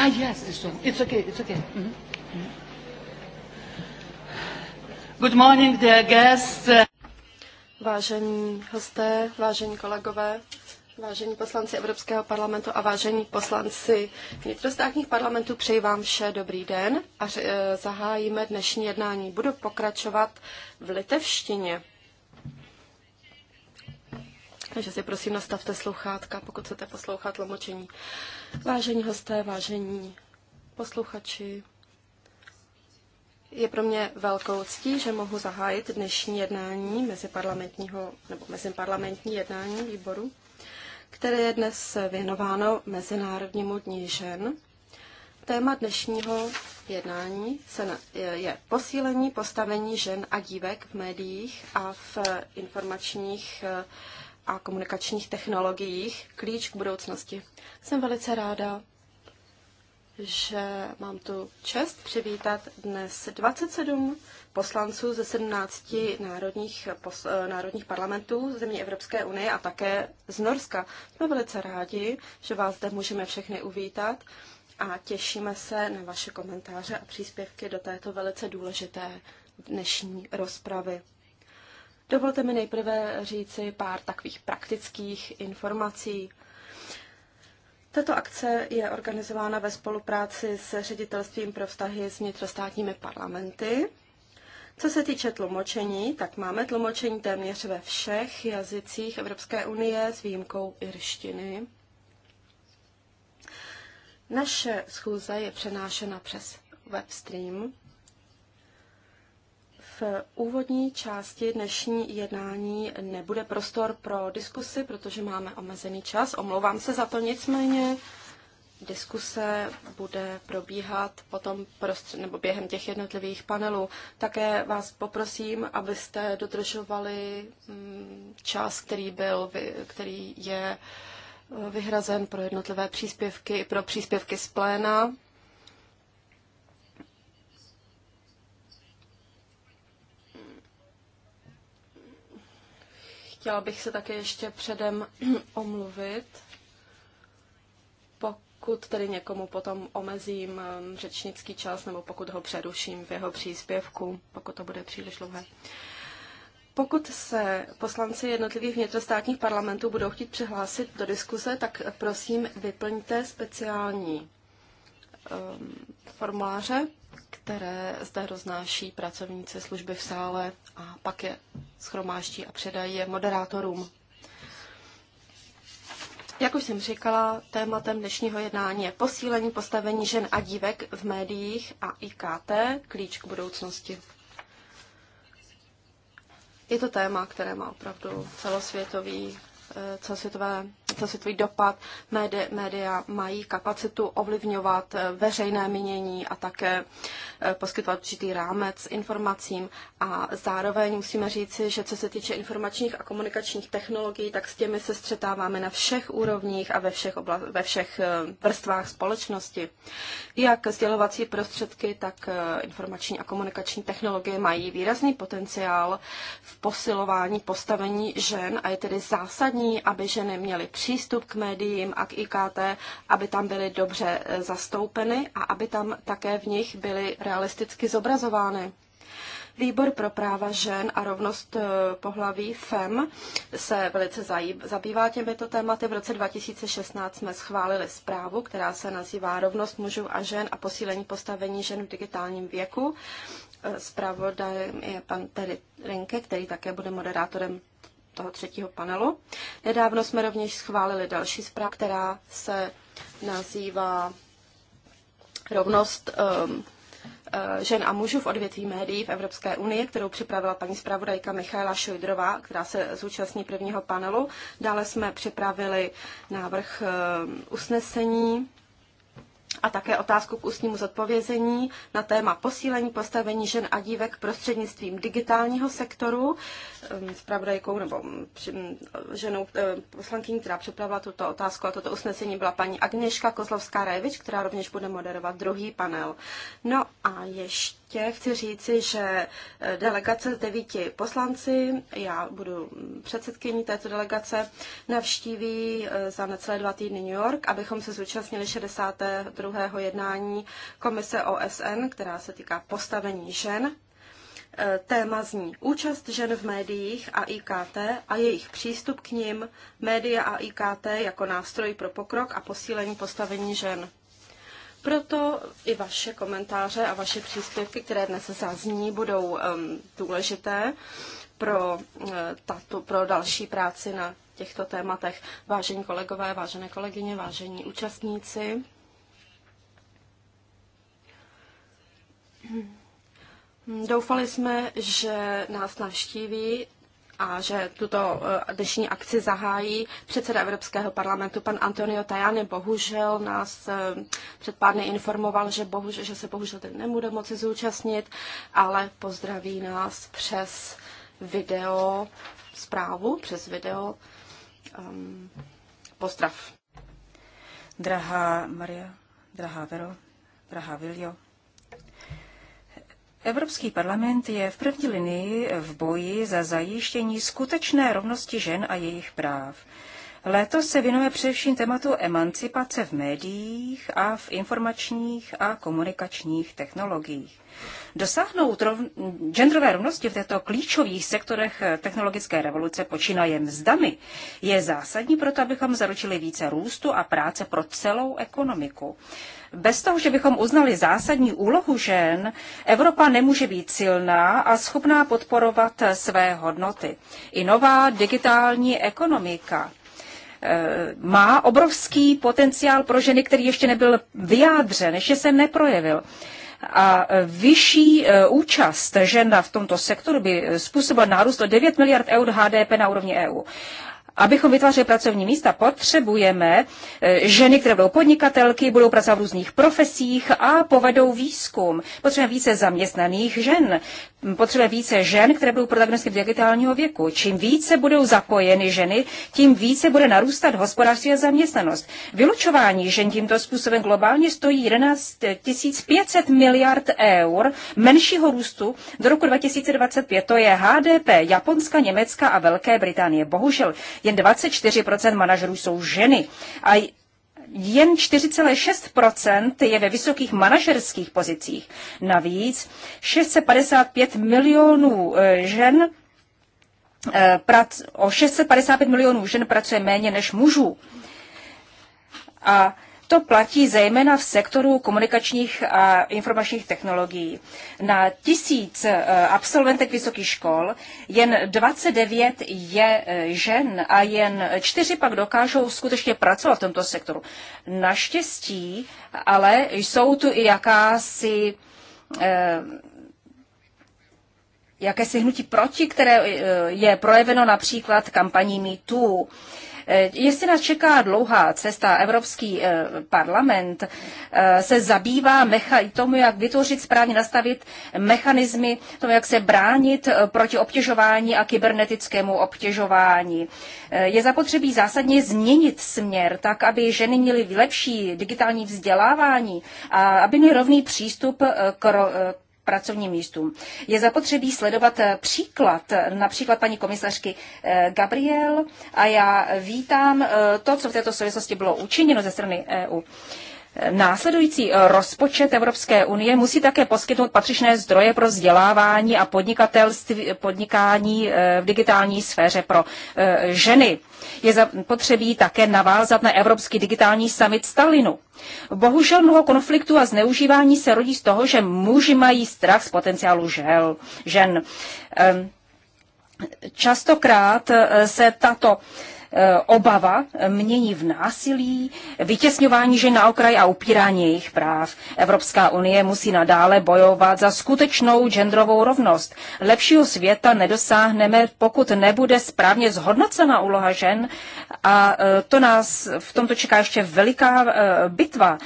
Ah, yes, it's, it's okay, it's okay. Mm-hmm. mm-hmm. Good morning, dear guests. Vážení hosté, vážení kolegové, vážení poslanci Evropského parlamentu a vážení poslanci vnitrostátních parlamentů, přeji vám vše dobrý den a eh, zahájíme dnešní jednání. Budu pokračovat v litevštině takže si prosím nastavte sluchátka, pokud chcete poslouchat tlumočení. Vážení hosté, vážení posluchači, je pro mě velkou ctí, že mohu zahájit dnešní jednání meziparlamentního, nebo meziparlamentní jednání výboru, které je dnes věnováno Mezinárodnímu dní žen. Téma dnešního jednání se na, je posílení postavení žen a dívek v médiích a v informačních eh, a komunikačních technologiích klíč k budoucnosti. Jsem velice ráda, že mám tu čest přivítat dnes 27 poslanců ze 17 národních, pos, národních parlamentů zemí Evropské unie a také z Norska. Jsme velice rádi, že vás zde můžeme všechny uvítat a těšíme se na vaše komentáře a příspěvky do této velice důležité dnešní rozpravy. Dovolte mi nejprve říci pár takových praktických informací. Tato akce je organizována ve spolupráci s ředitelstvím pro vztahy s vnitrostátními parlamenty. Co se týče tlumočení, tak máme tlumočení téměř ve všech jazycích Evropské unie s výjimkou irštiny. Naše schůze je přenášena přes webstream. V úvodní části dnešní jednání nebude prostor pro diskusy, protože máme omezený čas. Omlouvám se za to, nicméně diskuse bude probíhat potom prostř- nebo během těch jednotlivých panelů. Také vás poprosím, abyste dodržovali mm, čas, který, byl, který je eh, vyhrazen pro jednotlivé příspěvky i pro příspěvky z pléna. Chtěla bych se také ještě předem omluvit, pokud tedy někomu potom omezím um, řečnický čas nebo pokud ho přeruším v jeho příspěvku, pokud to bude příliš dlouhé. Pokud se poslanci jednotlivých vnitrostátních parlamentů budou chtít přihlásit do diskuse, tak prosím vyplňte speciální um, formuláře které zde roznáší pracovníci služby v sále a pak je schromáští a předají je moderátorům. Jak už jsem říkala, tématem dnešního jednání je posílení postavení žen a dívek v médiích a IKT, klíč k budoucnosti. Je to téma, které má opravdu celosvětový Eh, celosvětové, celosvětový dopad. Médi, média mají kapacitu ovlivňovat eh, veřejné mínění a také eh, poskytovat určitý rámec informacím. A zároveň musíme říci, že co se týče informačních a komunikačních technologií, tak s těmi se střetáváme na všech úrovních a ve všech, obla, ve všech vrstvách společnosti. Jak sdělovací prostředky, tak informační a komunikační technologie mají výrazný potenciál v posilování postavení žen a je tedy zásadní, zásadní, aby ženy měly přístup k médiím a k IKT, aby tam byly dobře eh, zastoupeny a aby tam také v nich byly realisticky zobrazovány. Výbor pro práva žen a rovnost eh, pohlaví FEM se velice zabývá těmito tématy. V roce 2016 jsme schválili zprávu, která se nazývá Rovnost mužů a žen a posílení postavení žen v digitálním věku. Eh, zpravodajem je pan Terry Rinke, který také bude moderátorem toho třetího panelu. Nedávno jsme rovněž schválili další zpráv, která se nazývá rovnost um, uh, žen a mužů v odvětví médií v Evropské unii, kterou připravila paní zpravodajka Michaela Šojdrová, která se zúčastní prvního panelu. Dále jsme připravili návrh um, usnesení a také otázku k ústnímu zodpovězení na téma posílení postavení žen a dívek prostřednictvím digitálního sektoru. s pravdajkou nebo mm, mm, ženou eh, poslankyní, která připravila tuto otázku a toto usnesení, byla paní Agněška Kozlovská-Rajevič, která rovněž bude moderovat druhý panel. No a ještě tě chci říci, že eh, delegace s devíti poslanci, já budu předsedkyní této delegace, navštíví eh, za necelé dva týdny New York, abychom se zúčastnili 62. jednání Komise OSN, která se týká postavení žen. Eh, téma zní účast žen v médiích a IKT a jejich přístup k nim, média a IKT jako nástroj pro pokrok a posílení postavení žen. Proto i vaše komentáře a vaše příspěvky, které dnes zazní, budou um, důležité pro, uh, tato, pro další práci na těchto tématech. Vážení kolegové, vážené kolegyně, vážení účastníci. Hm. Doufali jsme, že nás navštíví a že tuto eh, dnešní akci zahájí předseda Evropského parlamentu, pan Antonio Tajani. Bohužel nás eh, před pár dny informoval, že, bohužel, že se bohužel ten nebude moci zúčastnit, ale pozdraví nás přes video zprávu, přes video um, pozdrav. Drahá Maria, drahá Vero, drahá Viljo, Evropský parlament je v první linii v boji za zajištění skutečné rovnosti žen a jejich práv. Letos se věnujeme především tématu emancipace v médiích a v informačních a komunikačních technologiích. Dosáhnout rov... genderové rovnosti v těchto klíčových sektorech technologické revoluce počínaje mzdami je zásadní proto, abychom zaručili více růstu a práce pro celou ekonomiku. Bez toho, že bychom uznali zásadní úlohu žen, Evropa nemůže být silná a schopná podporovat své hodnoty. I nová digitální ekonomika Eh, má obrovský potenciál pro ženy, který ještě nebyl vyjádřen, ještě se neprojevil. A eh, vyšší eh, účast žen v tomto sektoru by způsobila nárůst o 9 miliard eur HDP na úrovni EU abychom vytvářeli pracovní místa, potřebujeme eh, ženy, které budou podnikatelky, budou pracovat v různých profesích a povedou výzkum. Potřebujeme více zaměstnaných žen. Potřebujeme více žen, které budou protagonistky digitálního věku. Čím více budou zapojeny ženy, tím více bude narůstat hospodářství a zaměstnanost. Vylučování žen tímto způsobem globálně stojí 11 500 miliard eur menšího růstu do roku 2025. To je HDP Japonska, Německa a Velké Británie. Bohužel jen 24% manažerů jsou ženy a jen 4,6% je ve vysokých manažerských pozicích. Navíc 655 milionů eh, žen eh, o 655 milionů žen pracuje méně než mužů. A to platí zejména v sektoru komunikačních a informačních technologií. Na tisíc e, absolventek vysokých škol jen 29 je e, žen a jen čtyři pak dokážou skutečně pracovat v tomto sektoru. Naštěstí ale jsou tu i jakási e, jakési hnutí proti, které je projeveno například kampaní MeToo Eh, jestli nás čeká dlouhá cesta, Evropský eh, parlament eh, se zabývá mecha- tomu, jak vytvořit správně, nastavit mechanismy, tomu, jak se bránit proti obtěžování a kybernetickému obtěžování. Je zapotřebí zásadně změnit směr tak, aby ženy měly lepší digitální vzdělávání a aby měly rovný přístup k, ro- pracovním místům. Je zapotřebí sledovat eh, příklad, například paní komisařky eh, Gabriel a já vítám eh, to, co v této souvislosti bylo učiněno ze strany EU. Následující eh, rozpočet Evropské unie musí také poskytnout patřičné zdroje pro vzdělávání a podnikatelství, podnikání eh, v digitální sféře pro eh, ženy. Je potřebí také navázat na Evropský digitální summit Stalinu. Bohužel mnoho konfliktů a zneužívání se rodí z toho, že muži mají strach z potenciálu žel, žen. Ehm, častokrát se tato Eh, obava mění v násilí, vytěsňování žen na okraj a upírání jejich práv. Evropská unie musí nadále bojovat za skutečnou genderovou rovnost. Lepšího světa nedosáhneme, pokud nebude správně zhodnocena úloha žen a eh, to nás v tomto čeká ještě veliká eh, bitva.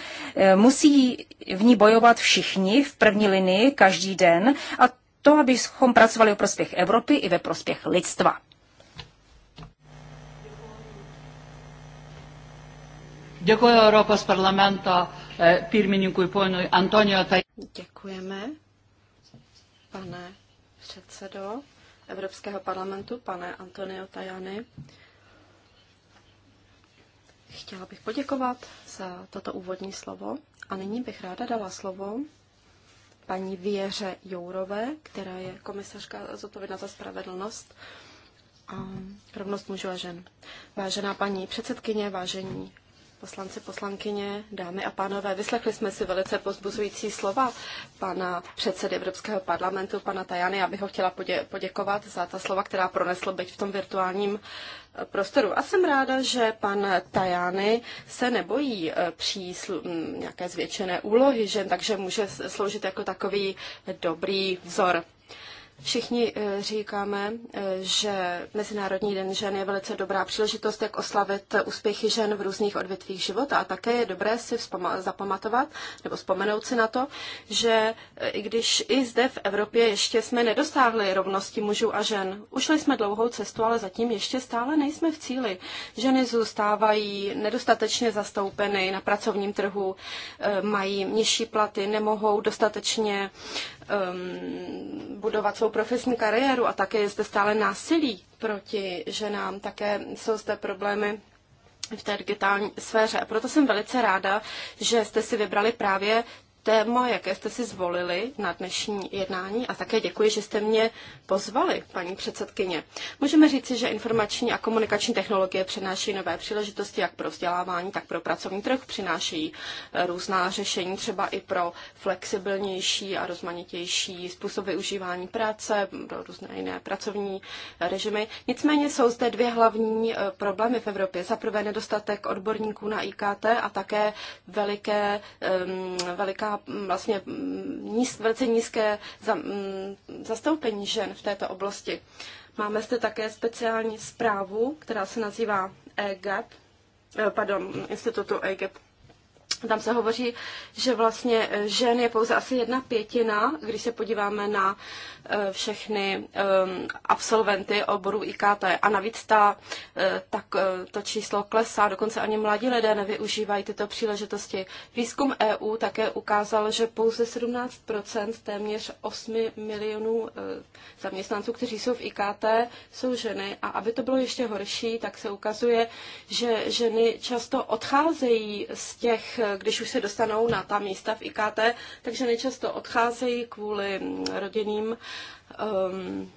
Musí v ní bojovat všichni v první linii každý den a to, abychom pracovali o prospěch Evropy i ve prospěch lidstva. Děkuji Europos parlamento e, pirmininkui ponu Antonio Tajani. Děkujeme, pane předsedo Evropského parlamentu, pane Antonio Tajani. Chtěla bych poděkovat za toto úvodní slovo a nyní bych ráda dala slovo paní Věře Jourové, která je komisařka zodpovědná za spravedlnost a rovnost mužů a žen. Vážená paní předsedkyně, vážení Poslanci, poslankyně, dámy a pánové, vyslechli jsme si velice pozbuzující slova pana předsedy Evropského parlamentu, pana Tajany. Já bych ho chtěla podě- poděkovat za ta slova, která pronesl, byť v tom virtuálním eh, prostoru. A jsem ráda, že pan Tajany se nebojí eh, příslu- nějaké zvětšené úlohy žen, takže může sloužit jako takový dobrý vzor. Všichni eh, říkáme, eh, že Mezinárodní den žen je velice dobrá příležitost, jak oslavit úspěchy žen v různých odvětvích života. A také je dobré si zapamatovat nebo vzpomenout si na to, že eh, i když i zde v Evropě ještě jsme nedostáhli rovnosti mužů a žen, ušli jsme dlouhou cestu, ale zatím ještě stále nejsme v cíli. Ženy zůstávají nedostatečně zastoupeny na pracovním trhu, mají nižší platy, nemohou dostatečně um, budovat svou profesní kariéru a také je zde stále násilí proti ženám, také jsou zde problémy v té digitální sféře. A proto jsem velice ráda, že jste si vybrali právě téma, jaké jste si zvolili na dnešní jednání a také děkuji, že jste mě pozvali, paní předsedkyně. Můžeme říci, že informační a komunikační technologie přináší nové příležitosti jak pro vzdělávání, tak pro pracovní trh, přináší eh, různá řešení třeba i pro flexibilnější a rozmanitější způsob využívání práce, pro různé jiné pracovní režimy. Nicméně jsou zde dvě hlavní eh, problémy v Evropě. Za prvé nedostatek odborníků na IKT a také veliké, um, veliká vlastně mm, níz, velice nízké za, m, mm, zastoupení žen v této oblasti. Máme zde také speciální zprávu, která se nazývá EGAP, eh, pardon, institutu EGAP tam se hovoří, že vlastně eh, žen je pouze asi jedna pětina, když se podíváme na eh, všechny eh, absolventy oboru IKT. A navíc ta, tak, to číslo klesá, dokonce ani mladí lidé nevyužívají tyto příležitosti. Výzkum EU také ukázal, že pouze 17 téměř 8 milionů zaměstnanců, kteří jsou v IKT, jsou ženy. A aby to bylo ještě horší, tak se ukazuje, že ženy často odcházejí z těch když už se dostanou na ta místa v IKT, takže nejčasto odcházejí kvůli rodinným um,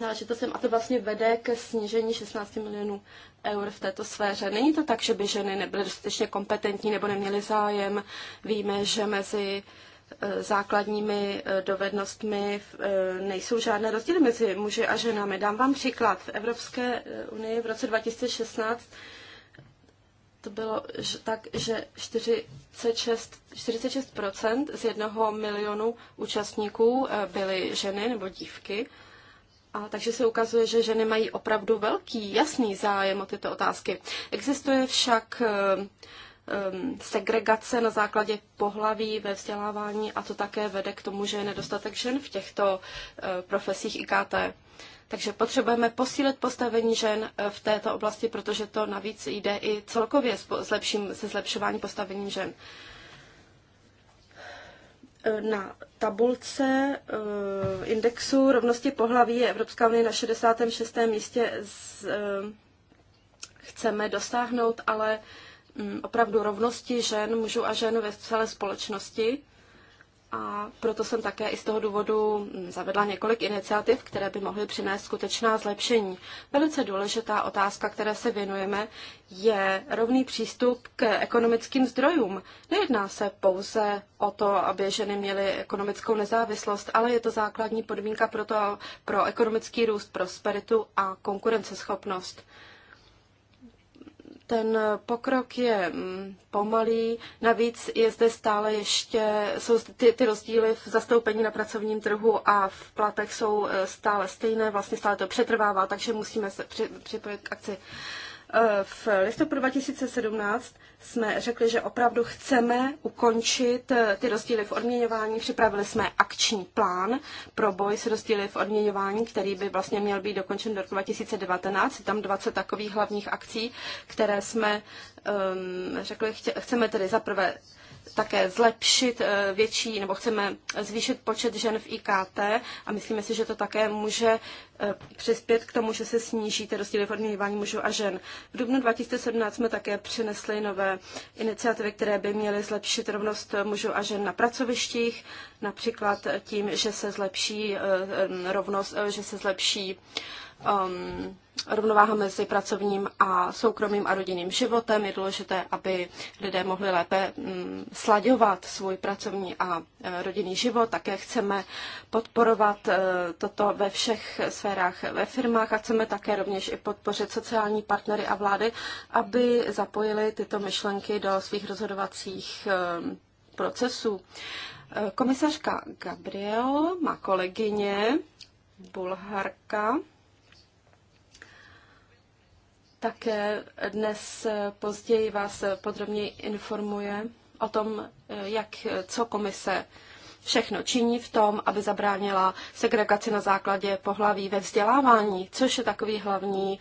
záležitostem a to vlastně vede ke snížení 16 milionů eur v této sféře. Není to tak, že by ženy nebyly dostatečně kompetentní nebo neměly zájem. Víme, že mezi eh, základními eh, dovednostmi eh, nejsou žádné rozdíly mezi muži a ženami. Dám vám příklad. V Evropské unii v roce 2016 to bylo tak, že 46, 46% z jednoho milionu účastníků eh, byly ženy nebo dívky. A takže se ukazuje, že ženy mají opravdu velký, jasný zájem o tyto otázky. Existuje však eh, Um, segregace na základě pohlaví ve vzdělávání a to také vede k tomu, že je nedostatek žen v těchto uh, profesích IKT. Takže potřebujeme posílit postavení žen uh, v této oblasti, protože to navíc jde i celkově se zlepšování postavení žen. Uh, na tabulce indexu rovnosti pohlaví je Evropská unie na 66. místě. Z, chceme dosáhnout ale Mm, opravdu rovnosti žen, mužů a žen ve celé společnosti. A proto jsem také i z toho důvodu mm, zavedla několik iniciativ, které by mohly přinést skutečná zlepšení. Velice důležitá otázka, které se věnujeme, je rovný přístup k ekonomickým zdrojům. Nejedná se pouze o to, aby ženy měly ekonomickou nezávislost, ale je to základní podmínka pro, to, pro ekonomický růst, prosperitu a konkurenceschopnost. Ten pokrok je mm, pomalý, navíc je zde stále ještě, jsou ty, ty rozdíly v zastoupení na pracovním trhu a v platech jsou eh, stále stejné, vlastně stále to přetrvává, takže musíme se při, připojit k akci. Eh, v listopadu 2017 jsme řekli, že opravdu chceme ukončit eh, ty rozdíly v odměňování. Připravili jsme akční plán pro boj s rozdíly v odměňování, který by vlastně měl být dokončen do roku 2019. Je tam 20 takových hlavních akcí, které jsme um, řekli, chceme tedy zaprvé také zlepšit eh, větší, nebo chceme zvýšit počet žen v IKT a myslíme si, že to také může eh, přispět k tomu, že se sníží ty rozdíly v odměňování mužů a žen. V dubnu 2017 jsme také přinesli nové iniciativy, které by měly zlepšit rovnost mužů a žen na pracovištích, například tím, že se zlepší eh, rovnost, že se zlepší um, rovnováha mezi pracovním a soukromým a rodinným životem. Je důležité, aby lidé mohli lépe um, mm, sladěvat svůj pracovní a e, rodinný život. Také chceme podporovat uh, toto ve všech sférách ve firmách a chceme také rovněž i podpořit sociální partnery a vlády, aby zapojili tyto myšlenky do svých rozhodovacích um, procesů. Komisařka Gabriel, má kolegyně, bulharka, také dnes eh, později vás eh, podrobně informuje o tom, eh, jak, co komise všechno činí v tom, aby zabránila segregaci na základě pohlaví ve vzdělávání, což je takový hlavní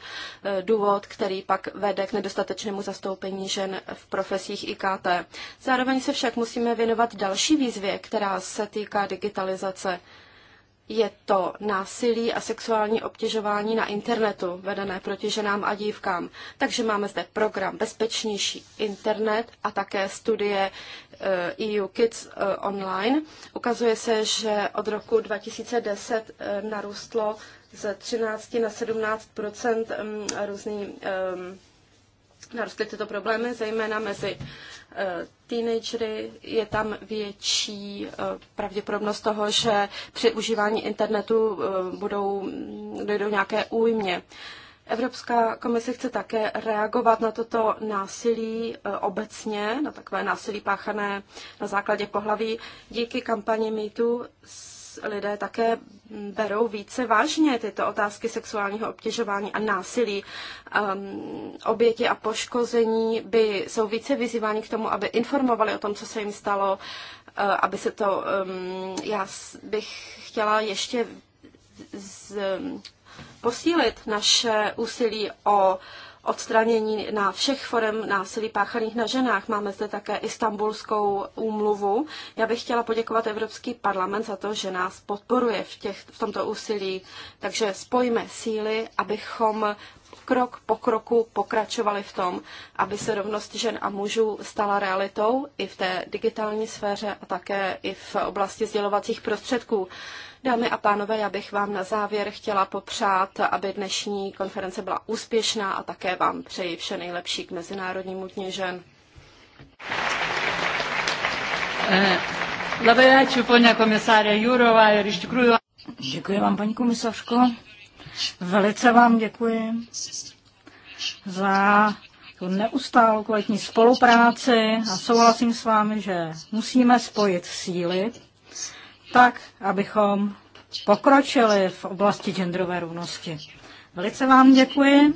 důvod, který pak vede k nedostatečnému zastoupení žen v profesích IKT. Zároveň se však musíme věnovat další výzvě, která se týká digitalizace. Je to násilí a sexuální obtěžování na internetu vedené proti ženám a dívkám. Takže máme zde program Bezpečnější internet a také studie EU eh, e Kids eh, online. Ukazuje se, že od roku 2010 eh, narůstlo ze 13 na 17 mm, různý ehm, narostly tyto problémy, zejména mezi Eh, teenagery, je tam větší eh, pravděpodobnost toho, že při užívání internetu eh, budou, dojdou nějaké újmě. Evropská komise chce také reagovat na toto násilí obecně, na takové násilí páchané na základě pohlaví. Díky kampani MeToo lidé také berou více vážně tyto otázky sexuálního obtěžování a násilí. Um, oběti a poškození by jsou více vyzýváni k tomu, aby informovali o tom, co se jim stalo, uh, aby se to... Um, já bych chtěla ještě z, posílit naše úsilí o uh, odstranění na všech forem násilí páchaných na ženách. Máme zde také istambulskou úmluvu. Já bych chtěla poděkovat Evropský parlament za to, že nás podporuje v, těch, v tomto úsilí. Takže spojíme síly, abychom krok po kroku pokračovali v tom, aby se rovnost žen a mužů stala realitou i v té digitální sféře a také i v oblasti sdělovacích prostředků. Dámy a pánové, já bych vám na závěr chtěla popřát, aby dnešní konference byla úspěšná a také vám přeji vše nejlepší k Mezinárodnímu dni žen. Eh, děkuji vám, paní komisařko. Velice vám děkuji za tu neustálou kvalitní spolupráci a souhlasím s vámi, že musíme spojit síly tak, abychom pokročili v oblasti genderové rovnosti. Velice vám děkuji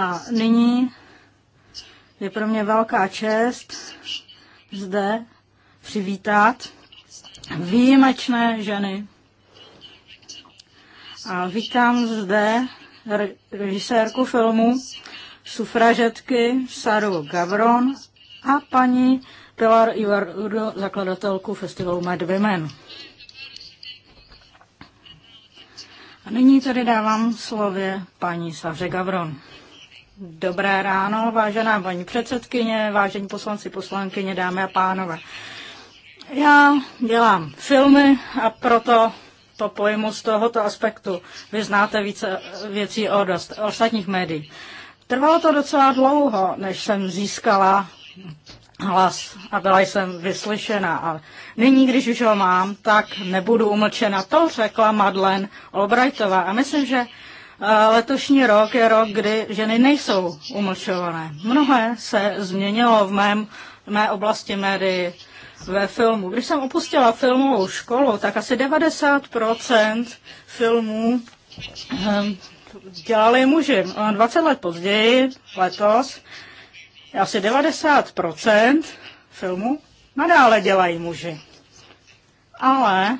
a nyní je pro mě velká čest zde přivítat výjimečné ženy. A vítám zde režisérku filmu sufražetky Saru Gavron a paní Pilar Ivardo, zakladatelku festivalu Mad Women. A nyní tedy dávám slově paní Savře Gavron. Dobré ráno, vážená paní předsedkyně, vážení poslanci, poslankyně, dámy a pánové. Já dělám filmy a proto to pojmu z tohoto aspektu. Vy znáte více věcí o dost, ostatních médií. Trvalo to docela dlouho, než jsem získala hlas a byla jsem vyslyšena. A nyní, když už ho mám, tak nebudu umlčena. To řekla Madlen Obrajtová. A myslím, že eh, letošní rok je rok, kdy ženy nejsou umlčované. Mnohé se změnilo v mém, v mé oblasti médií ve filmu. Když jsem opustila filmovou školu, tak asi 90% filmů eh, dělali muži. 20 eh, let později, letos, asi 90% filmu nadále dělají muži. Ale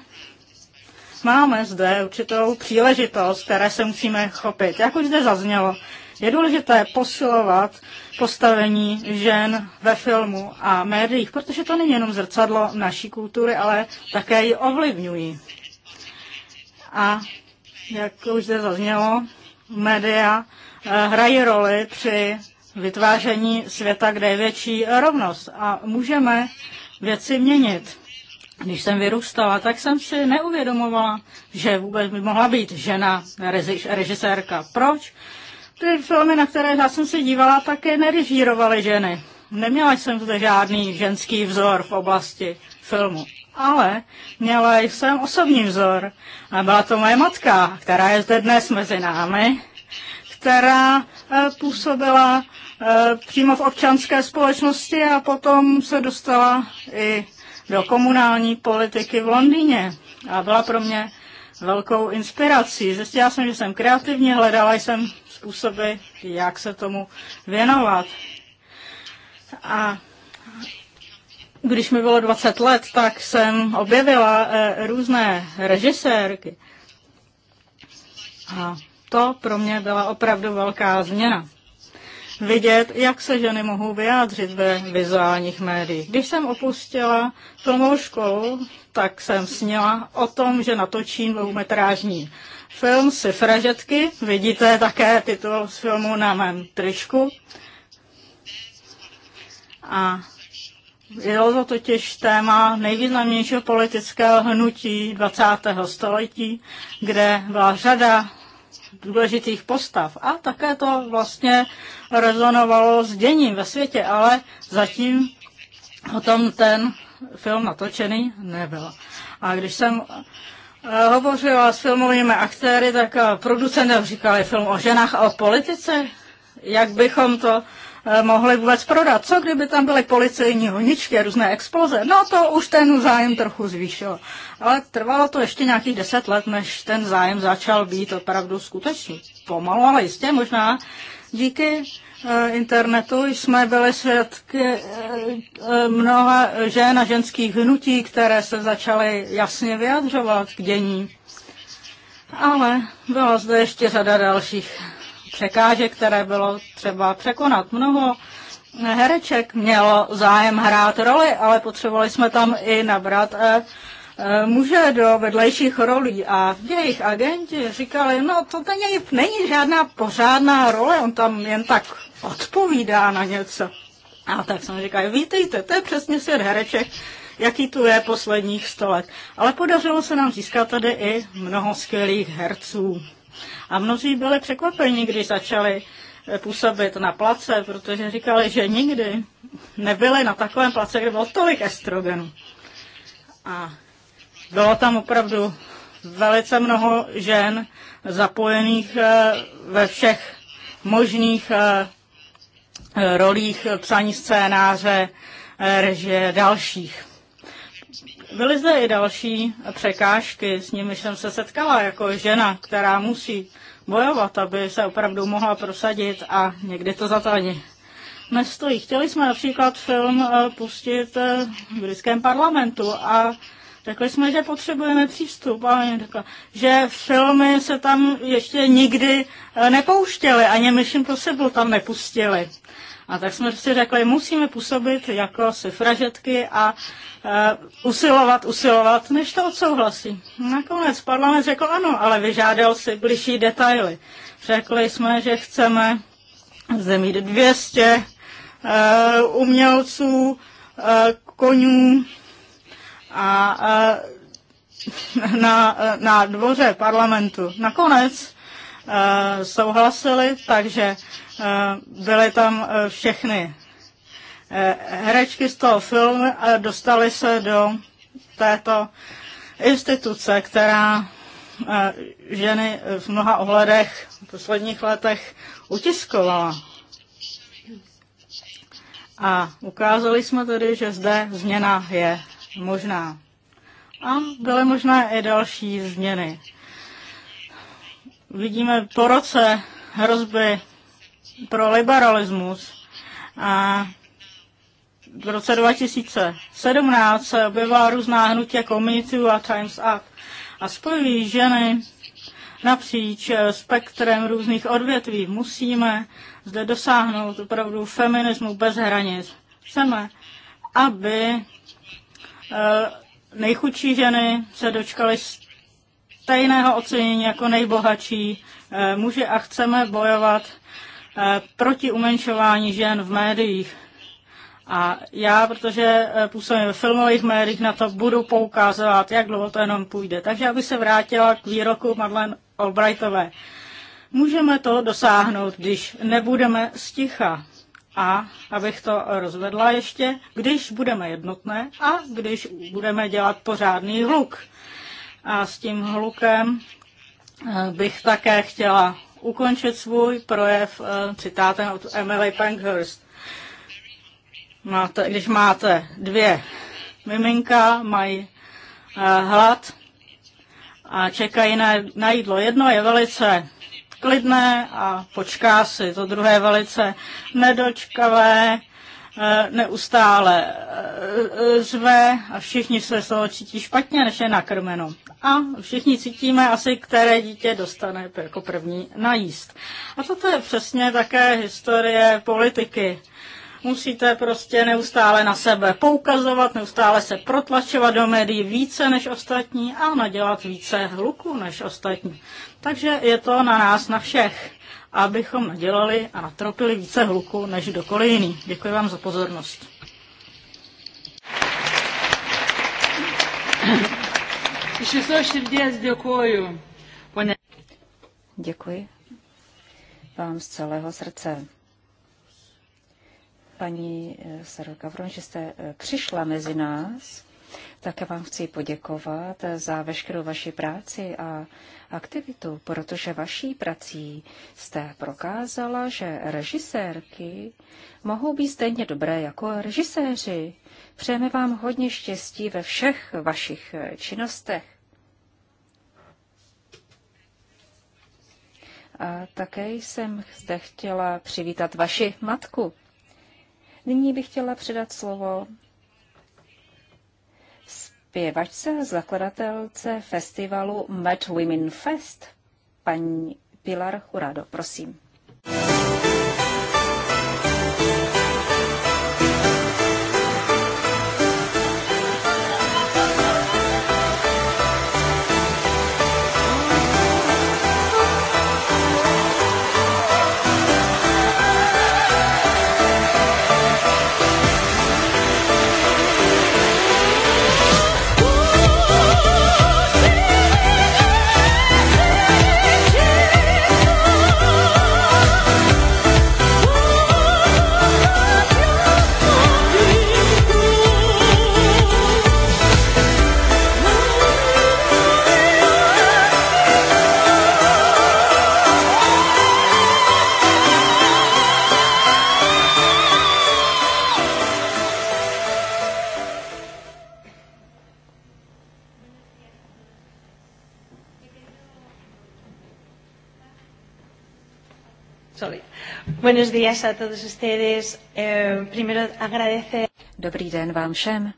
máme zde určitou příležitost, které se musíme chopit. Jak už zde zaznělo, je důležité posilovat postavení žen ve filmu a médiích, protože to není jenom zrcadlo naší kultury, ale také ji ovlivňují. A jak už zde zaznělo, média eh, hrají roli při vytváření světa, kde je větší rovnost a můžeme věci měnit. Když jsem vyrůstala, tak jsem si neuvědomovala, že vůbec by mohla být žena režisérka. Proč? Ty filmy, na které já jsem se dívala, také nerežírovaly ženy. Neměla jsem zde žádný ženský vzor v oblasti filmu. Ale měla jsem osobní vzor. A byla to moje matka, která je zde dnes mezi námi, která eh, působila Eh, přímo v občanské společnosti a potom se dostala i do komunální politiky v Londýně a byla pro mě velkou inspirací. Zjistila jsem, že jsem kreativní, hledala jsem způsoby, jak se tomu věnovat. A když mi bylo 20 let, tak jsem objevila eh, různé režisérky. A to pro mě byla opravdu velká změna vidět, jak se ženy mohou vyjádřit ve vizuálních médiích. Když jsem opustila filmovou školu, tak jsem sněla o tom, že natočím dvoumetrážní film si fražetky. Vidíte také titul z filmu na mém tričku. A bylo to totiž téma nejvýznamnějšího politického hnutí 20. století, kde byla řada důležitých postav. A také to vlastně rezonovalo s děním ve světě, ale zatím o tom ten film natočený nebyl. A když jsem eh, hovořila s filmovými aktéry, tak eh, producent říkali, film o ženách a o politice. Jak bychom to Eh, mohli vůbec prodat. Co kdyby tam byly policejní honičky, různé exploze? No to už ten zájem trochu zvýšilo. Ale trvalo to ještě nějakých deset let, než ten zájem začal být opravdu skutečný. Pomalu, ale jistě možná díky eh, internetu jsme byli svědky eh, mnoha žen a ženských hnutí, které se začaly jasně vyjadřovat k dění. Ale byla zde ještě řada dalších překážek, které bylo třeba překonat. Mnoho hereček mělo zájem hrát roli, ale potřebovali jsme tam i nabrat eh, eh, muže do vedlejších rolí a jejich agenti říkali, no to není, není žádná pořádná role, on tam jen tak odpovídá na něco. A tak jsem říkal, vítejte, to je přesně svět hereček, jaký tu je posledních sto let. Ale podařilo se nám získat tady i mnoho skvělých herců. A mnozí byli překvapeni, když začali eh, působit na place, protože říkali, že nikdy nebyli na takovém place, kde bylo tolik estrogenu. A bylo tam opravdu velice mnoho žen zapojených eh, ve všech možných eh, rolích psaní scénáře, režie dalších. Byly zde i další překážky, s nimi jsem se setkala jako žena, která musí bojovat, aby se opravdu mohla prosadit a někdy to za to ani nestojí. Chtěli jsme například film eh, pustit eh, v britském parlamentu a řekli jsme, že potřebujeme přístup. A řekla, že filmy se tam ještě nikdy eh, nepouštěly, ani Mission Possible tam nepustili. A tak jsme si řekli, musíme působit jako sefražetky a e, usilovat, usilovat, než to odsouhlasí. Nakonec parlament řekl ano, ale vyžádal si bližší detaily. Řekli jsme, že chceme zemít 200 e, umělců, e, konů a e, na, na dvoře parlamentu. Nakonec e, souhlasili, takže Eh, byly tam eh, všechny eh, herečky z toho filmu a dostali se do této instituce, která ženy v mnoha ohledech v posledních letech utiskovala. A ukázali jsme tedy, že zde změna je možná. A byly možné i další změny. Vidíme po roce hrozby pro liberalismus. A v roce 2017 se objevila různá hnutí jako Minitu a Times Up a spojují ženy napříč eh, spektrem různých odvětví. Musíme zde dosáhnout opravdu feminismu bez hranic. Chceme, aby eh, nejchudší ženy se dočkaly stejného ocenění jako nejbohatší eh, muži a chceme bojovat Eh, proti umenšování žen v médiích. A já, protože eh, působím ve filmových médiích, na to budu poukázovat, jak dlouho to jenom půjde. Takže aby se vrátila k výroku Madeleine Albrightové. Můžeme to dosáhnout, když nebudeme sticha. A abych to rozvedla ještě, když budeme jednotné a když budeme dělat pořádný hluk. A s tím hlukem eh, bych také chtěla ukončit svůj projev eh, citátem od Emily Pankhurst. Máte, když máte dvě miminka, mají eh, hlad a čekají na, na jídlo. Jedno je velice klidné a počká si, to druhé je velice nedočkavé, eh, neustále zve a všichni se z toho cítí špatně, než je nakrmeno a všichni cítíme asi, které dítě dostane jako první najíst. A toto je přesně také historie politiky. Musíte prostě neustále na sebe poukazovat, neustále se protlačovat do médií více než ostatní a nadělat více hluku než ostatní. Takže je to na nás, na všech, abychom nadělali a natropili více hluku než kdokoliv jiný. Děkuji vám za pozornost. Thank you. Iš viso širdies děkuji. Pane. Děkuji vám z celého srdce. Paní eh, Saroka Vron, že jste eh, přišla mezi nás. Také vám chci poděkovat eh, za veškerou vaši práci a aktivitu, protože vaší prací jste prokázala, že režisérky mohou být stejně dobré jako režiséři. Přejeme vám hodně štěstí ve všech vašich eh, činnostech. A také jsem zde chtěla přivítat vaši matku. Nyní bych chtěla předat slovo zpěvačce a zakladatelce festivalu Mad Women Fest, paní Pilar Hurado. Prosím. Buenos días a todos ustedes. Eh, primero agradece... Dobrý den vám všem.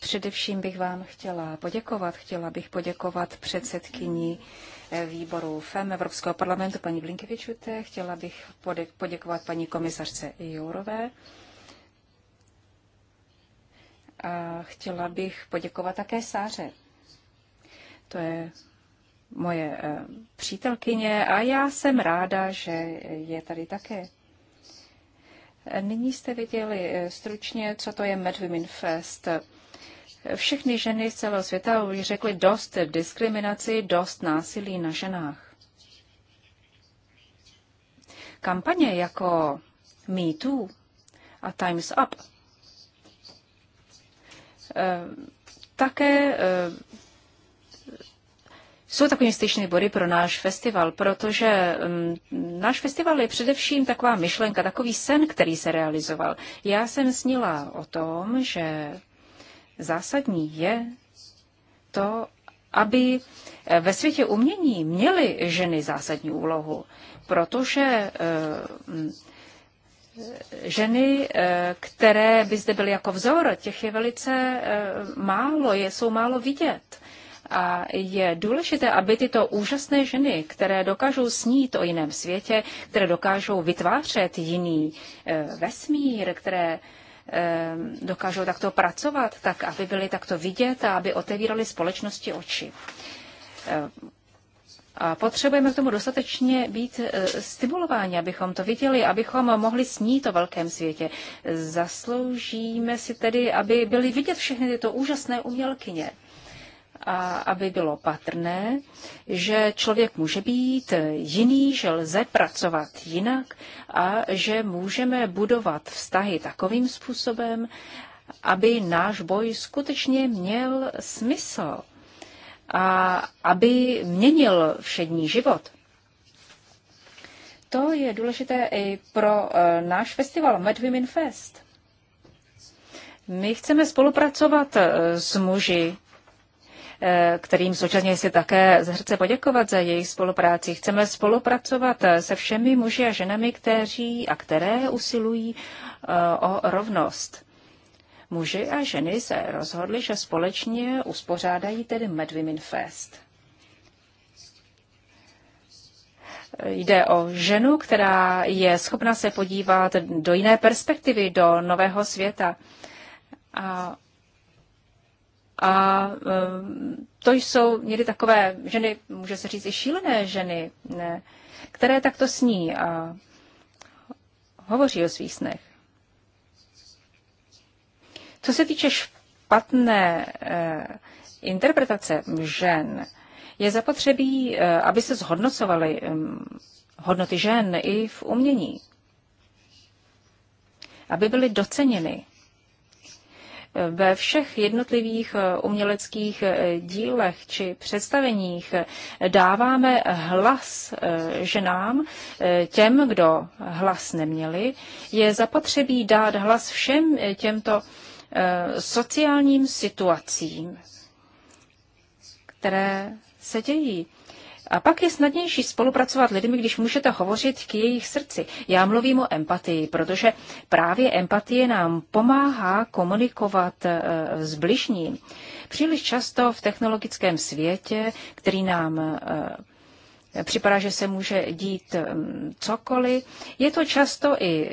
Především bych vám chtěla poděkovat. Chtěla bych poděkovat předsedkyni eh, výboru FEM Evropského parlamentu paní Blinkevičute. Chtěla bych poděkovat paní komisařce Jourové. A chtěla bych poděkovat také Sáře. To je moje eh, přítelkyně a já jsem ráda, že je tady také. Nyní jste viděli eh, stručně, co to je Mad Women Fest. Všechny ženy z celého světa už řekly dost diskriminaci, dost násilí na ženách. Kampaně jako Me Too a Time's Up eh, také jsou takovým styčný body pro náš festival, protože um, náš festival je především taková myšlenka, takový sen, který se realizoval. Já jsem snila o tom, že zásadní je to, aby eh, ve světě umění měly ženy zásadní úlohu, protože um, ženy, které by zde byly jako vzor, těch je velice málo, je, jsou málo vidět. A je důležité, aby tyto úžasné ženy, které dokážou snít o jiném světě, které dokážou vytvářet jiný eh, vesmír, které eh, dokážou takto pracovat, tak aby byly takto vidět a aby otevíraly společnosti oči. Eh, a potřebujeme k tomu dostatečně být stimulováni, abychom to viděli, abychom mohli snít o velkém světě. Zasloužíme si tedy, aby byly vidět všechny tyto úžasné umělkyně a aby bylo patrné, že člověk může být jiný, že lze pracovat jinak a že můžeme budovat vztahy takovým způsobem, aby náš boj skutečně měl smysl a aby měnil všední život. To je důležité i pro eh, náš festival Mad Women Fest. My chceme spolupracovat eh, s muži, Eh, kterým současně si také z srdce poděkovat za jejich spolupráci. Chceme spolupracovat se všemi muži a ženami, kteří a které usilují eh, o rovnost. Muži a ženy se rozhodli, že společně uspořádají tedy Mad Women Fest. Jde o ženu, která je schopna se podívat do jiné perspektivy, do nového světa. A a eh, to jsou někdy takové ženy, může se říct i šílené ženy, ne, které takto sní a hovoří o svých snech. Co se týče špatné eh, interpretace žen, je zapotřebí, eh, aby se zhodnocovaly eh, hodnoty žen i v umění, aby byly doceněny. Ve všech jednotlivých eh, uměleckých eh, dílech či představeních eh, dáváme hlas ženám, těm, kdo hlas neměli. Je zapotřebí dát hlas všem těmto sociálním situacím, které se dějí. A pak je snadnější spolupracovat lidmi, když můžete hovořit k jejich srdci. Já mluvím o empatii, protože právě empatie nám pomáhá komunikovat e, s bližním. Příliš často v technologickém světě, který nám e, připadá, že se může dít e, cokoliv, je to často i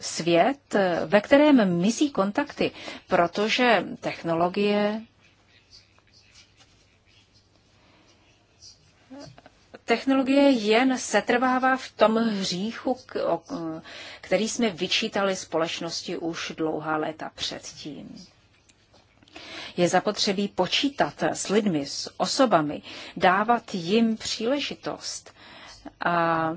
svět, ve kterém mizí kontakty, protože technologie Technologie jen setrvává v tom hříchu, který jsme vyčítali společnosti už dlouhá léta předtím. Je zapotřebí počítat s lidmi, s osobami, dávat jim příležitost a,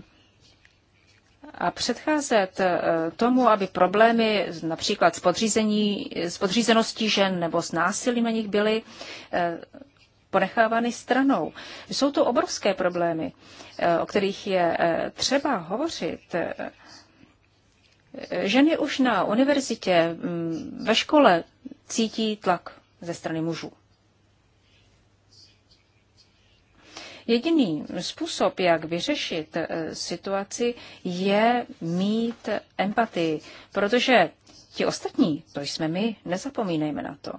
a předcházet e, tomu, aby problémy například s, podřízení, s podřízeností žen nebo s násilím na nich byly e, ponechávány stranou. Jsou to obrovské problémy, eh, o kterých je eh, třeba hovořit. Eh, ženy už na univerzitě, mm, ve škole cítí tlak ze strany mužů. Jediný způsob, jak vyřešit situaci, je mít empatii, protože ti ostatní, to jsme my, nezapomínejme na to.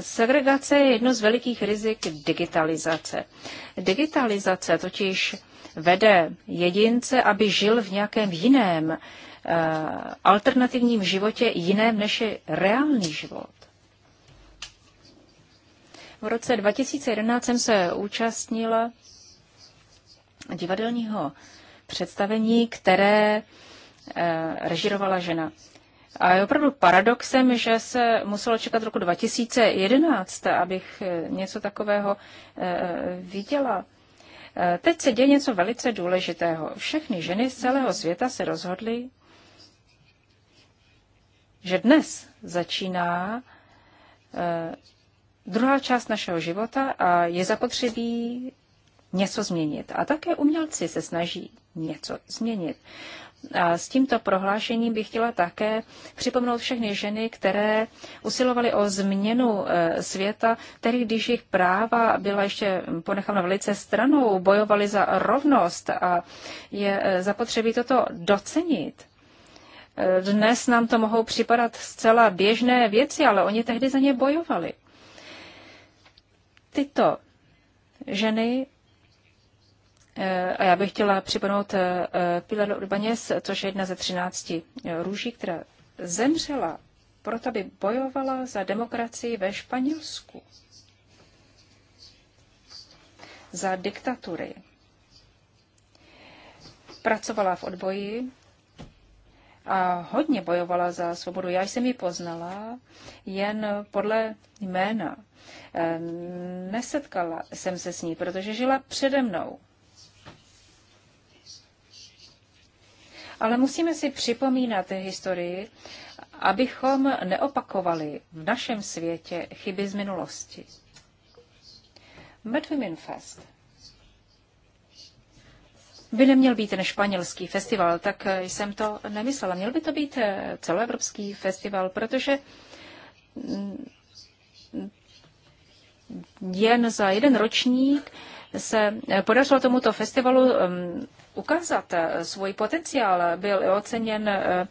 Segregace je jedno z velikých rizik digitalizace. Digitalizace totiž vede jedince, aby žil v nějakém jiném eh, alternativním životě jiném než je reálný život. V roce 2011 jsem se účastnila divadelního představení, které eh, režirovala žena. A je opravdu paradoxem, že se muselo čekat roku 2011, abych něco takového eh, viděla. Eh, teď se děje něco velice důležitého. Všechny ženy z celého světa se rozhodly, že dnes začíná eh, druhá část našeho života a je zapotřebí něco změnit. A také umělci se snaží něco změnit. A s tímto prohlášením bych chtěla také připomenout všechny ženy, které usilovaly o změnu e, světa, tedy když jejich práva byla ještě ponechána velice stranou, bojovali za rovnost a je e, zapotřebí toto docenit. E, dnes nám to mohou připadat zcela běžné věci, ale oni tehdy za ně bojovali. Tyto ženy Eh, a já bych chtěla připomenout eh, eh, Pilar Urbaněz, což je jedna ze třinácti růží, která zemřela proto, aby bojovala za demokracii ve Španělsku. Za diktatury. Pracovala v odboji a hodně bojovala za svobodu. Já jsem ji poznala jen podle jména. Nesetkala jsem se s ní, protože žila přede mnou. ale musíme si připomínat historii, abychom neopakovali v našem světě chyby z minulosti. Medwomen Fest by neměl být ten španělský festival, tak jsem to nemyslela. Měl by to být celoevropský festival, protože jen za jeden ročník se podařilo tomuto festivalu um, ukázat eh, svůj potenciál. Byl oceněn eh,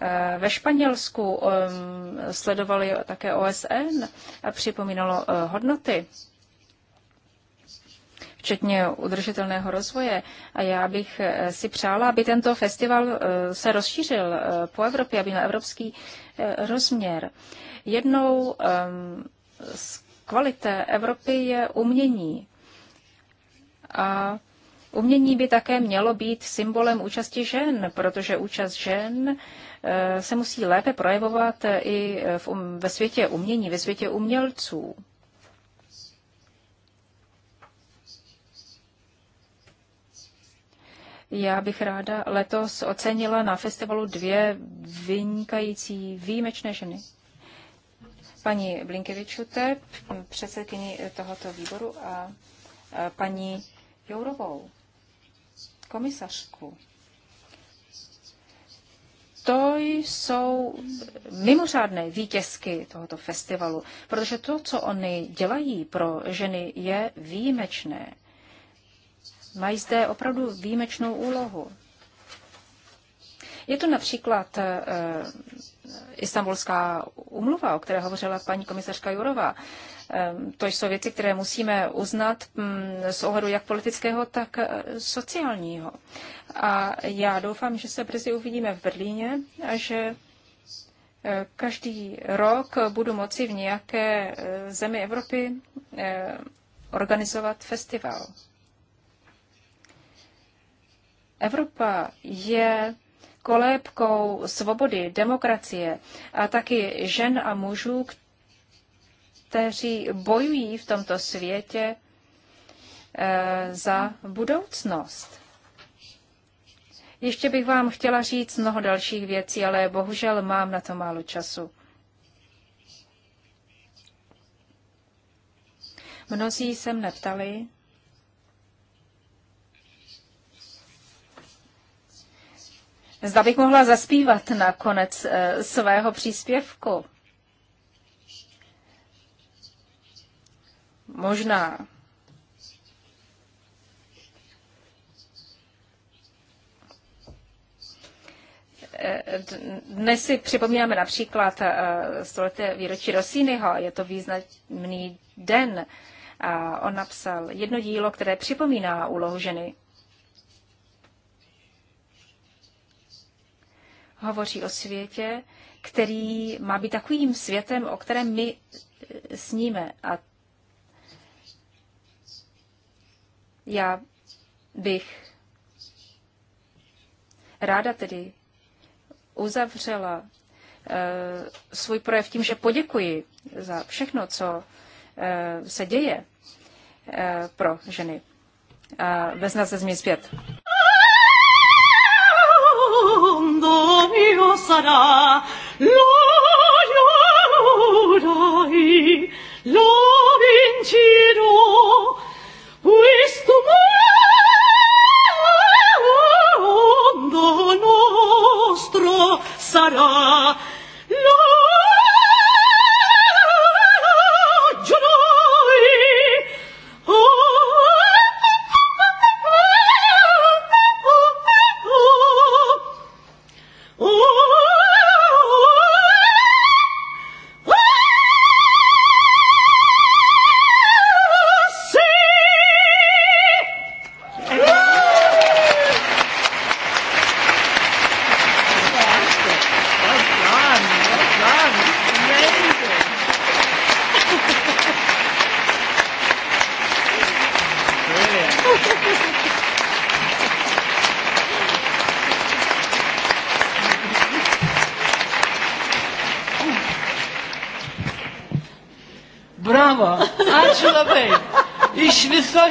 eh, ve Španělsku, um, sledovali také OSN a připomínalo hodnoty včetně udržitelného rozvoje. A já bych si přála, aby tento festival se rozšířil po Evropě, aby měl evropský rozměr. Jednou ehm, z kvalité Evropy je umění. A umění by také mělo být symbolem účasti žen, protože účast žen eh, se musí lépe projevovat i v, um, ve světě umění, ve světě umělců. Já bych ráda letos ocenila na festivalu dvě vynikající výjimečné ženy. Paní Blinkevičute, předsedkyni tohoto výboru a paní Jourovou, komisařku. To jsou mimořádné vítězky tohoto festivalu, protože to, co oni dělají pro ženy, je výjimečné. Mají zde opravdu výjimečnou úlohu. Je to například uh, Istanbulská umluva, o které hovořila paní komisařka Jurová. Ehm, to jsou věci, které musíme uznat mm, z ohledu jak politického, tak eh, sociálního. A já doufám, že se brzy uvidíme v Berlíně a že eh, každý rok budu moci v nějaké eh, zemi Evropy organizovat festival. Evropa je kolébkou svobody, demokracie a taky žen a mužů, kteří bojují v tomto světě eh, za budoucnost. Ještě bych vám chtěla říct mnoho dalších věcí, ale bohužel mám na to málo času. Mnozí se mne ptali, zda bych mohla zaspívat na konec eh, svého příspěvku. možná. Dnes si připomínáme například eh, stoleté výročí Rosínyho, je to významný den. A on napsal jedno dílo, které připomíná úlohu ženy. Hovoří o světě, který má být takovým světem, o kterém my sníme. A Já bych ráda tedy uzavřela eh, svůj projev tím, že poděkuji za všechno, co eh, se děje eh, pro ženy. A bez nás se změní zpět. Lo vincirò sarà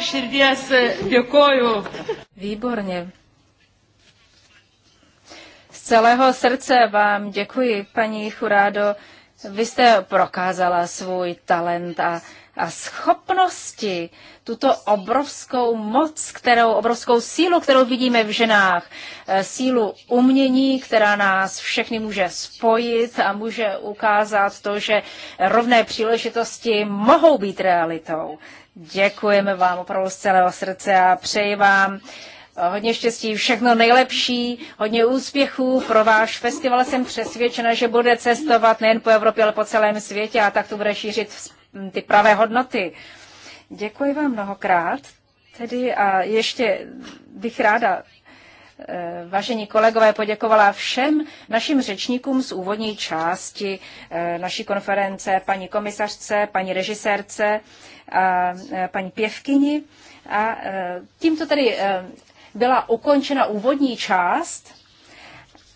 širdies děkuju. E, Výborně. Z celého srdce vám děkuji, paní Churádo. Vy jste prokázala svůj talent a a schopnosti, tuto obrovskou moc, kterou, obrovskou sílu, kterou vidíme v ženách, eh, sílu umění, která nás všechny může spojit a může ukázat to, že rovné příležitosti mohou být realitou. Děkujeme vám opravdu z celého srdce a přeji vám eh, hodně štěstí, všechno nejlepší, hodně úspěchů pro váš festival. Jsem přesvědčena, že bude cestovat nejen po Evropě, ale po celém světě a tak to bude šířit ty pravé hodnoty. Děkuji vám mnohokrát. Tedy a ještě bych ráda, eh, vážení kolegové, poděkovala všem našim řečníkům z úvodní části eh, naší konference, paní komisařce, paní režisérce a eh, paní pěvkyni. A tímto tedy byla ukončena úvodní část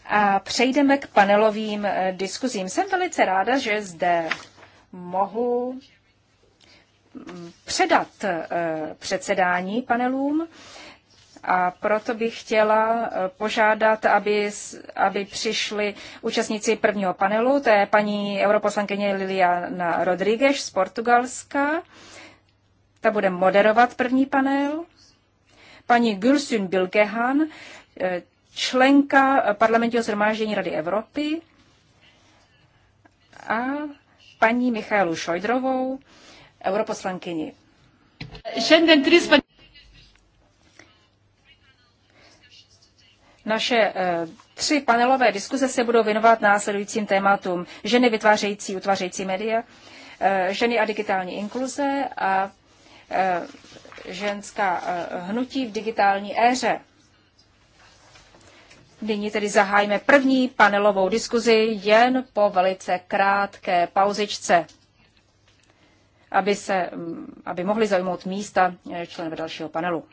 a přejdeme k panelovým diskuzím. Jsem velice ráda, že zde mohu mm, předat eh, předsedání panelům a proto bych chtěla eh, požádat, aby, aby přišli účastníci prvního panelu, to je paní europoslankyně Liliana Rodriguez z Portugalska, ta bude moderovat první panel, paní Gülsün Bilgehan, eh, členka parlamentního zhromáždění Rady Evropy a paní Michaelu Šojdrovou, europoslankyni. Naše eh, tři panelové diskuze se budou věnovat následujícím tématům. Ženy vytvářející, utvářející média, eh, ženy a digitální inkluze a eh, ženská hnutí v digitální éře. Nyní tedy zahájíme první panelovou diskuzi jen po velice krátké pauzičce, aby, se, mm, aby mohli zajmout místa eh, členové dalšího panelu.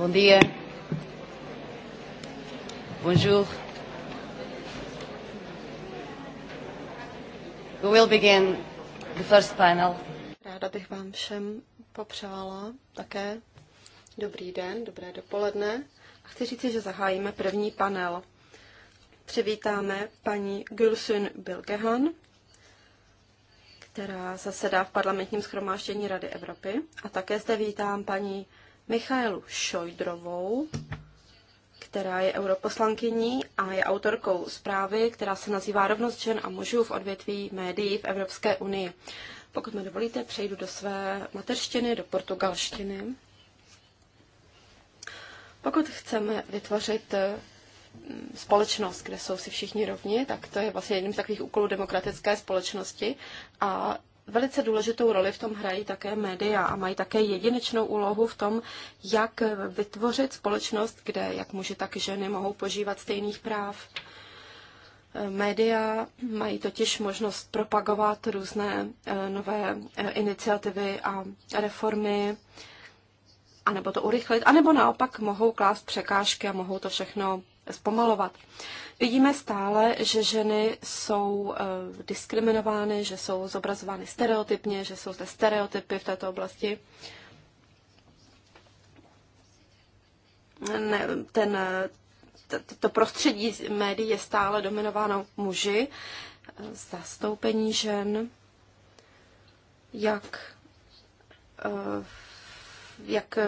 Bom dia. Bonjour. We will begin the first panel. Ráda bych vám všem popřála také dobrý den, dobré dopoledne. A chci říct, že zahájíme první panel. Přivítáme paní Gülsün Bilgehan, která zasedá v parlamentním schromáždění Rady Evropy. A také zde vítám paní Michaelu Šojdrovou, která je europoslankyní a je autorkou zprávy, která se nazývá Rovnost žen a mužů v odvětví médií v Evropské unii. Pokud mi dovolíte, přejdu do své mateřštiny, do portugalštiny. Pokud chceme vytvořit eh, společnost, kde jsou si všichni rovni, tak to je vlastně jedním z takových úkolů demokratické společnosti. A Velice důležitou roli v tom hrají také média a mají také jedinečnou úlohu v tom, jak vytvořit společnost, kde jak muži, tak ženy mohou požívat stejných práv. Média mají totiž možnost propagovat různé eh, nové eh, iniciativy a reformy, anebo to urychlit, anebo naopak mohou klást překážky a mohou to všechno zpomalovat. Vidíme stále, že ženy jsou eh, diskriminovány, že jsou zobrazovány stereotypně, že jsou zde stereotypy v této oblasti. Ne, ten, to prostředí médií je stále dominováno muži, zastoupení žen, jak, eh, jak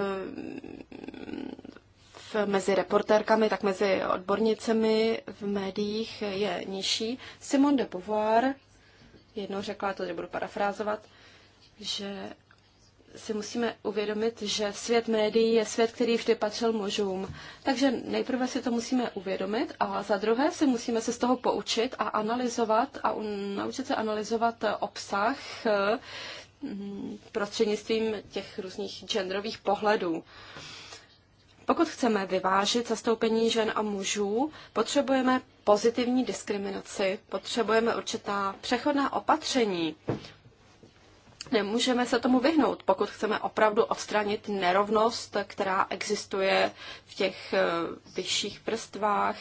mezi reportérkami, tak mezi odbornicemi v médiích je nižší. Simone de Beauvoir jednou řekla, to že budu parafrázovat, že si musíme uvědomit, že svět médií je svět, který vždy patřil mužům. Takže nejprve si to musíme uvědomit a za druhé si musíme se z toho poučit a analyzovat a naučit se analyzovat obsah eh, prostřednictvím těch různých genderových pohledů. Pokud chceme vyvážit zastoupení žen a mužů, potřebujeme pozitivní diskriminaci, potřebujeme určitá přechodná opatření. Nemůžeme se tomu vyhnout, pokud chceme opravdu odstranit nerovnost, která existuje v těch eh, vyšších prstvách.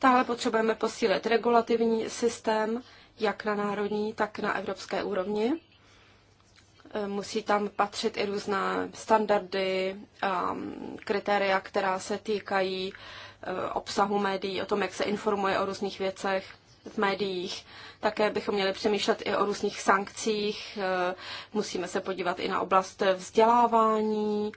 Dále potřebujeme posílit regulativní systém, jak na národní, tak na evropské úrovni. Eh, musí tam patřit i různé standardy, kritéria, která se týkají eh, obsahu médií, o tom, jak se informuje o různých věcech v médiích. Také bychom měli přemýšlet i o různých sankcích. Eh, musíme se podívat i na oblast vzdělávání,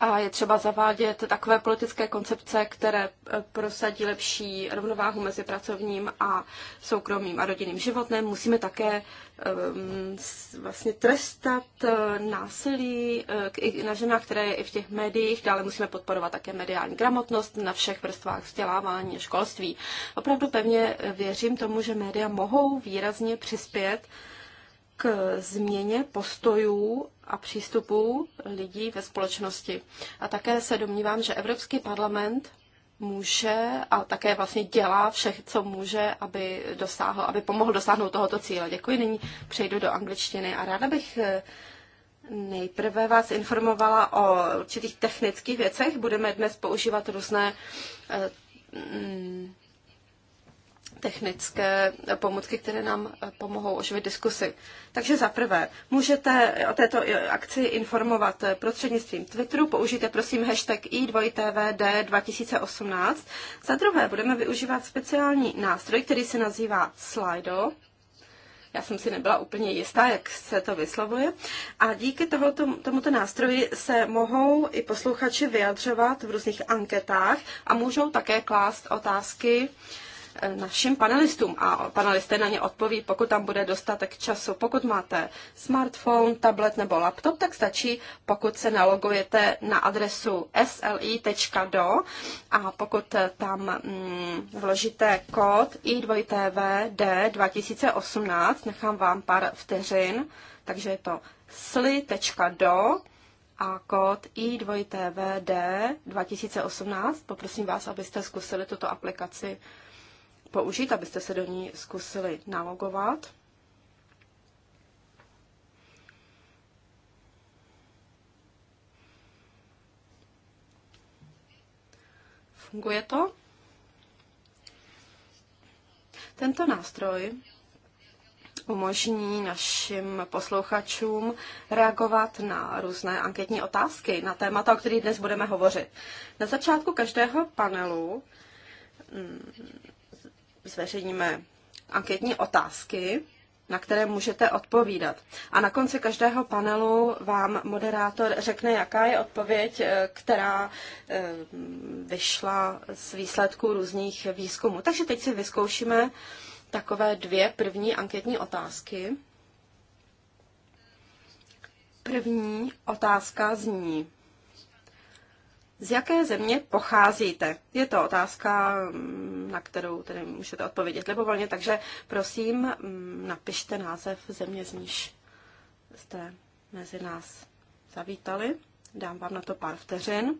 a je třeba zavádět takové politické koncepce, které eh, prosadí lepší rovnováhu mezi pracovním a soukromým a rodinným životem. Musíme také um, vlastně trestat eh, násilí eh, k, na ženách, které je i v těch médiích. Dále musíme podporovat také mediální gramotnost na všech vrstvách vzdělávání a školství. Opravdu pevně věřím tomu, že média mohou výrazně přispět k změně postojů a přístupů lidí ve společnosti. A také se domnívám, že Evropský parlament může a také vlastně dělá vše, co může, aby dosáhl, aby pomohl dosáhnout tohoto cíle. Děkuji. Nyní přejdu do angličtiny a ráda bych eh, nejprve vás informovala o určitých technických věcech. Budeme dnes používat různé eh, mm, technické pomůcky, které nám eh, pomohou oživit diskusy. Takže za prvé, můžete o této eh, akci informovat eh, prostřednictvím Twitteru, použijte prosím hashtag i2tvd2018. Za druhé, budeme využívat speciální nástroj, který se nazývá Slido. Já jsem si nebyla úplně jistá, jak se to vyslovuje. A díky tohoto, tomuto nástroji se mohou i posluchači vyjadřovat v různých anketách a můžou také klást otázky uh, našim panelistům a panelisté na ně odpoví, pokud tam bude dostatek času. Pokud máte smartphone, tablet nebo laptop, tak stačí, pokud se nalogujete na adresu sli.do a pokud tam mm, vložíte kód i2tvd2018, nechám vám pár vteřin, takže je to sli.do a kód i2tvd2018. Poprosím vás, abyste zkusili tuto aplikaci použít, abyste se do ní zkusili nalogovat. Funguje to? Tento nástroj umožní našim posluchačům reagovat na různé anketní otázky, na témata, o kterých dnes budeme hovořit. Na začátku každého panelu mm, zveřejníme anketní otázky, na které můžete odpovídat. A na konci každého panelu vám moderátor řekne, jaká je odpověď, eh, která eh, vyšla z výsledků různých výzkumů. Takže teď si vyzkoušíme takové dvě první anketní otázky. První otázka zní, z jaké země pocházíte? Je to otázka, mm, na kterou tedy můžete odpovědět libovolně, takže prosím, mm, napište název země, z níž jste mezi nás zavítali. Dám vám na to pár vteřin.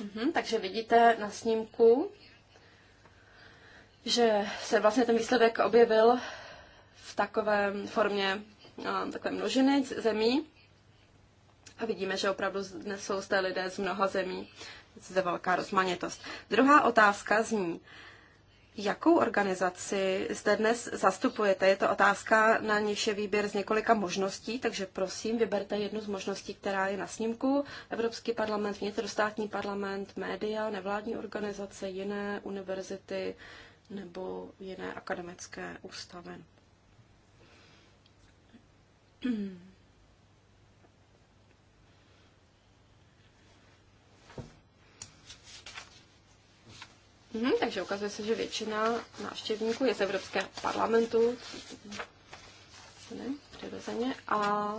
Mhm, takže vidíte na snímku, že se vlastně ten výsledek objevil v takové formě takové množiny zemí a vidíme, že opravdu dnes jsou zde lidé z mnoha zemí, zde velká rozmanitost. Druhá otázka zní, Jakou organizaci zde dnes zastupujete? Je to otázka, na níž je výběr z několika možností, takže prosím, vyberte jednu z možností, která je na snímku. Evropský parlament, vnitrostátní parlament, média, nevládní organizace, jiné univerzity nebo jiné akademické ústavy. Hmm, takže ukazuje se, že většina návštěvníků je z Evropského parlamentu, ne, přirozeně, a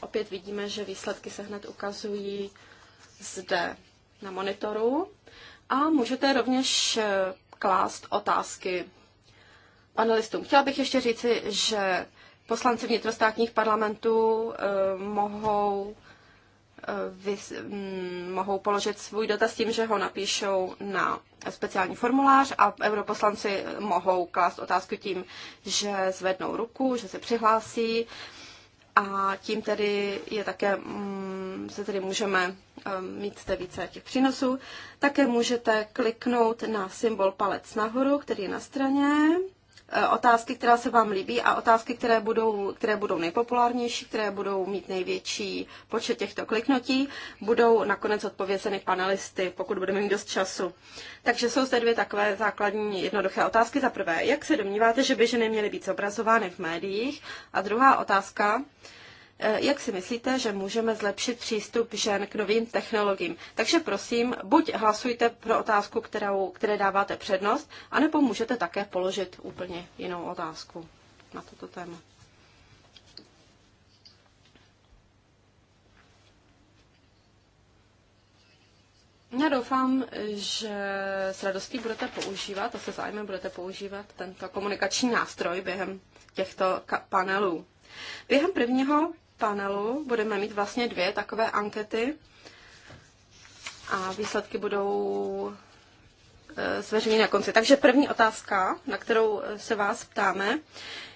opět vidíme, že výsledky se hned ukazují zde na monitoru a můžete rovněž eh, klást otázky panelistům. Chtěla bych ještě říci, že poslanci vnitrostátních parlamentů eh, mohou, eh, vys, mm, mohou položit svůj dotaz tím, že ho napíšou na speciální formulář a europoslanci mohou klást otázky tím, že zvednou ruku, že se přihlásí a tím tedy je také, mm, se tedy můžeme eh, mít zde více těch přínosů. Také můžete kliknout na symbol palec nahoru, který je na straně Eh, otázky, která se vám líbí a otázky, které budou, které budou nejpopulárnější, které budou mít největší počet těchto kliknutí, budou nakonec odpovězeny panelisty, pokud budeme mít dost času. Takže jsou zde dvě takové základní jednoduché otázky. Za prvé, jak se domníváte, že by ženy měly být zobrazovány v médiích? A druhá otázka, Eh, jak si myslíte, že můžeme zlepšit přístup žen k novým technologiím? Takže prosím, buď hlasujte pro otázku, kterou, které dáváte přednost, anebo můžete také položit úplně jinou otázku na toto téma. Já doufám, že s radostí budete používat a se zájmem budete používat tento komunikační nástroj během těchto panelů. Během prvního panelu budeme mít vlastně dvě takové ankety a výsledky budou eh, zveřejněny na konci. Takže první otázka, na kterou eh, se vás ptáme,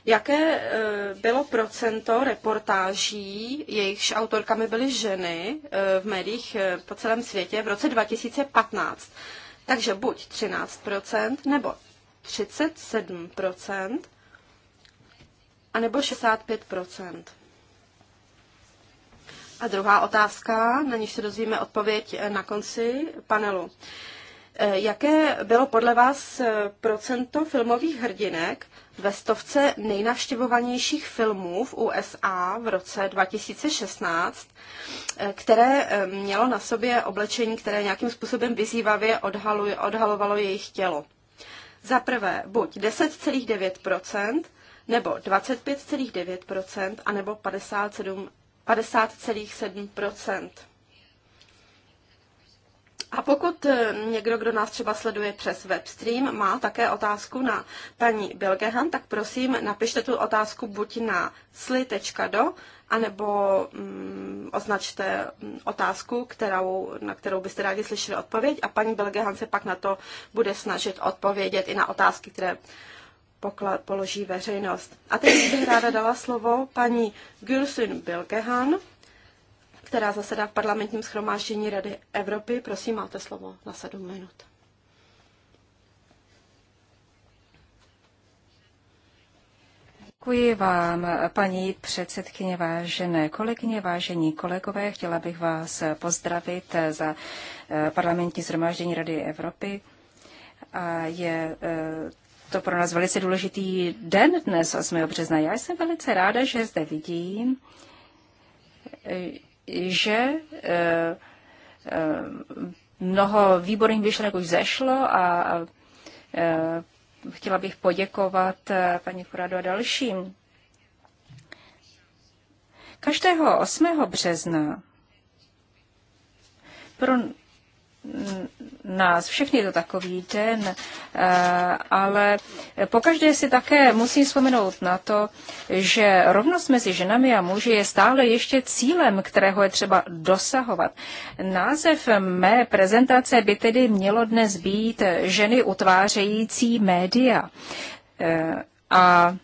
jaké eh, bylo procento reportáží, jejichž autorkami byly ženy v médiích po celém světě v roce 2015. Takže buď 13% nebo 37% a nebo 65%. A druhá otázka, na níž se dozvíme odpověď na konci panelu. E, jaké bylo podle vás e, procento filmových hrdinek ve stovce nejnavštěvovanějších filmů v USA v roce 2016, e, které mělo na sobě oblečení, které nějakým způsobem vyzývavě odhaluje, odhalovalo jejich tělo? Za prvé buď 10,9%, nebo 25,9% a nebo 50,7 a pokud eh, někdo, kdo nás třeba sleduje přes webstream, má také otázku na paní Bilgehan, tak prosím, napište tu otázku buď na sly.do, anebo mm, označte mm, otázku, kterou, na kterou byste rádi slyšeli odpověď a paní Bilgehan se pak na to bude snažit odpovědět i na otázky, které položí veřejnost. A teď bych ráda dala slovo paní Gülsün Bilgehan, která zasedá v parlamentním schromáždění Rady Evropy. Prosím, máte slovo na sedm minut. Děkuji vám, paní předsedkyně, vážené kolegyně, vážení kolegové. Chtěla bych vás pozdravit za eh, parlamentní zhromáždění Rady Evropy. A je eh, to pro nás velice důležitý den dnes, 8. března. Já jsem velice ráda, že zde vidím, eh, že eh, eh, mnoho výborných myšlenek už zešlo a chtěla bych poděkovat paní Kurado a dalším. Každého 8. března pro nás všechny je to takový den, eh, ale pokaždé si také musím vzpomenout na to, že rovnost mezi ženami a muži je stále ještě cílem, kterého je třeba dosahovat. Název mé prezentace by tedy mělo dnes být ženy utvářející média. Eh, a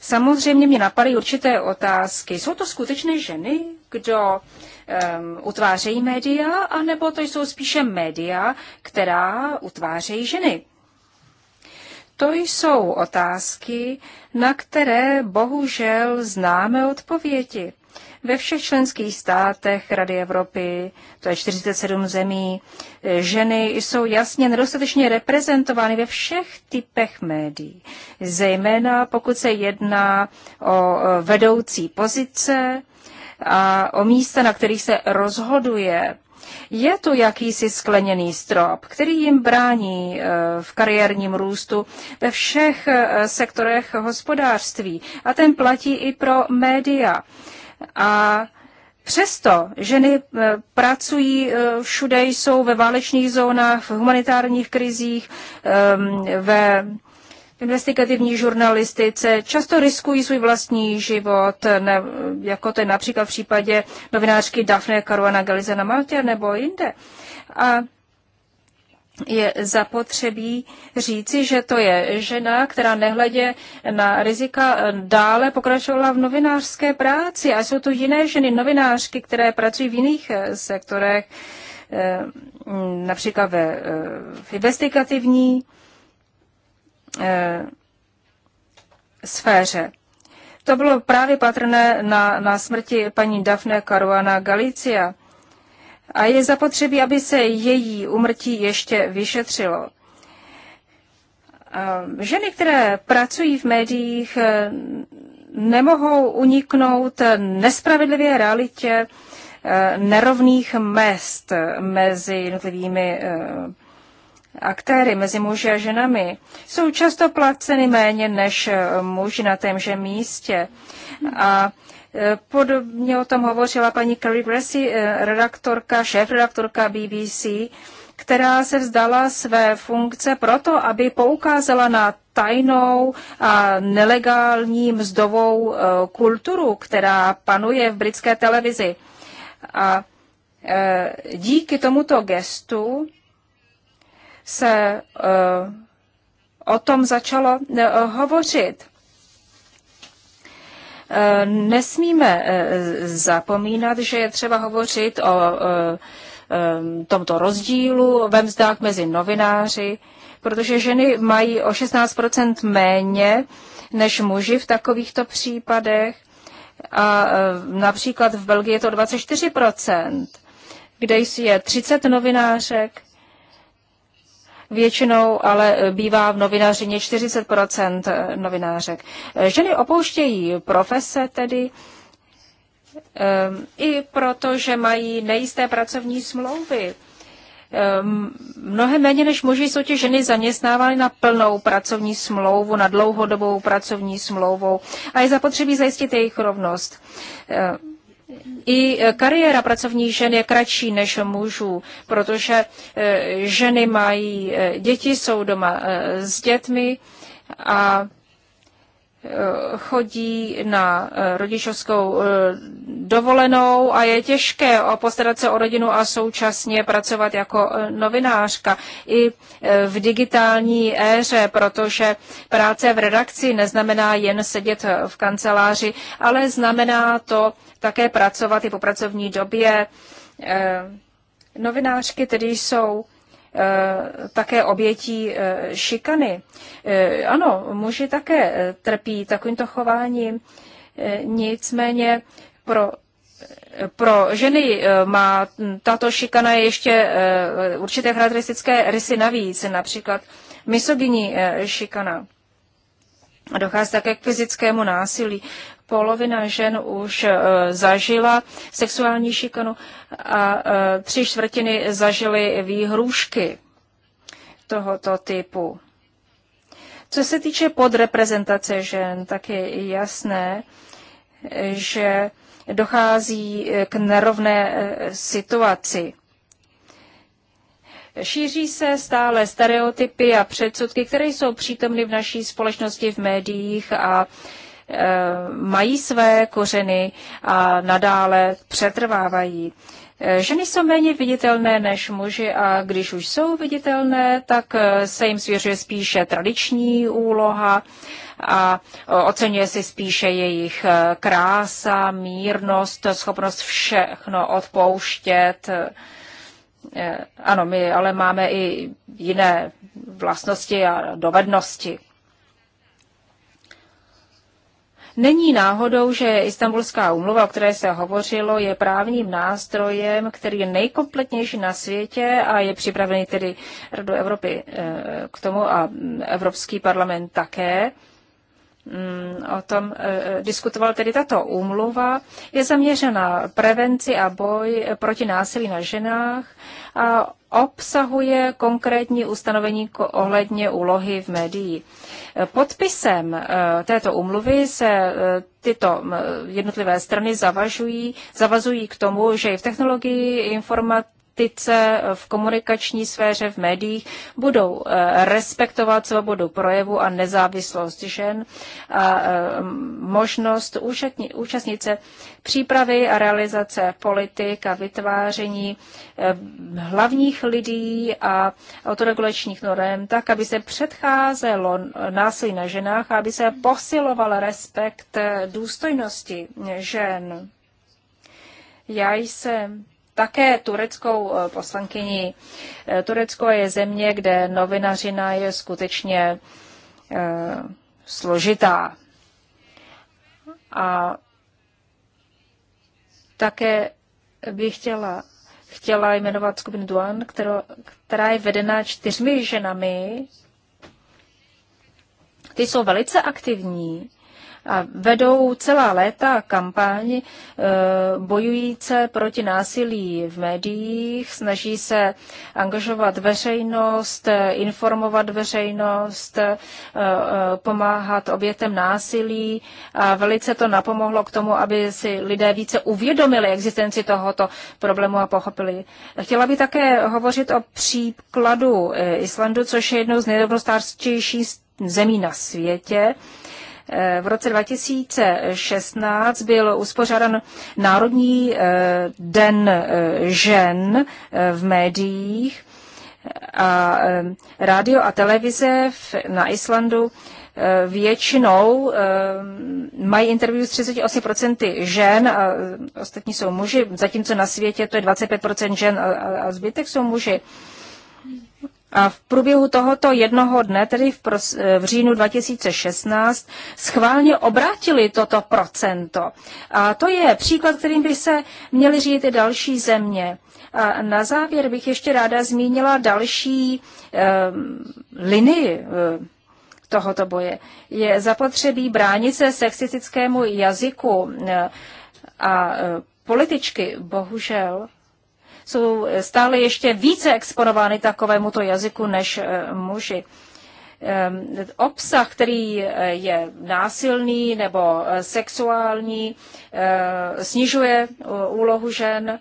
samozřejmě mě napadají určité otázky. Jsou to skutečné ženy, kdo uh, um, utvářejí média, anebo to jsou spíše média, která utvářejí ženy. To jsou otázky, na které bohužel známe odpovědi. Ve všech členských státech Rady Evropy, to je 47 zemí, eh, ženy jsou jasně nedostatečně reprezentovány ve všech typech médií, zejména pokud se jedná o eh, vedoucí pozice, a o místa, na kterých se rozhoduje. Je tu jakýsi skleněný strop, který jim brání eh, v kariérním růstu ve všech eh, sektorech hospodářství. A ten platí i pro média. A Přesto ženy eh, pracují všude, jsou ve válečných zónách, v humanitárních krizích, ehm, ve investigativní žurnalistice často riskují svůj vlastní život, ne, jako to je například v případě novinářky Daphne Caruana Galize na Maltě nebo jinde. A je zapotřebí říci, že to je žena, která nehledě na rizika dále pokračovala v novinářské práci. A jsou tu jiné ženy, novinářky, které pracují v jiných eh, sektorech, eh, například ve, eh, v investigativní Eh, sféře. To bylo právě patrné na, na smrti paní Dafne Caruana Galicia a je zapotřebí, aby se její umrtí ještě vyšetřilo. Eh, ženy, které pracují v médiích, eh, nemohou uniknout nespravedlivé realitě nerovných mest mezi jednotlivými aktéry mezi muži a ženami jsou často placeny méně než muži na témže místě. A e, podobně o tom hovořila paní Carrie Grassy, e, redaktorka, šéfredaktorka BBC, která se vzdala své funkce proto, aby poukázala na tajnou a nelegální mzdovou e, kulturu, která panuje v britské televizi. A díky tomuto gestu se eh, o tom začalo eh, hovořit. Eh, nesmíme zapomínat, že je třeba hovořit o tomto rozdílu ve mzdách mezi novináři, protože ženy mají o 16 méně než muži v takovýchto případech. A například v Belgii je to 24 kde je 30 novinářek většinou ale bývá v novinařině 40 novinářek. Ženy opouštějí profese tedy ehm, i proto, že mají nejisté pracovní smlouvy. Ehm, mnohem méně než muži jsou tě ženy zaměstnávány na plnou pracovní smlouvu, na dlouhodobou pracovní smlouvu, a je zapotřebí zajistit jejich rovnost. Ehm, i e, kariéra pracovní žen je kratší než mužů, protože e, ženy mají e, děti, jsou doma s dětmi a chodí na eh, rodičovskou eh, dovolenou a je těžké postarat se o rodinu a současně pracovat jako eh, novinářka i v digitální éře, protože práce v redakci neznamená jen sedět v kanceláři, ale znamená to také pracovat i po pracovní době. Novinářky tedy jsou Eh, také obětí eh, šikany. Eh, ano, muži také trpí takovýmto chováním, nicméně pro pro ženy má tato šikana ještě určité charakteristické rysy navíc, například misogyní šikana. Dochází také k fyzickému násilí polovina žen už e, zažila sexuální šikanu a e, tři čtvrtiny zažily výhrušky tohoto typu. Co se týče podreprezentace žen, tak je jasné, že dochází e, k nerovné situaci. Šíří se stále stereotypy a předsudky, které jsou přítomny v naší společnosti, v médiích a uh, Eh, mají své kořeny a nadále přetrvávají. Eh, ženy jsou méně viditelné než muži a když už jsou viditelné, tak eh, se jim svěřuje spíše tradiční úloha a oceňuje si spíše jejich krása, mírnost, schopnost všechno odpouštět. Ano, my ale máme i jiné vlastnosti a dovednosti. Není náhodou, že Istanbulská umluva, o které se hovořilo, je právním nástrojem, který je nejkompletnější na světě a je připravený tedy Radu Evropy eh, k tomu a Evropský parlament také. Mm, o tom eh, eh, diskutoval tedy tato úmluva, je zaměřena prevenci a boj proti násilí na ženách a obsahuje konkrétní ustanovení ohledně úlohy v médií. Eh, podpisem této úmluvy se tyto jednotlivé strany zavažují, zavazují k tomu, že i v technologii informat politice, v komunikační sféře, v médiích budou eh, respektovat svobodu projevu a nezávislost žen a eh, možnost účastnit se přípravy a realizace politik a vytváření eh, hlavních lidí a autoregulačních norm tak, aby se předcházelo násilí na ženách a aby se posiloval respekt důstojnosti žen. Já jsem také tureckou eh, poslankyni. Eh, Turecko je země, kde novinařina je skutečně eh, složitá. A také bych chtěla, chtěla jmenovat skupinu Duan, kterou, která je vedena čtyřmi ženami. Ty jsou velice aktivní a vedou celá léta kampaň eh, bojujíce proti násilí v médiích, snaží se angažovat veřejnost, informovat veřejnost, eh, eh, pomáhat obětem násilí a velice to napomohlo k tomu, aby si lidé více uvědomili existenci tohoto problému a pochopili. Chtěla bych také hovořit o příkladu Islandu, což je jednou z nejrovnostářtějších zemí na světě. V roce 2016 byl uspořádan Národní eh, den eh, žen eh, v médiích a rádio a televize na Islandu většinou mají interview s 38% žen a ostatní jsou muži, zatímco na světě to je 25% žen a zbytek jsou muži. A v průběhu tohoto jednoho dne, tedy v, pros- v říjnu 2016, schválně obrátili toto procento. A to je příklad, kterým by se měly řídit i další země. A na závěr bych ještě ráda zmínila další eh, linii eh, tohoto boje. Je zapotřebí bránit se sexistickému jazyku eh, a eh, političky, bohužel, jsou stále ještě více exponovány takovémuto jazyku než eh, muži eh, obsah, který eh, je násilný nebo sexuální, snižuje úlohu žen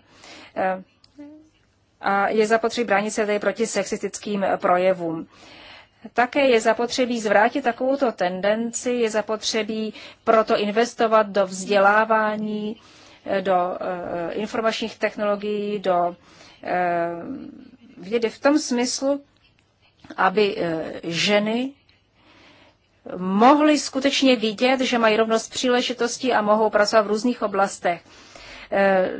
a je zapotřebí bránit se tedy proti sexistickým projevům. Také je zapotřebí zvrátit takovouto tendenci, je zapotřebí proto investovat do vzdělávání, do eh, informačních technologií, do eh, vědy v tom smyslu, aby eh, ženy mohly skutečně vidět, že mají rovnost příležitostí a mohou pracovat v různých oblastech.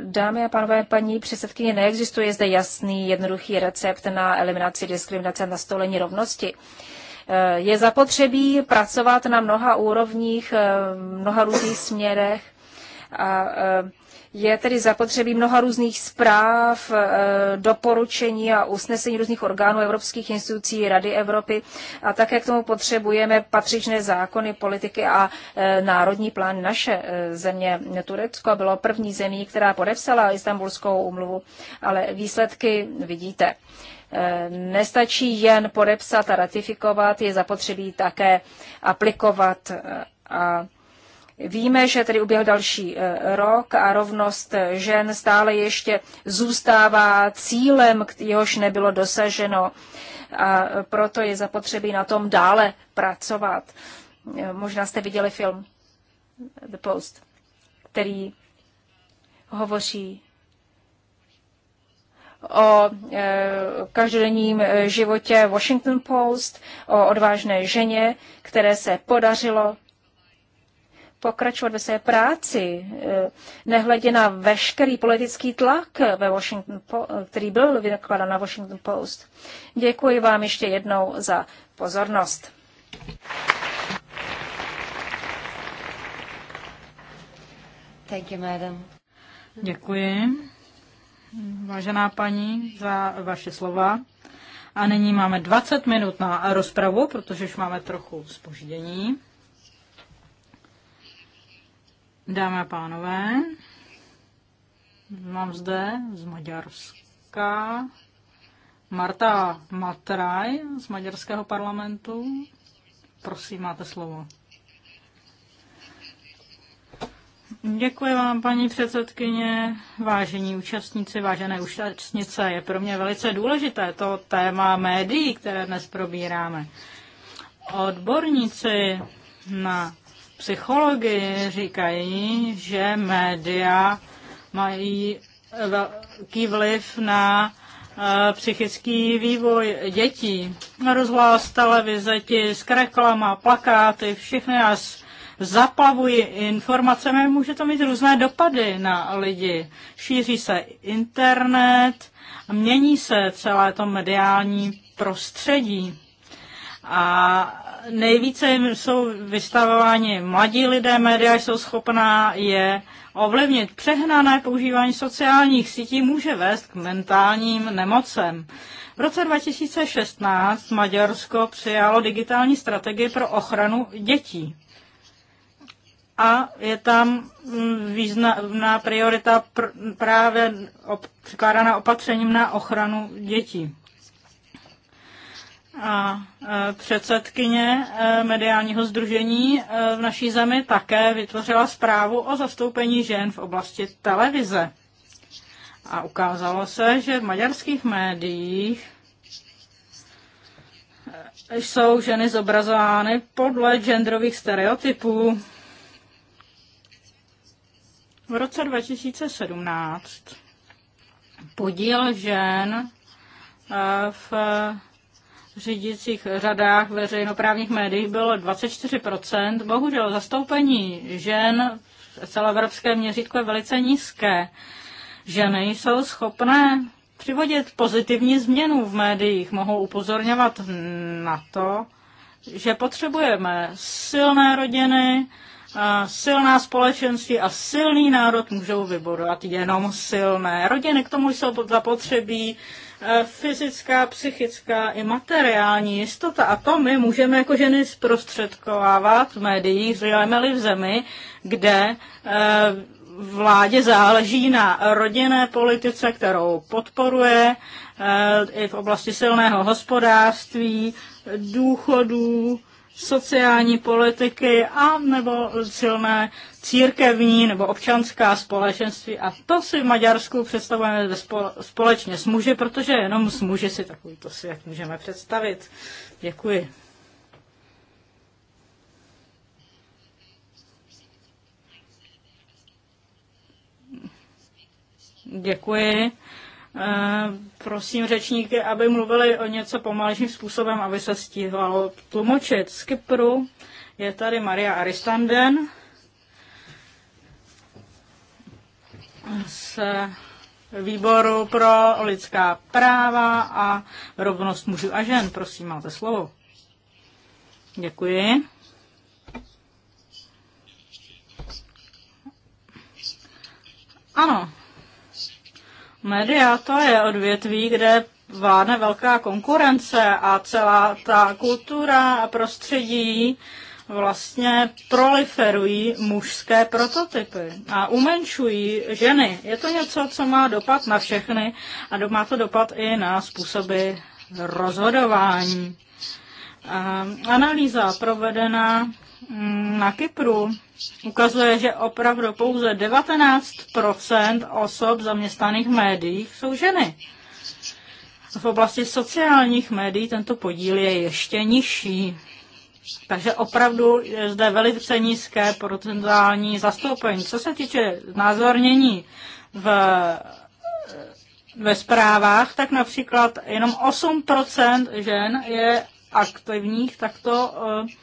Dámy a pánové, paní předsedkyně, neexistuje zde jasný, jednoduchý recept na eliminaci diskriminace a nastolení rovnosti. Je zapotřebí pracovat na mnoha úrovních, mnoha různých směrech a je tedy zapotřebí mnoha různých zpráv, eh, doporučení a usnesení různých orgánů evropských institucí Rady Evropy a také k tomu potřebujeme patřičné zákony, politiky a eh, národní plán naše eh, země Turecko bylo první zemí, která podepsala Istanbulskou umluvu, ale výsledky vidíte. Nestačí jen podepsat a ratifikovat, je zapotřebí také aplikovat a Víme, že tedy uběhl další eh, rok a rovnost žen stále ještě zůstává cílem, jehož nebylo dosaženo a proto je zapotřebí na tom dále pracovat. Eh, možná jste viděli film The Post, který hovoří o eh, každodenním životě Washington Post, o odvážné ženě, které se podařilo pokračovat ve své práci, eh, nehledě na veškerý politický tlak, ve Washington, který byl vynakladan na Washington Post. Děkuji vám ještě jednou za pozornost. Thank you, madam. Děkuji, vážená paní, za vaše slova. A nyní máme 20 minut na rozpravu, protože už máme trochu spoždění. Dámy a pánové, mám zde z Maďarska Marta Matraj z Maďarského parlamentu. Prosím, máte slovo. Děkuji vám, paní předsedkyně, vážení účastníci, vážené účastnice. Je pro mě velice důležité to téma médií, které dnes probíráme. Odborníci na psychologi říkají, že média mají velký vliv na eh, psychický vývoj dětí. Rozhlas, televize, tisk, reklama, plakáty, všechny nás zaplavují informacemi, může to mít různé dopady na lidi. Šíří se internet, mění se celé to mediální prostředí. A nejvíce jsou vystavováni mladí lidé, média jsou schopná je ovlivnit. Přehnané používání sociálních sítí může vést k mentálním nemocem. V roce 2016 Maďarsko přijalo digitální strategii pro ochranu dětí. A je tam mm, významná priorita pr- právě op- opatřením na ochranu dětí a e, předsedkyně e, mediálního združení e, v naší zemi také vytvořila zprávu o zastoupení žen v oblasti televize. A ukázalo se, že v maďarských médiích jsou ženy zobrazovány podle genderových stereotypů. V roce 2017 podíl žen v řídících řadách veřejnoprávních médií bylo 24%. Bohužel zastoupení žen v celoevropském měřítku je velice nízké. Ženy jsou schopné přivodit pozitivní změnu v médiích, mohou upozorňovat na to, že potřebujeme silné rodiny, silná společenství a silný národ můžou vybudovat jenom silné rodiny. K tomu jsou zapotřebí e, fyzická, psychická i materiální jistota. A to my můžeme jako ženy zprostředkovávat v médiích, zřejmě v zemi, kde e, vládě záleží na rodinné politice, kterou podporuje e, i v oblasti silného hospodářství, důchodů, sociální politiky a nebo silné církevní nebo občanská společenství. A to si v Maďarsku představujeme společně s muži, protože jenom s muži si takovýto svět můžeme představit. Děkuji. Děkuji. Eh, prosím řečníky, aby mluvili o něco pomalejším způsobem, aby se stíhalo tlumočit. Z Kypru je tady Maria Aristanden z výboru pro lidská práva a rovnost mužů a žen. Prosím, máte slovo. Děkuji. Ano, Média to je odvětví, kde vládne velká konkurence a celá ta kultura a prostředí vlastně proliferují mužské prototypy a umenšují ženy. Je to něco, co má dopad na všechny a má to dopad i na způsoby rozhodování. Analýza provedená Mm, na Kypru ukazuje, že opravdu pouze 19 osob zaměstnaných v médiích jsou ženy. V oblasti sociálních médií tento podíl je ještě nižší. Takže opravdu je zde velice nízké procentuální zastoupení. Co se týče názornění v, ve zprávách, tak například jenom 8% žen je aktivních takto uh, eh,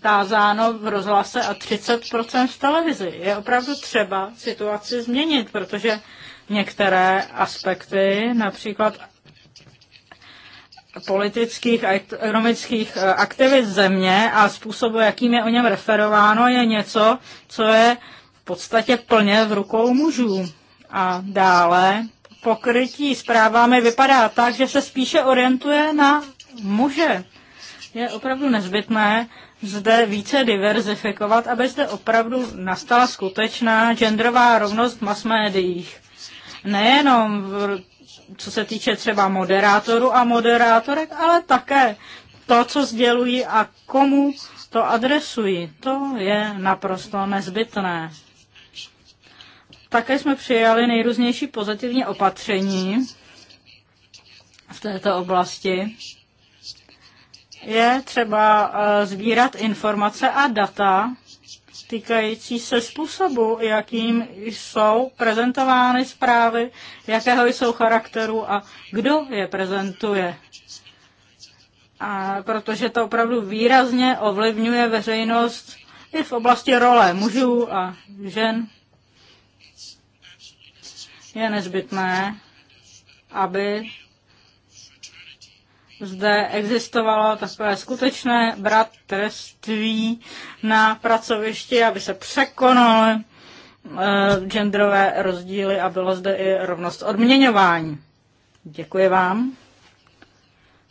tázáno v rozhlase a 30% v televizi. Je opravdu třeba situaci změnit, protože některé aspekty, například politických a ekonomických eh, aktivit země a způsobu, jakým je o něm referováno, je něco, co je v podstatě plně v rukou mužů. A dále pokrytí zprávami vypadá tak, že se spíše orientuje na muže. Je opravdu nezbytné, zde více diverzifikovat, aby zde opravdu nastala skutečná genderová rovnost v masmédiích. Nejenom v, co se týče třeba moderátorů a moderátorek, ale také to, co sdělují a komu to adresují. To je naprosto nezbytné. Také jsme přijali nejrůznější pozitivní opatření v této oblasti je třeba eh, sbírat informace a data týkající se způsobu, jakým jsou prezentovány zprávy, jakého jsou charakteru a kdo je prezentuje. A protože to opravdu výrazně ovlivňuje veřejnost i v oblasti role mužů a žen. Je nezbytné, aby zde existovalo takové skutečné bratrství na pracovišti, aby se překonaly eh, genderové rozdíly a bylo zde i rovnost odměňování. Děkuji vám.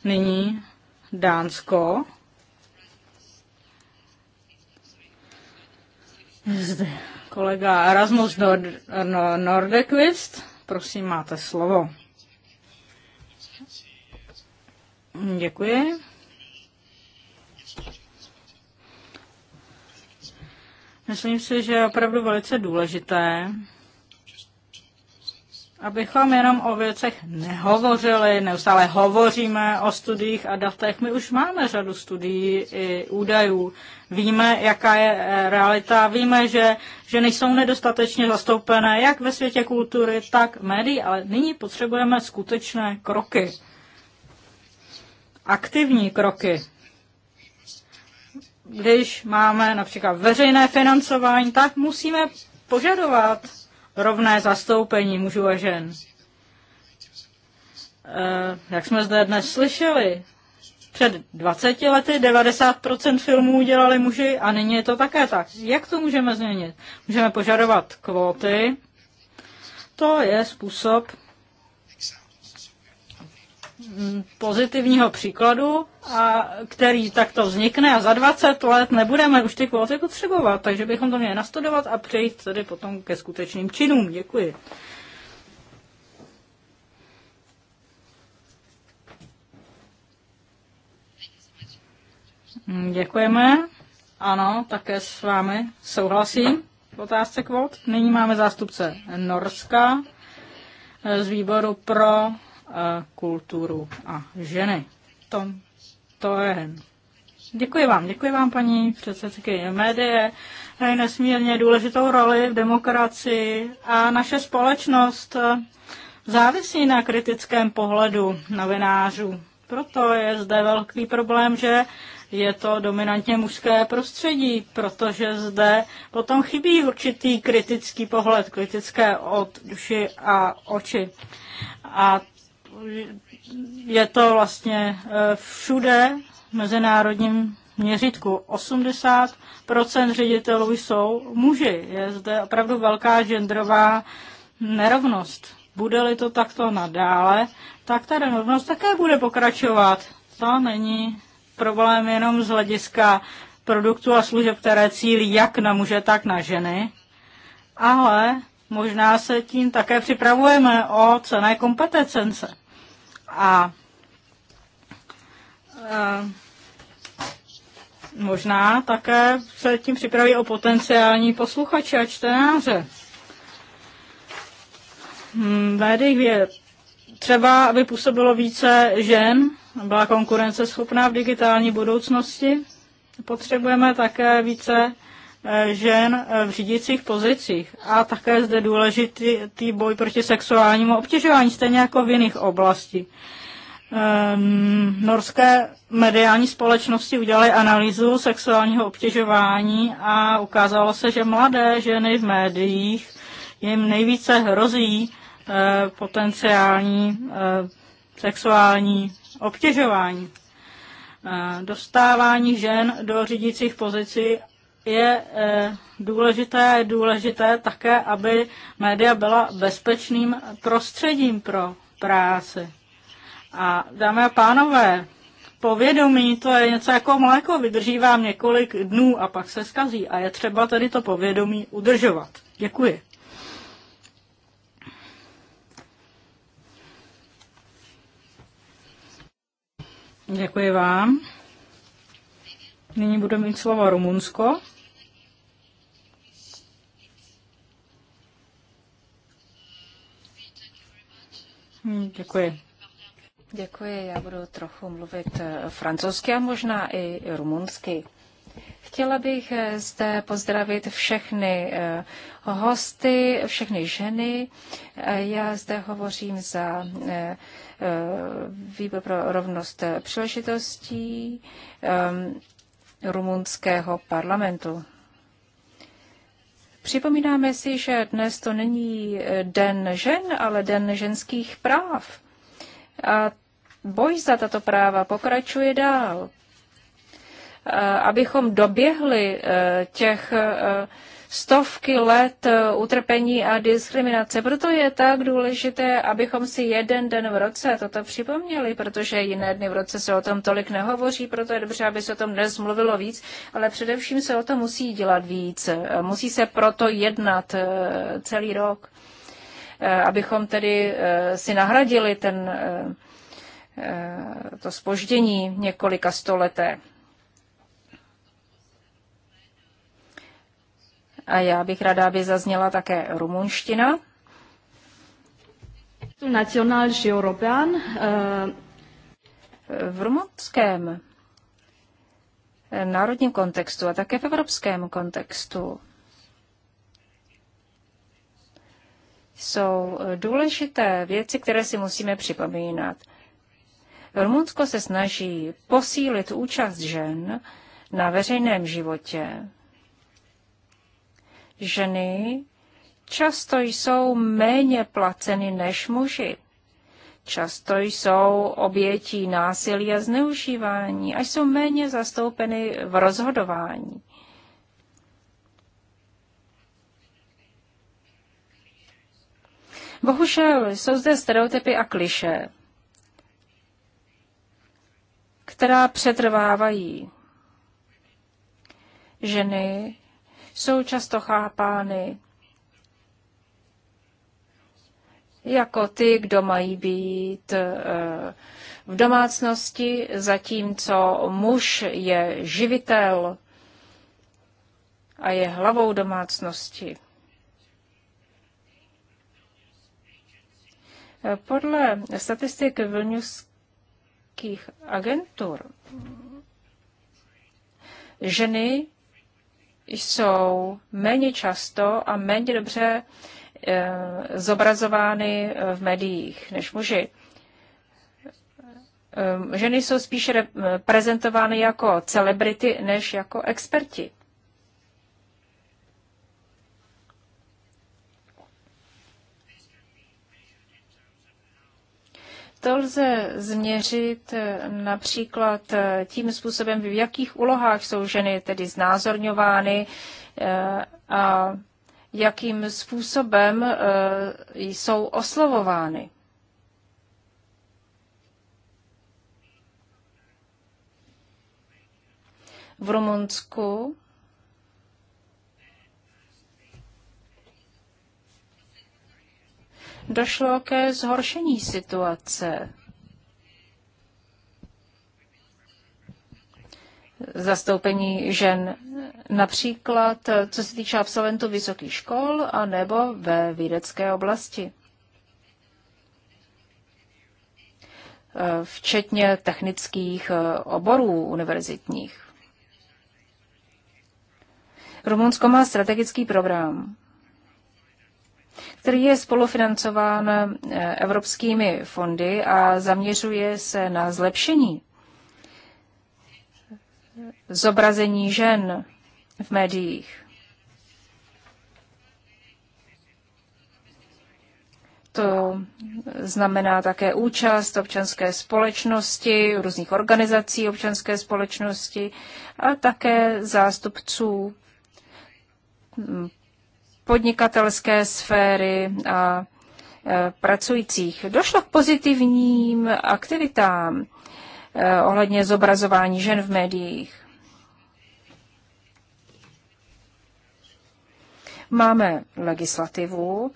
Nyní Dánsko. Zde kolega Erasmus Nord- Nordekvist. Prosím, máte slovo. Děkuji. Myslím si, že je opravdu velice důležité, abychom jenom o věcech nehovořili, neustále hovoříme o studiích a datech. My už máme řadu studií i údajů. Víme, jaká je eh, realita. Víme, že ženy jsou nedostatečně zastoupené jak ve světě kultury, tak médií, ale nyní potřebujeme skutečné kroky aktivní kroky. Když máme například veřejné financování, tak musíme požadovat rovné zastoupení mužů a žen. Eh, jak jsme zde dnes slyšeli, před 20 lety 90% filmů dělali muži a nyní je to také tak. Jak to můžeme změnit? Můžeme požadovat kvóty. To je způsob, Mm, pozitivního příkladu, a který takto vznikne a za 20 let nebudeme už ty kvóty potřebovat, takže bychom to měli nastudovat a přejít tedy potom ke skutečným činům. Děkuji. Mm, děkujeme. Ano, také s vámi souhlasím v otázce kvót. Nyní máme zástupce Norska z výboru pro kulturu a ženy. To, to je. Děkuji vám, děkuji vám, paní předsedkyně médie. Hrají nesmírně důležitou roli v demokracii a naše společnost závisí na kritickém pohledu novinářů. Proto je zde velký problém, že je to dominantně mužské prostředí, protože zde potom chybí určitý kritický pohled, kritické duši a oči. A je to vlastně e, všude v mezinárodním měřítku. 80% ředitelů jsou muži. Je zde opravdu velká genderová nerovnost. Bude-li to takto nadále, tak ta nerovnost také bude pokračovat. To není problém jenom z hlediska produktů a služeb, které cílí jak na muže, tak na ženy, ale možná se tím také připravujeme o cené kompetence. A e, možná také se tím připraví o potenciální posluchače a čtenáře. Hmm, v médiích je třeba, aby působilo více žen, byla konkurenceschopná v digitální budoucnosti. Potřebujeme také více Eh, žen eh, v řídících pozicích. A také zde důležitý boj proti sexuálnímu obtěžování, stejně jako v jiných oblasti. Ehm, norské mediální společnosti udělaly analýzu sexuálního obtěžování a ukázalo se, že mladé ženy v médiích jim nejvíce hrozí eh, potenciální sexuální obtěžování dostávání žen do řídících pozicí je eh, důležité, je důležité také, aby média byla bezpečným prostředím pro práci. A dámy a pánové, povědomí to je něco jako mléko, vydrží vám několik dnů a pak se skazí a je třeba tedy to povědomí udržovat. Děkuji. Děkuji vám. Nyní bude mít slovo Rumunsko. Hm, děkuji. Děkuji, já budu trochu mluvit eh, francouzsky a možná i rumunsky. Chtěla bych eh, zde pozdravit všechny eh, hosty, všechny ženy. Já zde hovořím za výbor pro rovnost příležitostí. Ehm, rumunského parlamentu. Připomínáme si, že dnes to není den žen, ale den ženských práv. A boj za tato práva pokračuje dál. Abychom doběhli eh, těch eh, stovky let eh, utrpení a diskriminace. Proto je tak důležité, abychom si jeden den v roce toto připomněli, protože jiné dny v roce se o tom tolik nehovoří, proto je dobře, aby se o tom dnes mluvilo víc, ale především se o tom musí dělat víc. Eh, musí se proto jednat eh, celý rok, abychom tedy si nahradili ten to spoždění několika stoleté. A já bych ráda, aby zazněla také rumunština. Nacional european. Eh, v rumunském eh, národním kontextu a také v evropském kontextu jsou důležité věci, které si musíme připomínat. Rumunsko se snaží posílit účast žen na veřejném životě ženy často jsou méně placeny než muži. Často jsou obětí násilí a zneužívání a jsou méně zastoupeny v rozhodování. Bohužel jsou zde stereotypy a kliše, která přetrvávají. Ženy jsou často chápány jako ty, kdo mají být eh, v domácnosti, zatímco muž je živitel a je hlavou domácnosti. Eh, podle statistik vilniuských agentur ženy jsou méně často a méně dobře eh, zobrazovány eh, v médiích než muži. Eh, ženy jsou spíše prezentovány jako celebrity než jako experti. To lze změřit eh, například eh, tím způsobem, v jakých úlohách jsou ženy tedy znázorňovány eh, a jakým způsobem jsou oslovovány. V Rumunsku došlo ke zhoršení situace. Zastoupení žen například, co se týče absolventů vysokých škol a nebo ve vědecké oblasti. Včetně technických oborů univerzitních. Rumunsko má strategický program který je spolufinancován eh, evropskými fondy a zaměřuje se na zlepšení zobrazení žen v médiích. To znamená také účast občanské společnosti, různých organizací občanské společnosti a také zástupců podnikatelské sféry a e, pracujících. Došlo k pozitivním aktivitám e, ohledně zobrazování žen v médiích. Máme legislativu,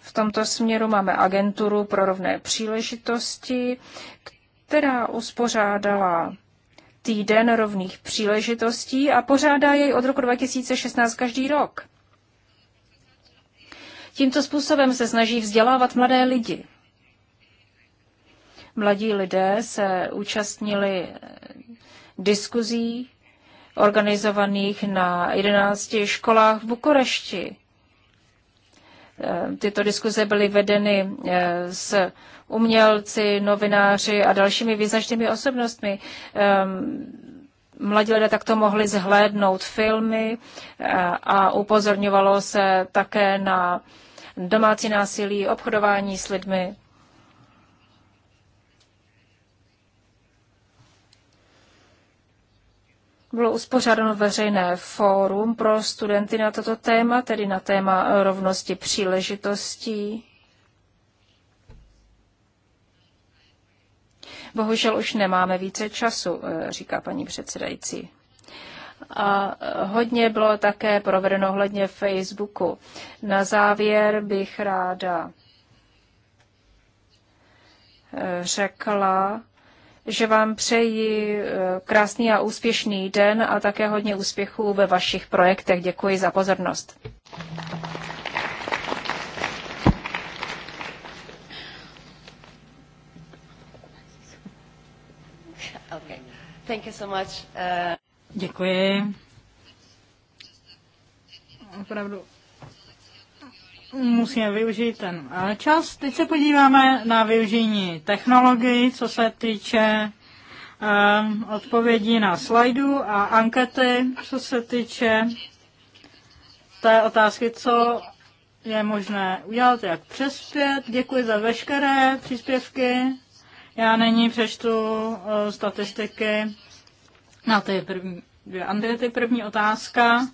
v tomto směru máme agenturu pro rovné příležitosti, která uspořádala týden rovných příležitostí a pořádá jej od roku 2016 každý rok. Tímto způsobem se snaží vzdělávat mladé lidi. Mladí lidé se účastnili diskuzí organizovaných na 11 školách v Bukurešti. Eh, tyto diskuze byly vedeny eh, s umělci, novináři a dalšími význačnými osobnostmi. Ehm, mladí lidé takto mohli zhlédnout filmy eh, a upozorňovalo se také na domácí násilí, obchodování s lidmi bylo uspořádáno veřejné fórum pro studenty na toto téma, tedy na téma rovnosti příležitostí. Bohužel už nemáme více času, eh, říká paní předsedající. A eh, hodně bylo také provedeno ohledně Facebooku. Na závěr bych ráda eh, řekla, že vám přeji e, krásný a úspěšný den a také hodně úspěchů ve vašich projektech. Děkuji za pozornost. Uh, Děkuji. Opravdu musíme využít ten eh, čas. Teď se podíváme na využití technologií, co se týče eh, odpovědí na slajdu a ankety, co se týče té otázky, co je možné udělat, jak přespět. Děkuji za veškeré příspěvky. Já nyní přečtu eh, statistiky na ty první dvě Andrety. První otázka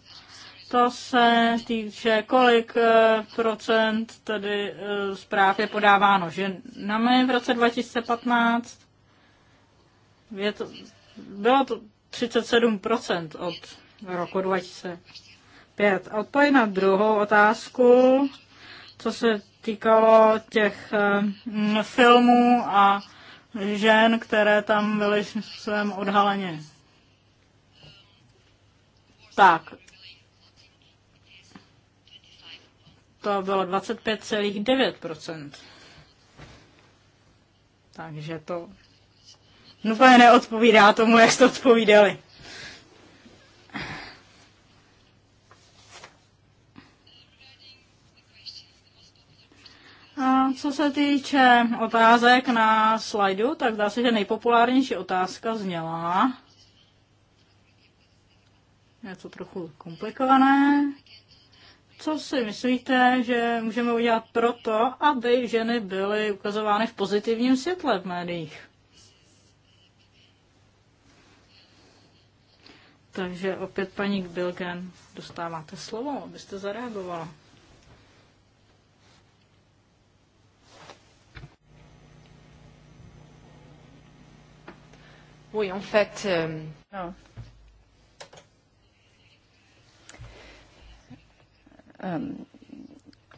to se týče, kolik eh, procent tedy eh, zpráv je podáváno ženami v roce 2015. Je to, bylo to 37% od roku 2005. A odpověď na druhou otázku, co se týkalo těch eh, filmů a žen, které tam byly v svém odhaleně. Tak, to bylo 25,9%. Takže to úplně neodpovídá tomu, jak jste odpovídali. A co se týče otázek na slajdu, tak dá se, že nejpopulárnější otázka zněla. Je to trochu komplikované co si myslíte, že můžeme udělat proto, aby ženy byly ukazovány v pozitivním světle v médiích? Takže opět paní Bilgen, dostáváte slovo, abyste zareagovala. Oui, en fait, euh... no.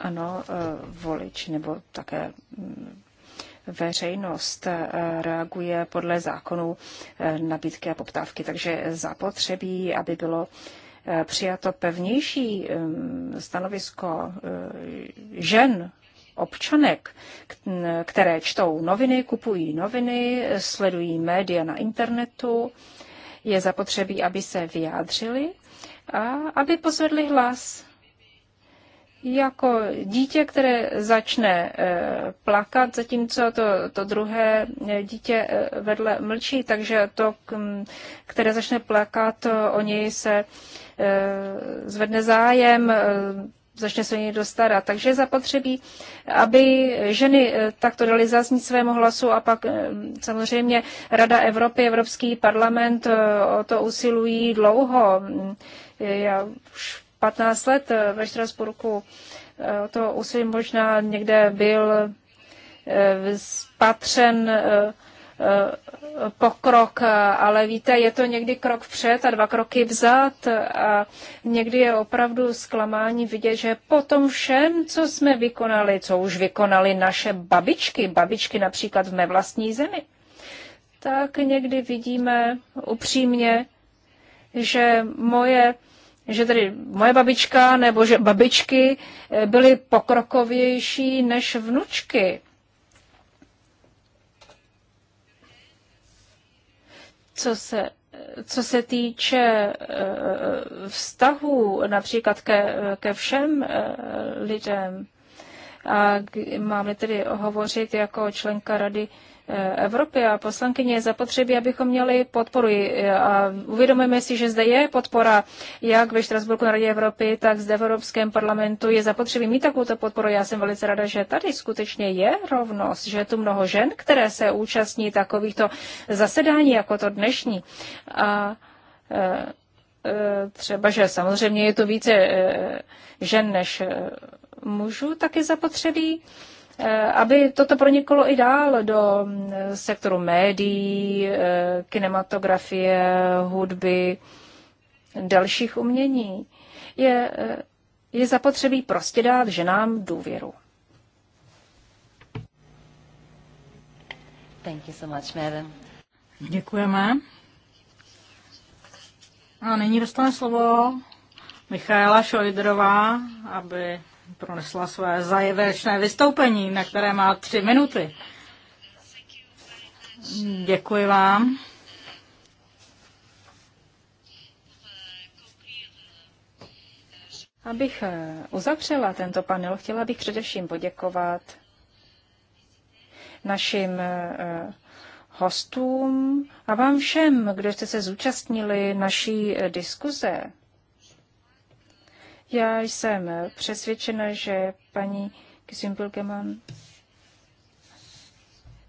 ano, e, volič nebo také veřejnost e, reaguje podle zákonů e, nabídky a poptávky, takže zapotřebí, aby bylo přijato pevnější stanovisko žen občanek, které čtou noviny, kupují noviny, sledují média na internetu. Je zapotřebí, aby se vyjádřili a aby pozvedli hlas jako dítě, které začne eh, plakat, zatímco to, to druhé eh, dítě eh, vedle mlčí, takže to, hm, které začne plakat, o něj se zvedne zájem, začne se o něj dostarat. Takže zapotřebí, aby ženy takto dali zaznít svému hlasu a pak samozřejmě Rada Evropy, Evropský parlament o to usilují dlouho. Já už 15 let eh, ve Štrasburku. Eh, to úsilí možná někde byl eh, spatřen pokrok, ale víte, je to někdy krok vpřed a dva kroky vzad a někdy je opravdu zklamání vidět, že po tom všem, co jsme vykonali, co už vykonali naše babičky, babičky například v mé vlastní zemi, tak někdy vidíme upřímně, že moje že tedy moje babička nebo že babičky eh, byly pokrokovější než vnučky. Co se, co se týče eh, vztahu například ke, ke všem eh, lidem, a mám tedy hovořit jako členka rady Evropy a poslankyně je zapotřebí, abychom měli podporu. A uvědomujeme si, že zde je podpora jak ve Štrasburku na Radě Evropy, tak zde v Evropském parlamentu. Je zapotřebí mít takovou podporu. Já jsem velice ráda, že tady skutečně je rovnost, že je tu mnoho žen, které se účastní takovýchto zasedání jako to dnešní. A e, e, třeba, že samozřejmě je to více e, žen než mužů, tak je zapotřebí Eh, aby toto proniklo i dál do mm, sektoru médií, eh, kinematografie, hudby, dalších umění. Je, eh, je zapotřebí prostě dát ženám důvěru. Thank you so much, madam. Děkujeme. A nyní dostane slovo Michaela Šojderová, aby pronesla své závěrečné vystoupení, na které má tři minuty. Děkuji vám. Abych eh, uzavřela tento panel, chtěla bych především poděkovat našim eh, hostům a vám všem, kdo jste se zúčastnili naší eh, diskuze. Já jsem přesvědčena, že paní Kissimpilkeman,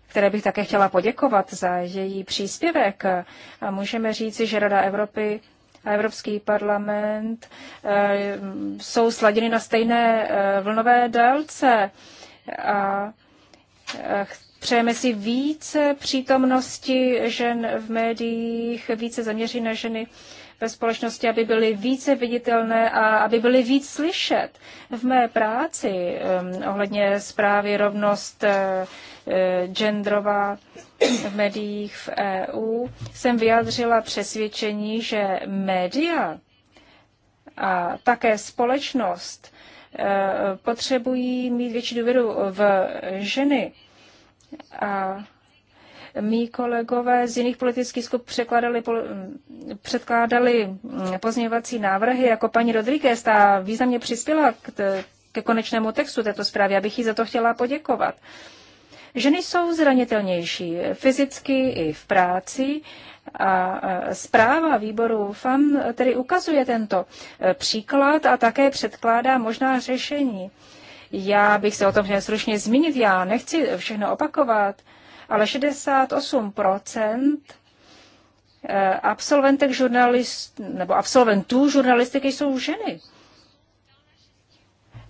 které bych také chtěla poděkovat za její příspěvek, a můžeme říci, že Rada Evropy a Evropský parlament eh, jsou sladěny na stejné eh, vlnové délce. A eh, přejeme si více přítomnosti žen v médiích, více zaměří na ženy ve společnosti, aby byly více viditelné a aby byly víc slyšet. V mé práci um, ohledně zprávy rovnost uh, uh, genderová v médiích v EU jsem vyjádřila přesvědčení, že média a také společnost uh, potřebují mít větší důvěru v ženy. A Mí kolegové z jiných politických skup překladali, předkládali mm, pozměňovací návrhy, jako paní Rodríguez, ta významně přispěla k t, ke konečnému textu této zprávy, abych jí za to chtěla poděkovat. Ženy jsou zranitelnější fyzicky i v práci a zpráva výboru FAM tedy ukazuje tento e, příklad a také předkládá možná řešení. Já bych se o tom měl slušně zmínit, já nechci všechno opakovat, ale 68 eh, absolventek žurnalist, nebo absolventů žurnalistiky jsou ženy.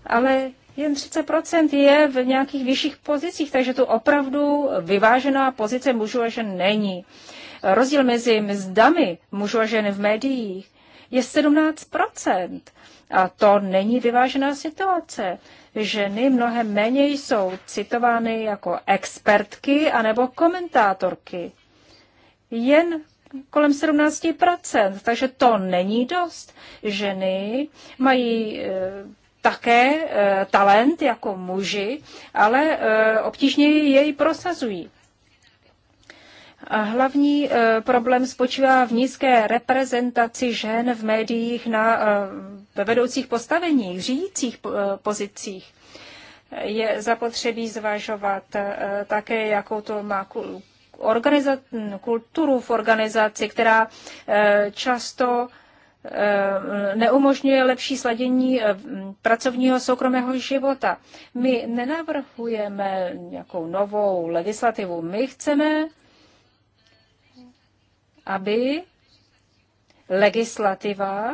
Ale jen 30% je v nějakých vyšších pozicích, takže tu opravdu vyvážená pozice mužů a žen není. Rozdíl mezi mzdami mužů a žen v médiích je 17%. A to není vyvážená situace ženy mnohem méně jsou citovány jako expertky anebo komentátorky. Jen kolem 17%, takže to není dost. Ženy mají e, také e, talent jako muži, ale e, obtížně jej prosazují. A hlavní eh, problém spočívá v nízké reprezentaci žen v médiích na eh, ve vedoucích postaveních, řídících eh, pozicích. Je zapotřebí zvažovat také, jakou to má hm, kulturu v organizaci, která často neumožňuje lepší sladění pracovního soukromého života. My nenavrhujeme nějakou novou legislativu. My chceme aby legislativa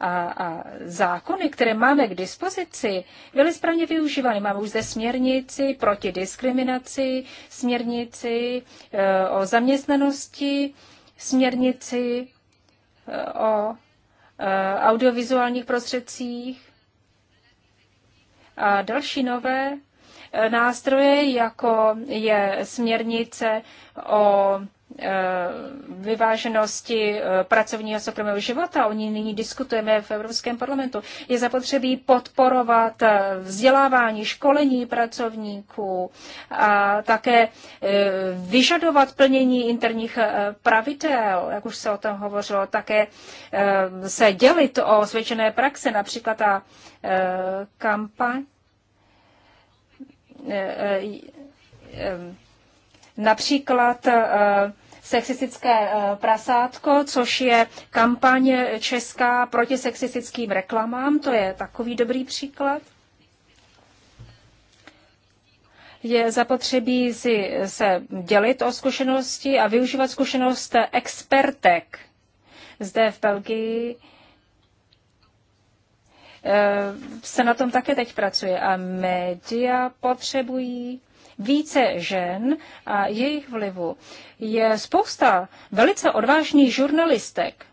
a, a zákony, které máme k dispozici, byly správně využívány. Máme už zde směrnici proti diskriminaci, směrnici e, o zaměstnanosti, směrnici e, o e, audiovizuálních prostředcích a další nové e, nástroje, jako je směrnice o Eh, vyváženosti eh, pracovního a soukromého života, o ní nyní diskutujeme v Evropském parlamentu, je zapotřebí podporovat eh, vzdělávání, školení pracovníků a také vyžadovat plnění interních pravidel, jak už se o tom hovořilo, také se dělit o svědčené praxe, například ta kampaň Například eh, sexistické eh, prasátko, což je kampaň česká proti sexistickým reklamám. To je takový dobrý příklad. Je zapotřebí si se dělit o zkušenosti a využívat zkušenost expertek. Zde v Belgii eh, se na tom také teď pracuje a média potřebují více žen a jejich vlivu. Je spousta velice odvážných žurnalistek.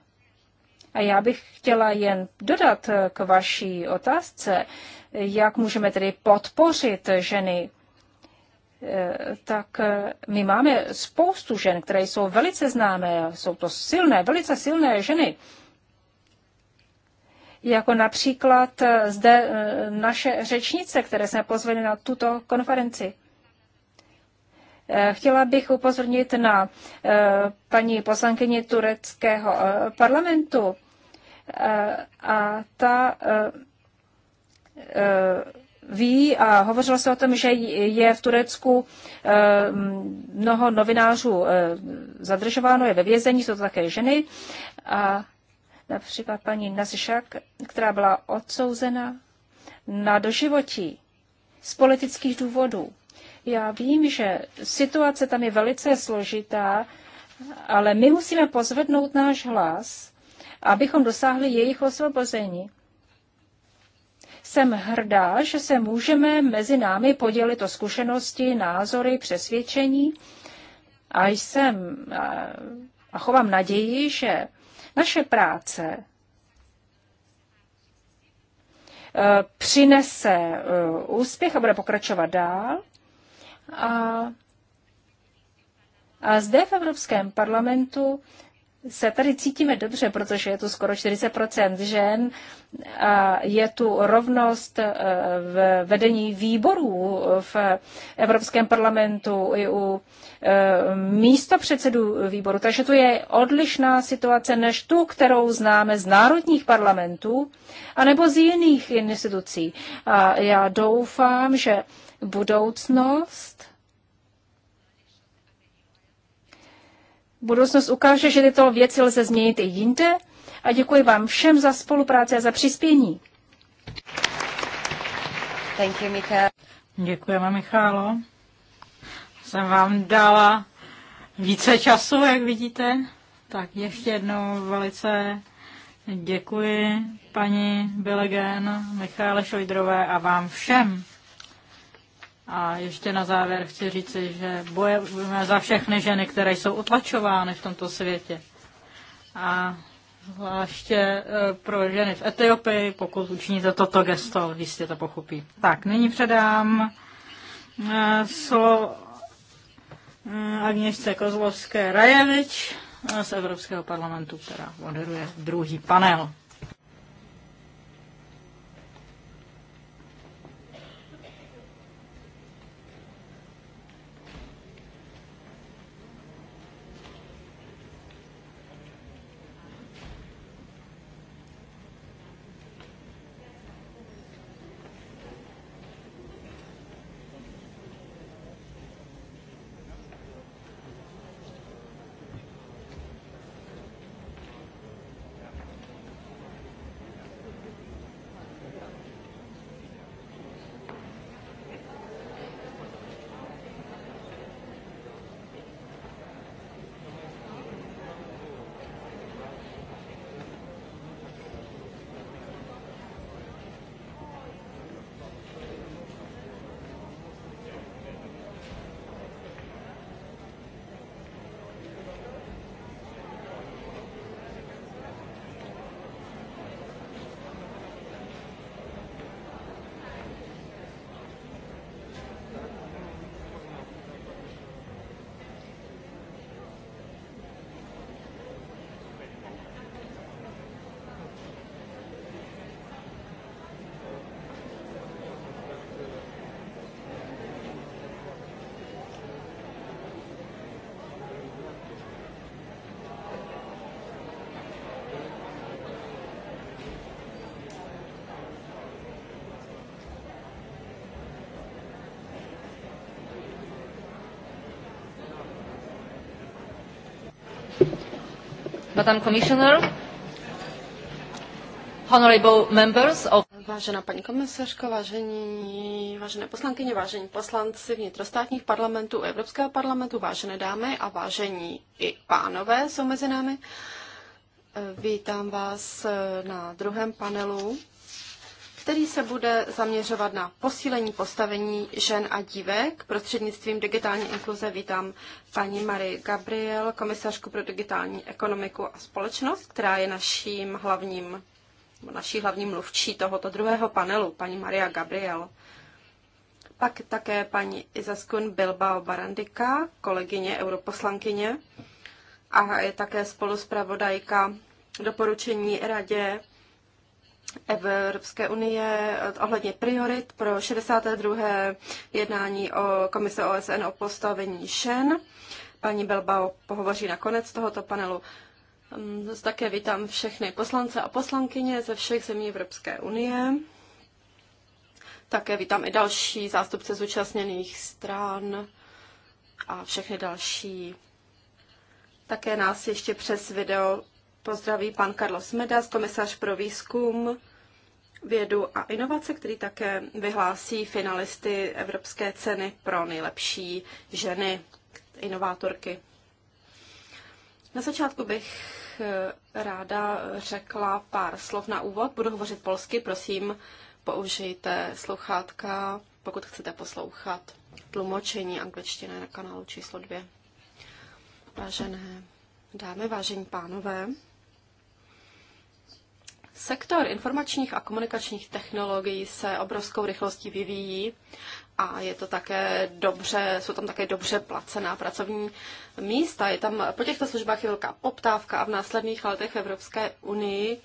A já bych chtěla jen dodat k vaší otázce, jak můžeme tedy podpořit ženy e, tak e, my máme spoustu žen, které jsou velice známé, jsou to silné, velice silné ženy. Jako například e, zde naše řečnice, které jsme pozvali na tuto konferenci. Chtěla bych upozornit na eh, paní poslankyni tureckého eh, parlamentu eh, a ta ví a hovořilo se o tom, že je v Turecku mnoho novinářů zadržováno, je ve vězení, jsou to také ženy a například paní Nasišak, která byla odsouzena na doživotí z politických důvodů. Já vím, že situace tam je velice složitá, ale my musíme pozvednout náš hlas, abychom dosáhli jejich osvobození. Jsem hrdá, že se můžeme mezi námi podělit o zkušenosti, názory, přesvědčení a jsem a chovám naději, že naše práce e, přinese e, úspěch a bude pokračovat dál. A, a zde v Evropském parlamentu se tady cítíme dobře, protože je tu skoro 40 žen a je tu rovnost e, v vedení výborů v Evropském parlamentu i u e, místo předsedů výboru. Takže to je odlišná situace než tu, kterou známe z národních parlamentů anebo z jiných institucí. A já doufám, že budoucnost. Budoucnost ukáže, že tyto věci lze změnit i jinde. A děkuji vám všem za spolupráci a za přispění. Thank you, Michal. Děkujeme, Michálo. Jsem vám dala více času, jak vidíte. Tak ještě jednou velice děkuji paní Bilegen, Michále Šojdrové a vám všem. A ještě na závěr chci říci, že bojujeme za všechny ženy, které jsou utlačovány v tomto světě. A zvláště e, pro ženy v Etiopii, pokud učiníte toto gesto, jistě to pochopí. Tak, nyní předám e, slovo mm, Agněšce Kozlovské Rajevič e, z Evropského parlamentu, která moderuje druhý panel. Madam Commissioner, honorable members of... Vážená paní komisařko, vážení, vážené poslankyně, vážení poslanci vnitrostátních parlamentů, Evropského parlamentu, vážené dámy a vážení i pánové jsou mezi námi. Vítám vás na druhém panelu který se bude zaměřovat na posílení postavení žen a dívek. Prostřednictvím digitální inkluze vítám paní Marie Gabriel, komisařku pro digitální ekonomiku a společnost, která je naším hlavním, naší hlavním mluvčí tohoto druhého panelu, paní Maria Gabriel. Pak také paní Izaskun Bilbao Barandika, kolegyně europoslankyně a je také spoluspravodajka doporučení radě Evropské unie eh, ohledně priorit pro 62. jednání o komise OSN o postavení šen. Paní Belbao pohovoří na konec tohoto panelu. Mm, také vítám všechny poslance a poslankyně ze všech zemí Evropské unie. Také vítám i další zástupce zúčastněných stran a všechny další. Také nás ještě přes video pozdraví pan Carlos Medas, komisař pro výzkum, vědu a inovace, který také vyhlásí finalisty Evropské ceny pro nejlepší ženy, inovátorky. Na začátku bych eh, ráda řekla pár slov na úvod. Budu hovořit polsky, prosím, použijte sluchátka, pokud chcete poslouchat tlumočení angličtiny na kanálu číslo dvě. Vážené dámy, vážení pánové, Sektor informačních a komunikačních technologií se obrovskou rychlostí vyvíjí a je to také dobře, jsou tam také dobře placená pracovní místa. Je tam, po těchto službách je velká poptávka a v následných letech v Evropské unii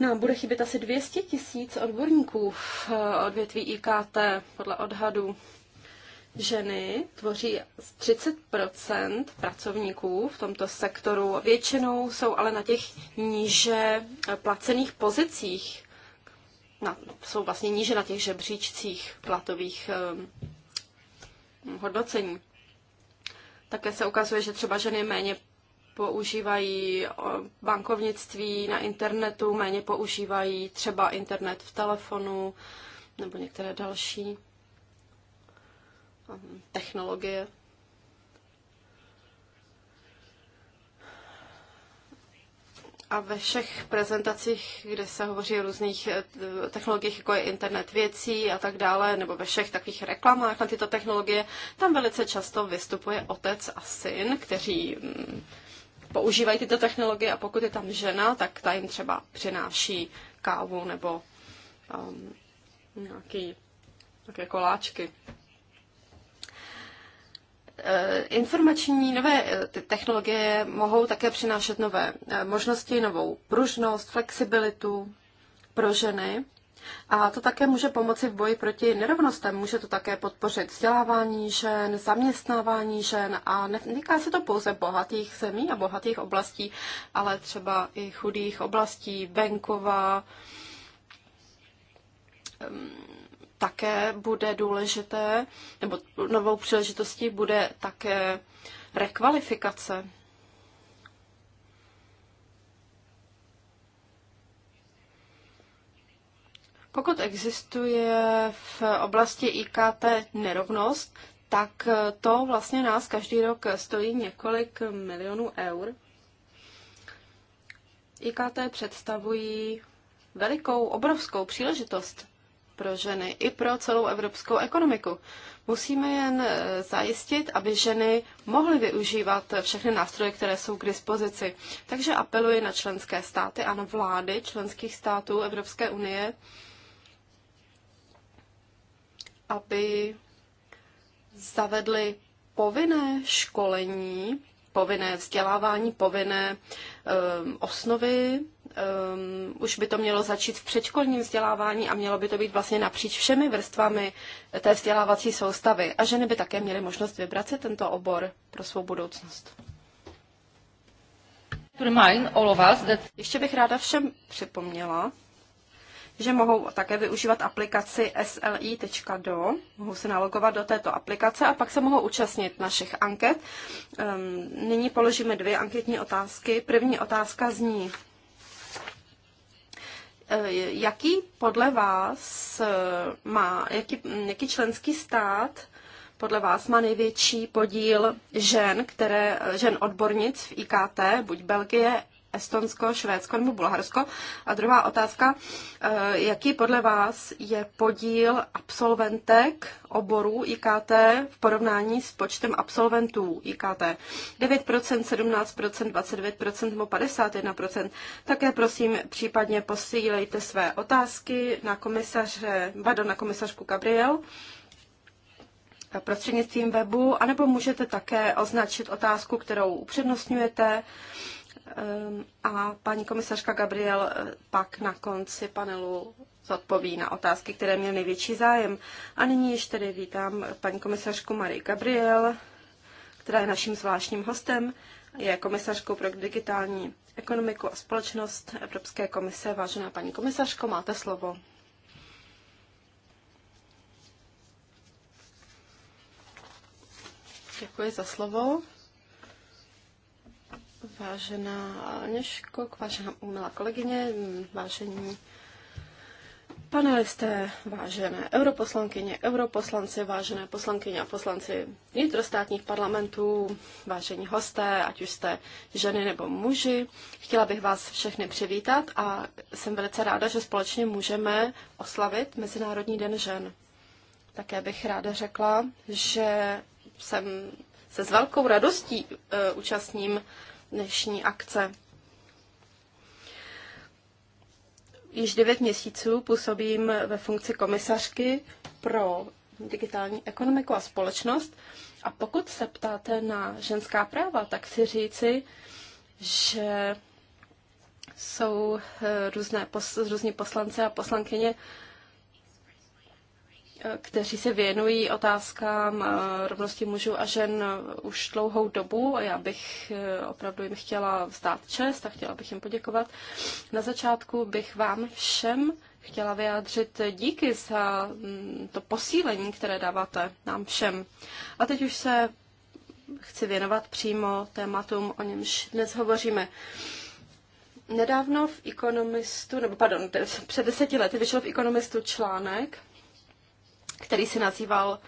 nám bude chybět asi 200 tisíc odborníků v odvětví IKT podle odhadu ženy tvoří 30 pracovníků v tomto sektoru. Většinou jsou ale na těch níže placených pozicích. Na, jsou vlastně níže na těch žebříčcích platových um, hodnocení. Také se ukazuje, že třeba ženy méně používají bankovnictví na internetu, méně používají třeba internet v telefonu nebo některé další Mhm. technologie. A ve všech prezentacích, kde se hovoří o různých eh, technologiích, jako je internet věcí a tak dále, nebo ve všech takových reklamách na tyto technologie, tam velice často vystupuje otec a syn, kteří mm, používají tyto technologie a pokud je tam žena, tak ta jim třeba přináší kávu nebo um, nějaké koláčky. Eh, informační nové eh, technologie mohou také přinášet nové eh, možnosti, novou pružnost, flexibilitu pro ženy. A to také může pomoci v boji proti nerovnostem. Může to také podpořit vzdělávání žen, zaměstnávání žen a netýká se to pouze bohatých zemí a bohatých oblastí, ale třeba i chudých oblastí, venkova, také bude důležité, nebo novou příležitostí bude také rekvalifikace. Pokud existuje v oblasti IKT nerovnost, tak to vlastně nás každý rok stojí několik milionů eur. IKT představují velikou, obrovskou příležitost pro ženy i pro celou evropskou ekonomiku. Musíme jen e, zajistit, aby ženy mohly využívat všechny nástroje, které jsou k dispozici. Takže apeluji na členské státy a na vlády členských států Evropské unie, aby zavedly povinné školení, povinné vzdělávání, povinné um, osnovy um, už by to mělo začít v předškolním vzdělávání a mělo by to být vlastně napříč všemi vrstvami té vzdělávací soustavy. A ženy by také měly možnost vybrat si tento obor pro svou budoucnost. Ještě bych ráda všem připomněla, že mohou také využívat aplikaci sli.do, mohou se nalogovat do této aplikace a pak se mohou účastnit našich anket. Um, nyní položíme dvě anketní otázky. První otázka zní, Eh, jaký podle vás eh, má, jaký, jaký členský stát podle vás má největší podíl žen, které, žen odbornic v IKT, buď Belgie, Estonsko, Švédsko nebo Bulharsko? A druhá otázka, eh, jaký podle vás je podíl absolventek oboru IKT v porovnání s počtem absolventů IKT? 9%, 17%, 29% nebo 51%. Také prosím, případně posílejte své otázky na komisaře, pardon, na komisařku Gabriel eh, prostřednictvím webu, anebo můžete také označit otázku, kterou upřednostňujete Ehm, a paní komisařka Gabriel eh, pak na konci panelu zodpoví na otázky, které měl největší zájem. A nyní již tedy vítám paní komisařku Marie Gabriel, která je naším zvláštním hostem, je komisařkou pro digitální ekonomiku a společnost Evropské komise. Vážená paní komisařko, máte slovo. Děkuji za slovo. Vážená Aněško, vážená umělá kolegyně, vážení panelisté, vážené europoslankyně, europoslanci, vážené poslankyně a poslanci vnitrostátních parlamentů, vážení hosté, ať už jste ženy nebo muži, chtěla bych vás všechny přivítat a jsem velice ráda, že společně můžeme oslavit Mezinárodní den žen. Také bych ráda řekla, že jsem se s velkou radostí e, účastním dnešní akce. Již devět měsíců působím ve funkci komisařky pro digitální ekonomiku a společnost. A pokud se ptáte na ženská práva, tak si říci, že jsou eh, různé pos, různí poslanci a poslankyně kteří se věnují otázkám eh, rovnosti mužů a žen už dlouhou dobu. Já bych eh, opravdu jim chtěla vzdát čest a chtěla bych jim poděkovat. Na začátku bych vám všem chtěla vyjádřit díky za mm, to posílení, které dáváte nám všem. A teď už se chci věnovat přímo tématům, o němž dnes hovoříme. Nedávno v Ekonomistu, nebo pardon, před deseti lety vyšel v Ekonomistu článek, který se nazýval,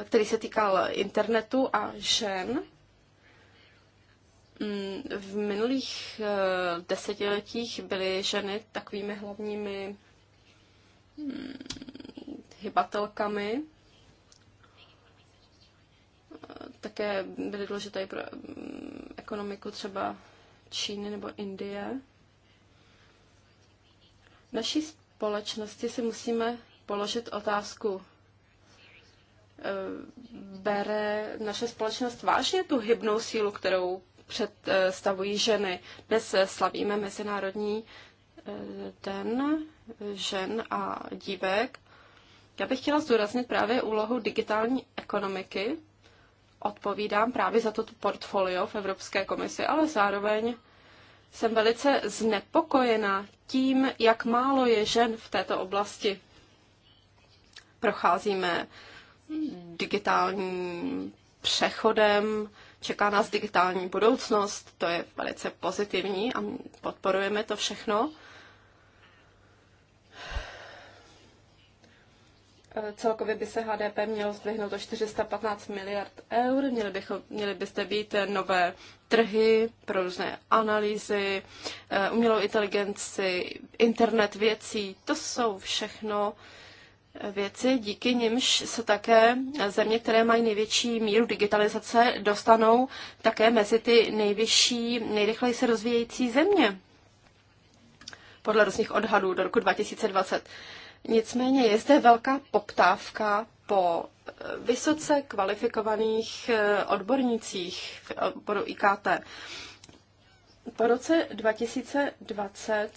eh, který se týkal internetu a žen. Mm, v minulých eh, desetiletích byly ženy takovými hlavními mm, hybatelkami. Eh, také byly důležité pro mm, ekonomiku třeba Číny nebo Indie. V naší společnosti si musíme položit otázku. Eh, bere naše společnost vážně tu hybnou sílu, kterou představují ženy? Dnes eh, slavíme Mezinárodní eh, den žen a dívek. Já bych chtěla zdůraznit právě úlohu digitální ekonomiky. Odpovídám právě za toto portfolio v Evropské komisi, ale zároveň jsem velice znepokojena tím, jak málo je žen v této oblasti procházíme digitálním přechodem, čeká nás digitální budoucnost, to je velice pozitivní a podporujeme to všechno. Celkově by se HDP mělo zdvihnout o 415 miliard eur. Měli, bychom, měli byste být nové trhy pro různé analýzy, eh, umělou inteligenci, internet věcí. To jsou všechno uh, věci, díky nimž se také země, které mají největší míru digitalizace, dostanou také mezi ty nejvyšší, nejrychleji se rozvíjející země podle různých odhadů do roku 2020. Nicméně je zde velká poptávka po eh, vysoce kvalifikovaných eh, odbornicích v oboru IKT. Po roce 2020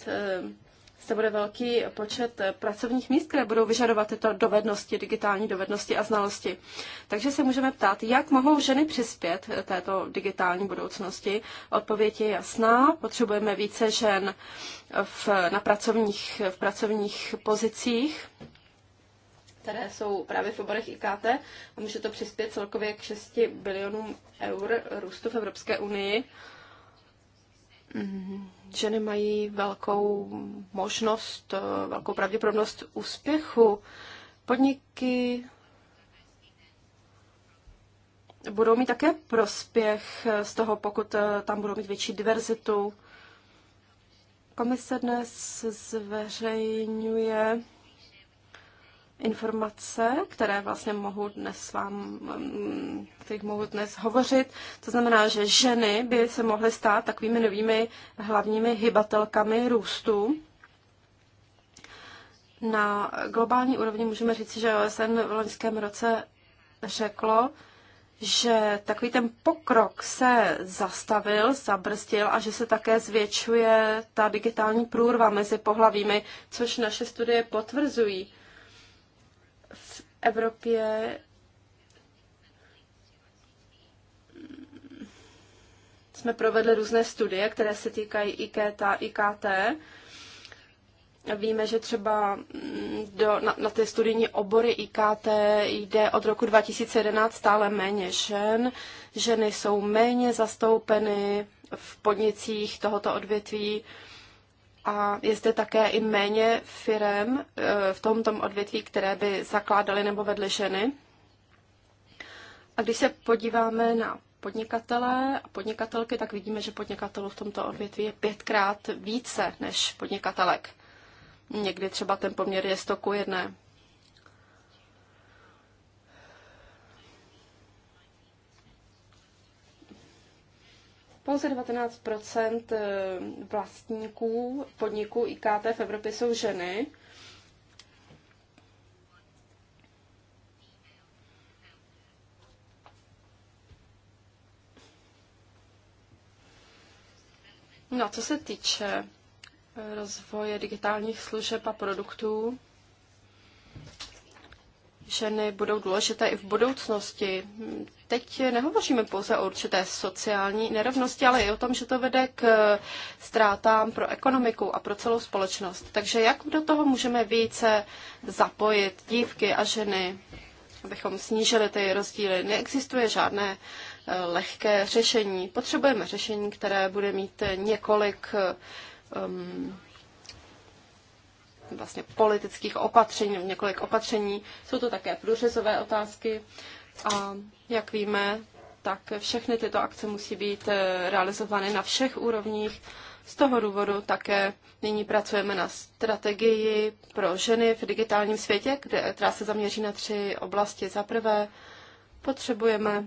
se bude velký počet eh, pracovních míst, které budou vyžadovat tyto dovednosti, digitální dovednosti a znalosti. Takže se můžeme ptát, jak mohou ženy přispět eh, této digitální budoucnosti. Odpověď je jasná, potřebujeme více žen v, na pracovních, v pracovních pozicích, které jsou právě v oborech IKT a může to přispět celkově k 6 bilionům eur růstu v Evropské unii ženy mají velkou možnost, eh, velkou pravděpodobnost úspěchu. Podniky budou mít také prospěch eh, z toho, pokud eh, tam budou mít větší diverzitu. Komise dnes zveřejňuje informace, které vlastně mohu dnes vám, mm, kterých mohu dnes hovořit. To znamená, že ženy by se mohly stát takovými novými hlavními hybatelkami růstu. Na globální úrovni můžeme říct, že OSN v loňském roce řeklo, že takový ten pokrok se zastavil, zabrzdil a že se také zvětšuje ta digitální průrva mezi pohlavími, což naše studie potvrzují. Evropě jsme provedli různé studie, které se týkají IKT, IKT. Víme, že třeba mm, do, na, na ty studijní obory IKT jde od roku 2011 stále méně žen. Ženy jsou méně zastoupeny v podnicích tohoto odvětví. Um, a je zde také i méně firem eh, v tomto odvětví, které by zakládaly nebo vedly ženy. A když se podíváme na podnikatele a podnikatelky, tak vidíme, že podnikatelů v tomto odvětví je pětkrát více než podnikatelek. Někdy třeba ten poměr je stoku jedné. Pouze 19 eh, vlastníků podniků IKT v Evropě jsou ženy. No, co se týče eh, rozvoje digitálních služeb a produktů, ženy budou důležité i v budoucnosti. Teď nehovoříme pouze o určité sociální nerovnosti, ale i o tom, že to vede k ztrátám pro ekonomiku a pro celou společnost. Takže jak do toho můžeme více zapojit dívky a ženy, abychom snížili ty rozdíly? Neexistuje žádné eh, lehké řešení. Potřebujeme řešení, které bude mít několik um, vlastně politických opatření, několik opatření. Jsou to také průřezové otázky a jak víme, tak všechny tyto akce musí být eh, realizovány na všech úrovních. Z toho důvodu také nyní pracujeme na strategii pro ženy v digitálním světě, kde, která se zaměří na tři oblasti. Za prvé potřebujeme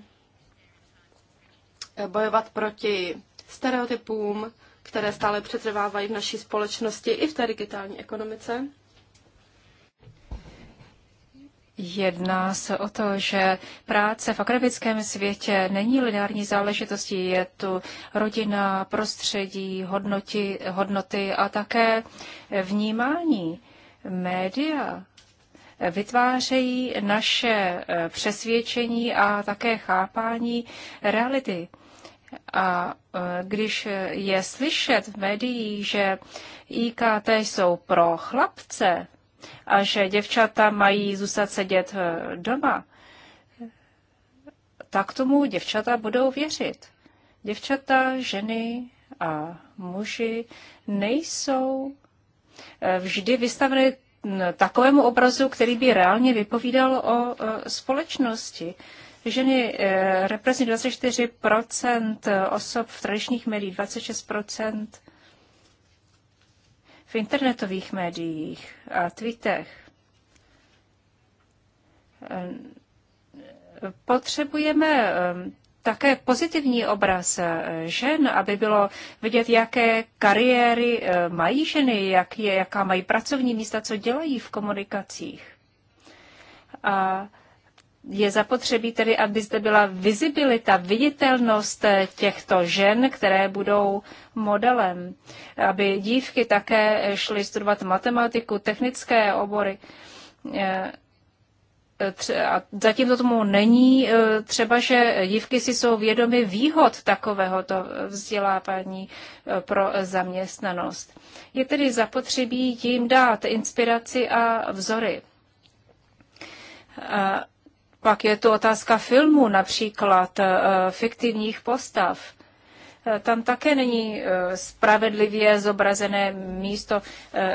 eh, bojovat proti stereotypům, které stále přetrvávají v naší společnosti i v té digitální ekonomice? Jedná se o to, že práce v akademickém světě není lineární záležitostí, je tu rodina, prostředí, hodnoti, hodnoty a také vnímání. Média vytvářejí naše eh, přesvědčení a také chápání reality. A e, když je slyšet v médiích, že IKT jsou pro chlapce a že děvčata mají zůstat sedět e, doma, tak tomu děvčata budou věřit. Děvčata, ženy a muži nejsou e, vždy vystaveny takovému obrazu, který by reálně vypovídal o společnosti. Ženy eh, reprezentují 24 osob v tradičních médiích, 26 v internetových médiích a tweetech. Eh, potřebujeme eh, také pozitivní obraz žen, aby bylo vidět, jaké kariéry mají ženy, jak je, jaká mají pracovní místa, co dělají v komunikacích. A je zapotřebí tedy, aby zde byla vizibilita, viditelnost eh, těchto žen, které budou modelem. Aby dívky také eh, šly studovat matematiku, technické obory. Eh, a zatím to tomu není třeba, že dívky si jsou vědomy výhod takovéhoto vzdělávání pro zaměstnanost. Je tedy zapotřebí jim dát inspiraci a vzory. Pak je to otázka filmů, například eh, fiktivních postav. Eh, tam také není eh, spravedlivě zobrazené místo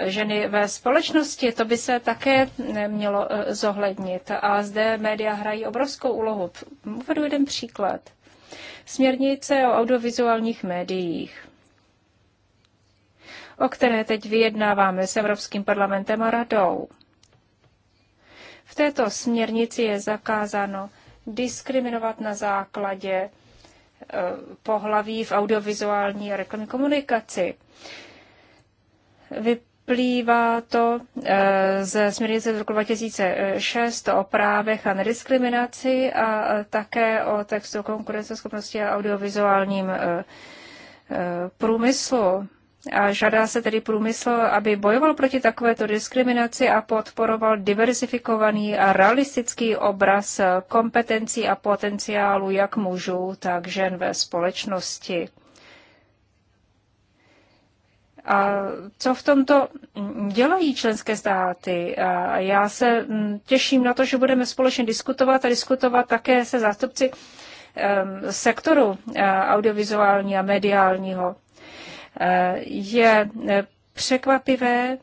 ženy ve společnosti. To by se také mělo zohlednit. A zde média hrají obrovskou úlohu. Uvedu jeden příklad. Směrnice o audiovizuálních médiích o které teď vyjednáváme s Evropským parlamentem a radou této směrnici je zakázáno diskriminovat na základě e, pohlaví v audiovizuální a reklamní komunikaci. Vyplývá to e, ze směrnice z roku 2006 o právech a nediskriminaci a e, také o textu konkurenceschopnosti a audiovizuálním průmyslu. A žádá se tedy průmysl, aby bojoval proti takovéto diskriminaci a podporoval diversifikovaný a realistický obraz kompetencí a potenciálu jak mužů, tak žen ve společnosti. A co v tomto dělají členské státy? A já se mm, těším na to, že budeme společně diskutovat a diskutovat také se zástupci sektoru audiovizuální a mediálního. Je eh, překvapivé,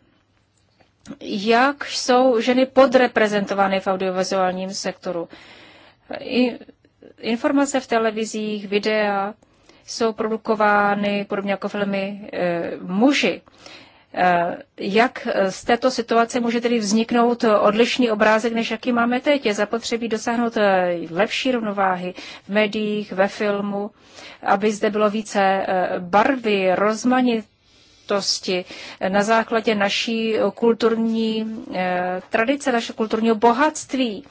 jak jsou ženy podreprezentovány v audiovizuálním sektoru. Informace v televizích, videa jsou produkovány podobně jako filmy eh, muži. Eh, jak eh, z této situace může tedy vzniknout eh, odlišný obrázek, než jaký máme teď? Je zapotřebí dosáhnout lepší rovnováhy v médiích, ve filmu, aby zde bylo více barvy, rozmanitosti na základě naší kulturní tradice, našeho kulturního bohatství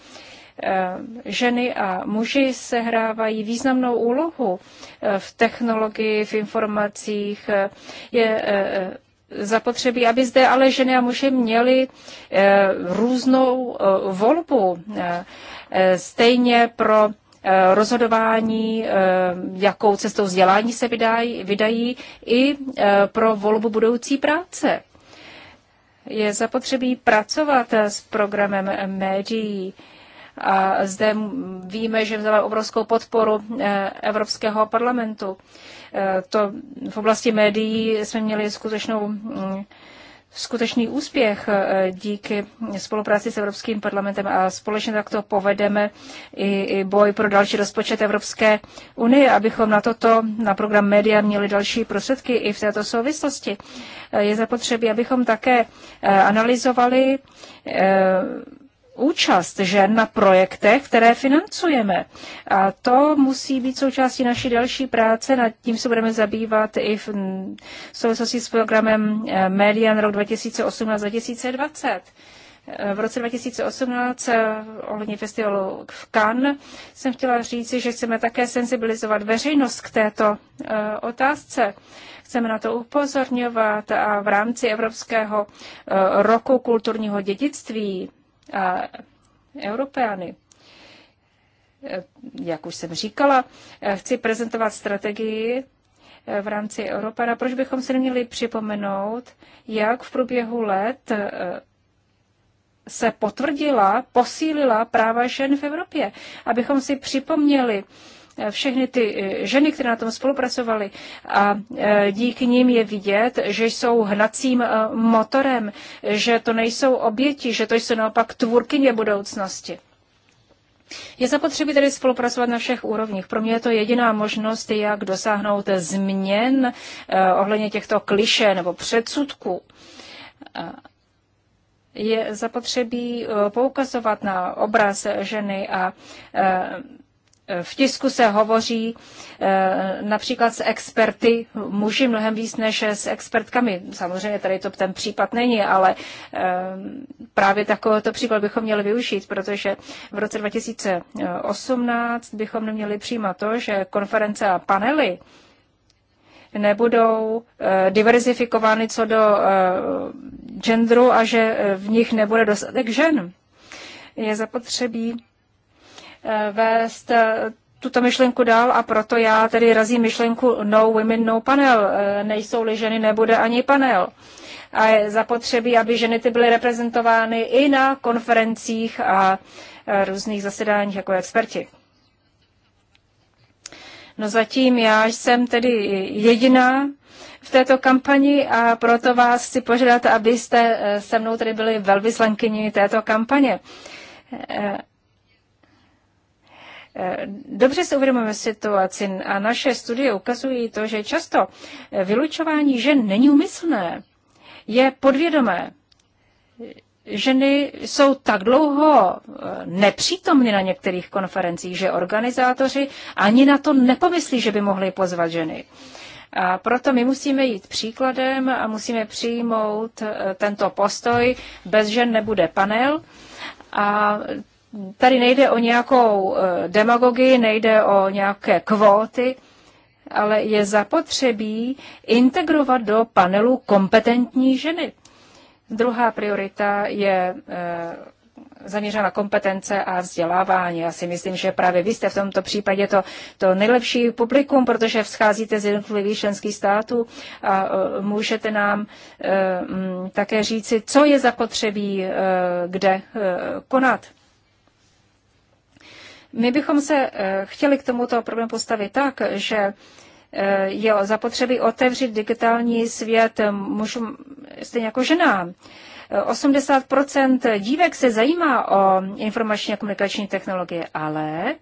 ženy a muži sehrávají významnou úlohu v technologii, v informacích. Je zapotřebí, aby zde ale ženy a muži měli eh, různou eh, volbu. Eh, stejně pro rozhodování, jakou cestou vzdělání se vydají, vydají i pro volbu budoucí práce. Je zapotřebí pracovat s programem médií. A zde víme, že vzala obrovskou podporu Evropského parlamentu. Eh, to v oblasti médií jsme měli skutečnou mm, skutečný úspěch eh, díky spolupráci s Evropským parlamentem a společně takto povedeme i, i boj pro další rozpočet Evropské unie, abychom na toto, na program média měli další prostředky i v této souvislosti. Eh, je zapotřebí, abychom také analyzovali účast žen na projektech, které financujeme. A to musí být součástí naší další práce, nad tím se budeme zabývat i v souvislosti s programem eh, Median rok 2018-2020. Eh, v roce 2018 eh, ohledně festivalu v Cannes jsem chtěla říci, že chceme také senzibilizovat veřejnost k této otázce chceme na to upozorňovat a v rámci Evropského roku kulturního dědictví a Europeany. Jak už jsem říkala, chci prezentovat strategii v rámci A Proč bychom se neměli připomenout, jak v průběhu let eh, se potvrdila, posílila práva žen v Evropě, abychom si připomněli, všechny ty eh, ženy, které na tom spolupracovaly a eh, díky nim je vidět, že jsou hnacím eh, motorem, že to nejsou oběti, že to jsou naopak tvůrkyně budoucnosti. Je zapotřebí tedy spolupracovat na všech úrovních. Pro mě je to jediná možnost, jak dosáhnout změn ohledně těchto kliše nebo předsudků je zapotřebí poukazovat na obraz ženy a v tisku se hovoří eh, například s experty muži mnohem víc než s expertkami. Samozřejmě tady to ten případ není, ale eh, právě takovýto příklad bychom měli využít, protože v roce 2018 bychom neměli přijímat to, že konference a panely nebudou eh, diverzifikovány co do genderu a že v nich nebude dostatek žen. Je zapotřebí Eh, vést eh, tuto myšlenku dál a proto já tedy razím myšlenku no women, no panel. Eh, Nejsou-li ženy, nebude ani panel. A je zapotřebí, aby ženy ty byly reprezentovány i na konferencích a různých zasedáních jako experti. No zatím já jsem tedy jediná v této kampani a proto vás chci požádat, abyste se mnou tedy byli velvyslankyni této kampaně. Dobře si uvědomujeme situaci a naše studie ukazují to, že často vylučování žen není umyslné, je podvědomé. Ženy jsou tak dlouho eh, nepřítomny na některých konferencích, že organizátoři ani na to nepomyslí, že by mohli pozvat ženy. A proto my musíme jít příkladem a musíme přijmout eh, tento postoj. Bez žen nebude panel. A Tady nejde o nějakou eh, demagogii, nejde o nějaké kvóty, ale je zapotřebí integrovat do panelu kompetentní ženy. Druhá priorita je eh, zaměřena kompetence a vzdělávání. Já si myslím, že právě vy jste v tomto případě to, to nejlepší publikum, protože vzcházíte z jednotlivých členských států a eh, můžete nám také říci, co je zapotřebí, kde konat. My bychom se eh, chtěli k tomuto problému postavit tak, že eh, je zapotřebí otevřít digitální svět mužům stejně jako ženám. 80 dívek se zajímá o informační a komunikační technologie, ale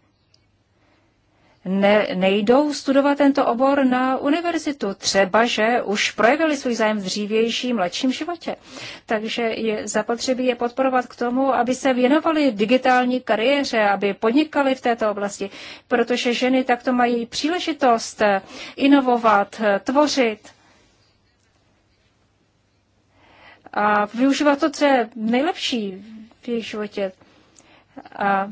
ne, nejdou studovat tento obor na univerzitu. Třeba, že už projevili svůj zájem v dřívějším, mladším životě. Takže je zapotřebí je podporovat k tomu, aby se věnovali digitální kariéře, aby podnikali v této oblasti, protože ženy takto mají příležitost inovovat, tvořit. A využívat to, co je nejlepší v jejich životě. A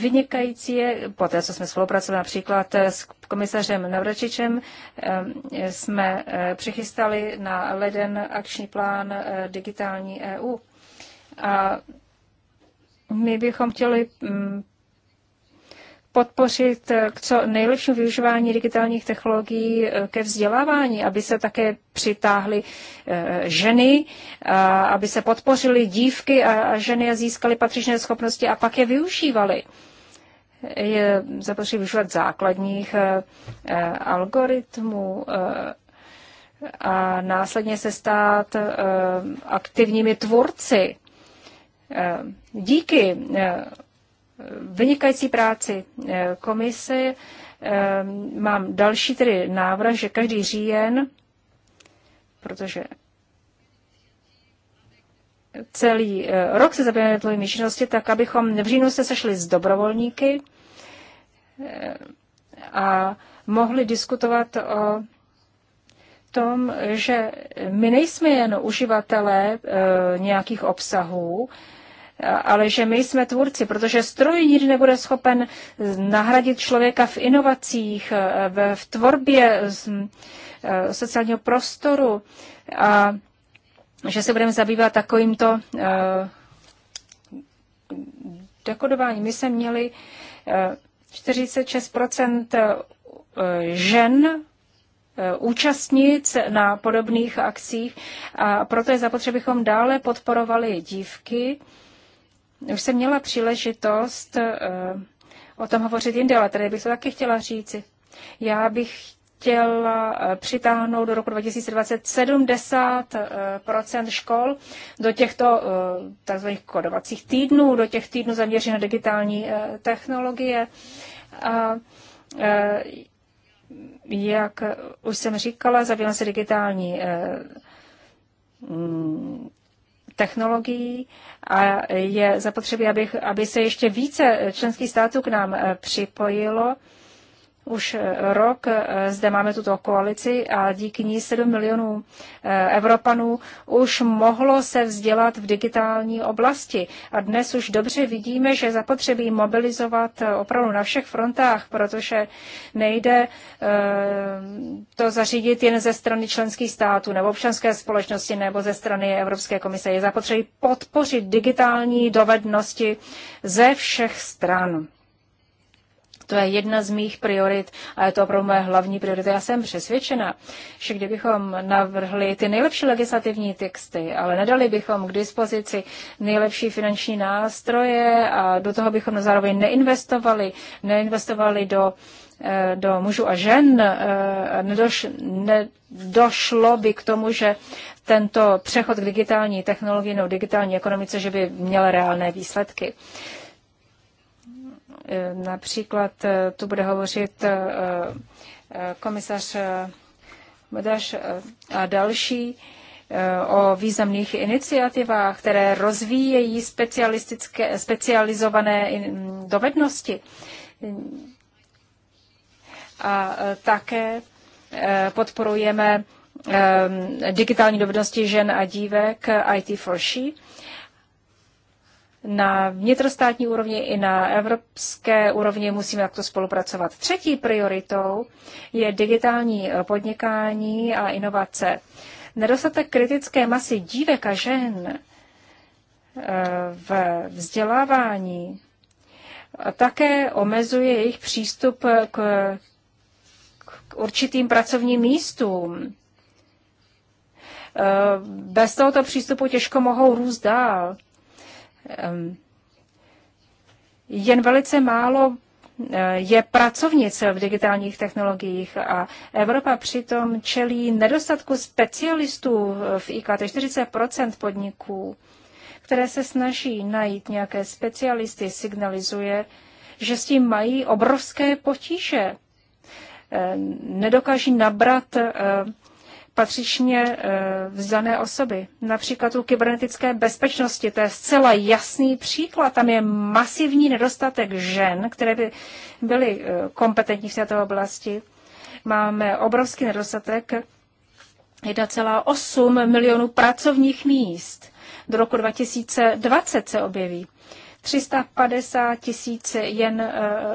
Vynikající je, po té, co jsme spolupracovali například s komisařem Navračičem, eh, jsme eh, přichystali na leden akční plán eh, digitální EU. A my bychom chtěli mm, podpořit k eh, co nejlepšímu využívání digitálních technologií eh, ke vzdělávání, aby se také přitáhly eh, ženy, aby se podpořily dívky a ženy a získaly patřičné schopnosti a pak je využívaly. Je zapotřebí využívat základních algoritmů a následně se stát aktivními tvůrci. Díky vynikající práci eh, komise. Eh, mám další tedy návrh, že každý říjen, protože celý eh, rok se zabýváme tvojimi činnosti, tak abychom v říjnu se sešli s dobrovolníky a mohli diskutovat o tom, že my nejsme jen uživatelé nějakých obsahů, ale že my jsme tvůrci, protože stroj nikdy nebude schopen nahradit člověka v inovacích, eh, v tvorbě eh, sociálního prostoru a že se budeme zabývat takovýmto eh, dekodováním. My jsme měli 46 žen účastnic na podobných akcích a proto je zapotřebí, bychom dále podporovali dívky už jsem měla příležitost eh, o tom hovořit jinde, ale tady bych to taky chtěla říci. Já bych chtěla eh, přitáhnout do roku 2020 70 eh, škol do těchto tzv. kodovacích týdnů, do těch týdnů zaměřených na digitální technologie. A jak už jsem říkala, zabývám se digitální mm, technologií a je zapotřebí, aby, aby se ještě více členských států k nám eh, připojilo už rok eh, zde máme tuto koalici a díky ní 7 milionů eh, Evropanů už mohlo se vzdělat v digitální oblasti. A dnes už dobře vidíme, že zapotřebí mobilizovat eh, opravdu na všech frontách, protože nejde to zařídit jen ze strany členských států nebo občanské společnosti nebo ze strany Evropské komise. Je zapotřebí podpořit digitální dovednosti ze všech stran. To je jedna z mých priorit a je to opravdu moje hlavní priorita. Já jsem přesvědčena, že kdybychom navrhli ty nejlepší legislativní texty, ale nedali bychom k dispozici nejlepší finanční nástroje a do toho bychom zároveň neinvestovali, neinvestovali do eh, do mužů a žen, eh, nedoš, nedošlo by k tomu, že tento přechod k digitální technologii nebo digitální ekonomice, že by měl reálné výsledky. Eh, například eh, tu bude hovořit eh, komisař Medaš a další o významných iniciativách, které rozvíjejí specialistické, specializované dovednosti. A také podporujeme digitální dovednosti žen a dívek IT for She na vnitrostátní úrovni i na evropské úrovni musíme takto spolupracovat. Třetí prioritou je digitální podnikání a inovace. Nedostatek kritické masy dívek a žen eh, v vzdělávání také omezuje jejich přístup k, k určitým pracovním místům. Eh, bez tohoto přístupu těžko mohou růst dál. Jen velice málo e, je pracovnic v digitálních technologiích a Evropa přitom čelí nedostatku specialistů v IKT. 40 podniků, které se snaží najít nějaké specialisty, signalizuje, že s tím mají obrovské potíže. Nedokáží nabrat patřičně eh, vzdané osoby. Například u kybernetické bezpečnosti, to je zcela jasný příklad. Tam je masivní nedostatek žen, které by byly eh, kompetentní v této oblasti. Máme obrovský nedostatek 1,8 milionů pracovních míst. Do roku 2020 se objeví. 350 tisíc jen eh,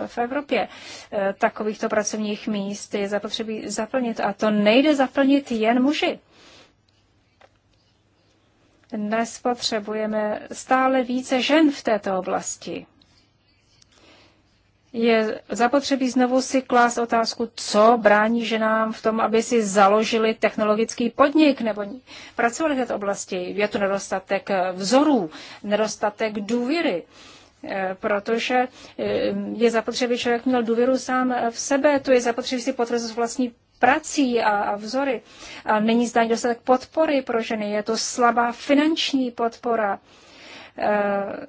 v Evropě eh, takovýchto pracovních míst je zapotřebí zaplnit a to nejde zaplnit jen muži. Dnes potřebujeme stále více žen v této oblasti je zapotřebí znovu si klást otázku, co brání ženám v tom, aby si založili technologický podnik nebo pracovali v této oblasti. Je tu nedostatek vzorů, nedostatek důvěry eh, protože eh, je zapotřebí, člověk měl důvěru sám eh, v sebe, to je zapotřebí si potvrzovat vlastní prací a, a vzory. A není zdání dostatek podpory pro ženy, je to slabá finanční podpora. E,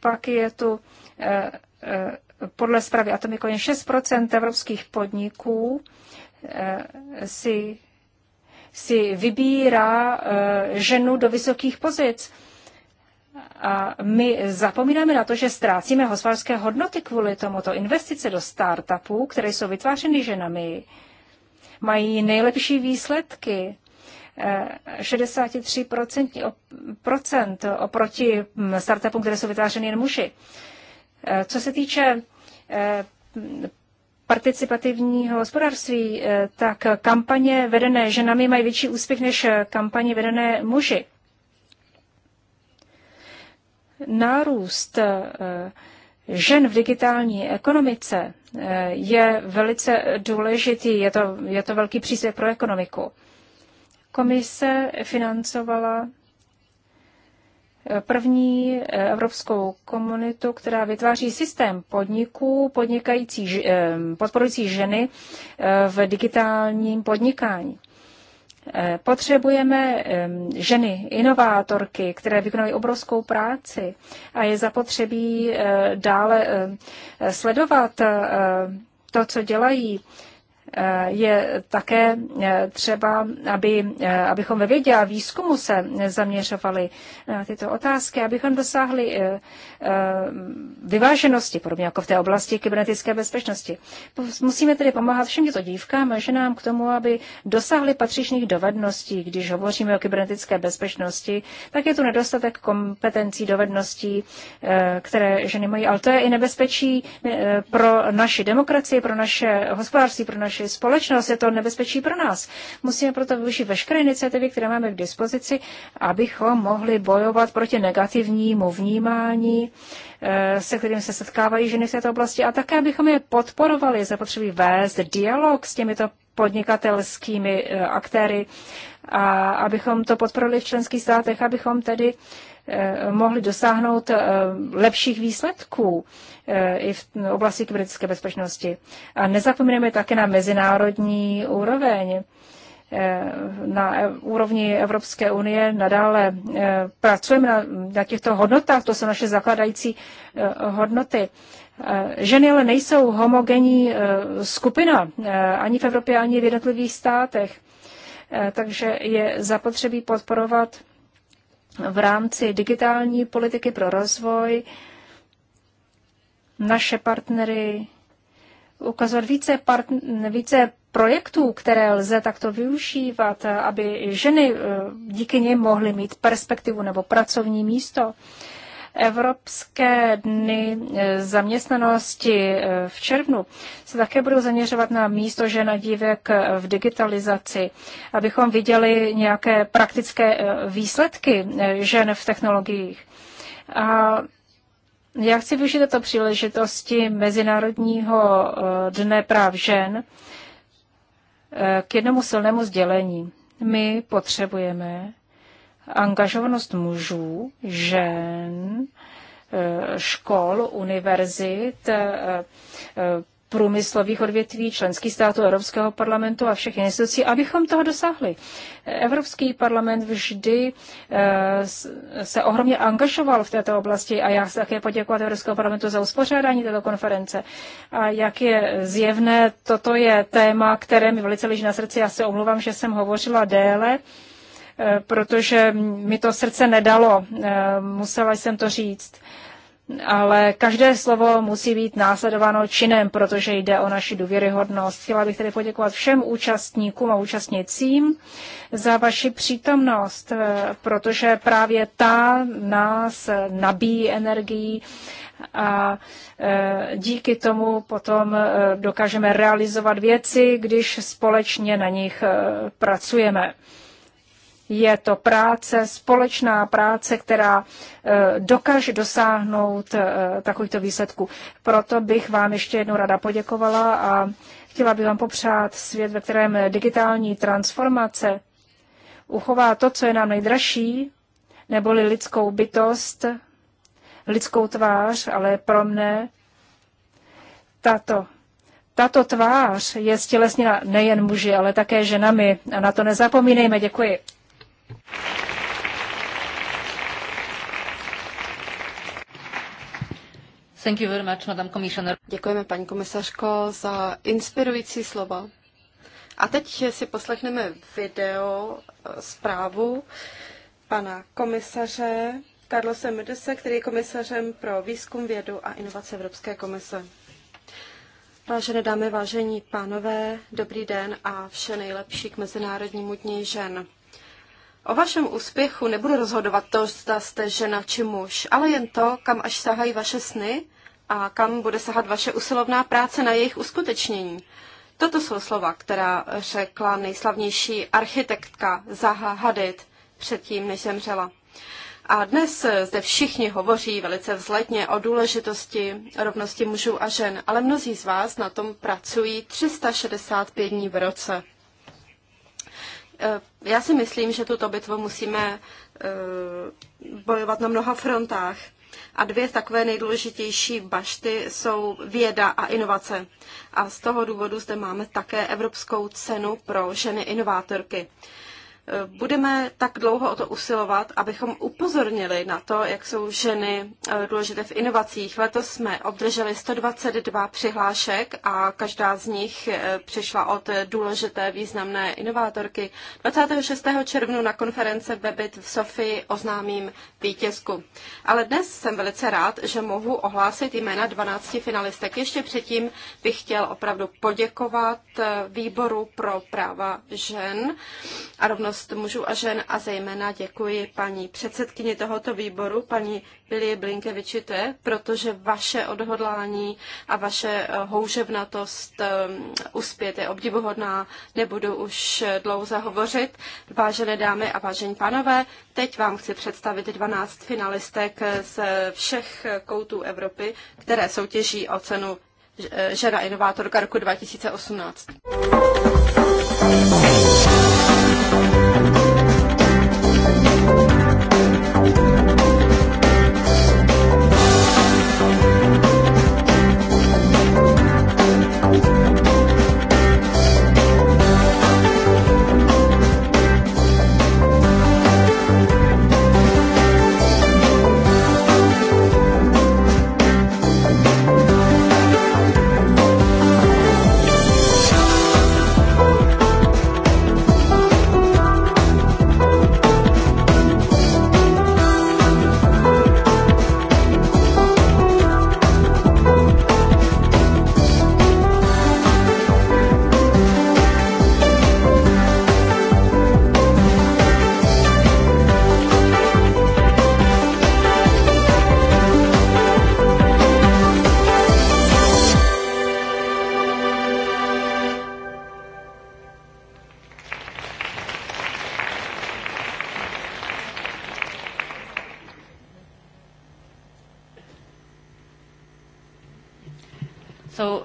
pak je tu e, e, podle zprávy Atomico 6 evropských podniků eh, si, si vybírá eh, ženu do vysokých pozic. A my zapomínáme na to, že ztrácíme hospodářské hodnoty kvůli tomuto. Investice do startupů, které jsou vytvářeny ženami, mají nejlepší výsledky. 63% eh, oproti mm, startupům, které jsou vytvářeny jen muži. Eh, co se týče eh, participativního hospodářství, eh, tak kampaně vedené ženami mají větší úspěch než kampaně vedené muži. Nárůst žen v digitální ekonomice je velice důležitý, je to, je to velký příspěvek pro ekonomiku. Komise financovala první eh, evropskou komunitu, která vytváří systém podniků podnikající, eh, podporující ženy eh, v digitálním podnikání. Potřebujeme ženy, inovátorky, které vykonají obrovskou práci a je zapotřebí dále sledovat to, co dělají Eh, je také eh, třeba, aby, eh, abychom ve vědě a výzkumu se zaměřovali na tyto otázky, abychom dosáhli vyváženosti, podobně jako v té oblasti kybernetické bezpečnosti. Musíme tedy pomáhat všem těmto dívkám a ženám k tomu, aby dosáhli patřičných dovedností. Když hovoříme o kybernetické bezpečnosti, tak je tu nedostatek kompetencí, dovedností, které ženy mají. Ale to je i nebezpečí pro naši demokracii, pro naše hospodářství, pro naše naši společnost, je to nebezpečí pro nás. Musíme proto využít veškeré iniciativy, které máme k dispozici, abychom mohli bojovat proti negativnímu vnímání, eh, se kterým se setkávají ženy v této oblasti a také, abychom je podporovali, zapotřebí vést dialog s těmito podnikatelskými eh, aktéry, a abychom to podporili v členských státech, abychom tedy Eh, mohli dosáhnout eh, lepších výsledků eh, i v oblasti kybernetické bezpečnosti. A nezapomeneme také na mezinárodní úroveň. Na e, úrovni Evropské unie nadále pracujeme na, na těchto hodnotách, to jsou naše zakladající hodnoty. Ženy ale nejsou homogenní skupina ani v Evropě, ani v jednotlivých státech. Takže je zapotřebí podporovat v rámci digitální politiky pro rozvoj naše partnery ukazovat více, part, více projektů, které lze takto využívat, aby ženy eh, díky nim mohly mít perspektivu nebo pracovní místo. Evropské dny eh, zaměstnanosti eh, v červnu se také budou zaměřovat na místo žen a dívek eh, v digitalizaci, abychom viděli nějaké praktické výsledky žen v technologiích. A já chci využít této příležitosti Mezinárodního dne práv žen k jednomu silnému sdělení. My potřebujeme angažovanost mužů, žen, eh, škol, univerzit, eh, eh, průmyslových odvětví, členských států Evropského parlamentu a všech institucí, abychom toho dosáhli. Evropský parlament vždy se ohromně angažoval v této oblasti a já chci také poděkovat Evropského parlamentu za uspořádání této konference. A jak je zjevné, toto je téma, které mi velice leží na srdci. Já se omluvám, že jsem hovořila déle. Eh, protože mi to srdce nedalo, eh, musela jsem to říct. Ale každé slovo musí být následováno činem, protože jde o naši důvěryhodnost. Chtěla bych tedy poděkovat všem účastníkům a účastnicím za vaši přítomnost, eh, protože právě ta nás nabíjí energií a díky tomu potom dokážeme realizovat věci, když společně na nich pracujeme. Je to práce, společná práce, která eh, dokáže dosáhnout eh, takovýchto výsledků. Proto bych vám ještě jednou rada poděkovala a chtěla bych vám popřát svět, ve kterém digitální transformace uchová to, co je nám nejdražší, neboli lidskou bytost, lidskou tvář, ale pro mne tato. Tato tvář je stělesněna nejen muži, ale také ženami. A na to nezapomínejme. Děkuji. Thank you very much, Madam Commissioner. Děkujeme, paní komisařko, za inspirující slova. A teď si poslechneme video eh, zprávu pana komisaře Karlose Medese, který je komisařem pro výzkum, vědu a inovace Evropské komise. Vážené dámy, vážení pánové, dobrý den a vše nejlepší k Mezinárodnímu dní žen. O vašem úspěchu nebude rozhodovat to, zda jste žena či muž, ale jen to, kam až sahají vaše sny a kam bude sahat vaše usilovná práce na jejich uskutečnění. Toto jsou slova, která řekla nejslavnější architektka Zaha Hadid předtím, než zemřela. A dnes zde všichni hovoří velice vzletně o důležitosti rovnosti mužů a žen, ale mnozí z vás na tom pracují 365 dní v roce. Eh, já si myslím, že tuto bitvu musíme eh, bojovat na mnoha frontách. A dvě takové nejdůležitější bašty jsou věda a inovace. A z toho důvodu zde máme také Evropskou cenu pro ženy inovátorky. Budeme tak dlouho o to usilovat, abychom upozornili na to, jak jsou ženy eh, důležité v inovacích. Letos jsme obdrželi 122 přihlášek a každá z nich eh, přišla od důležité významné inovátorky. 26. červnu na konference Webit v Sofii oznámím vítězku. Ale dnes jsem velice rád, že mohu ohlásit jména 12 finalistek. Ještě předtím bych chtěl opravdu poděkovat eh, výboru pro práva žen a rovnost rovnost mužů a žen a zejména děkuji paní předsedkyni tohoto výboru, paní Bilie Blinkevičité, protože vaše odhodlání a vaše eh, houževnatost eh, uspět je obdivuhodná. Nebudu už dlouze hovořit. Vážené dámy a vážení pánové, teď vám chci představit 12 finalistek z všech koutů Evropy, které soutěží o cenu eh, žena inovátorka roku 2018.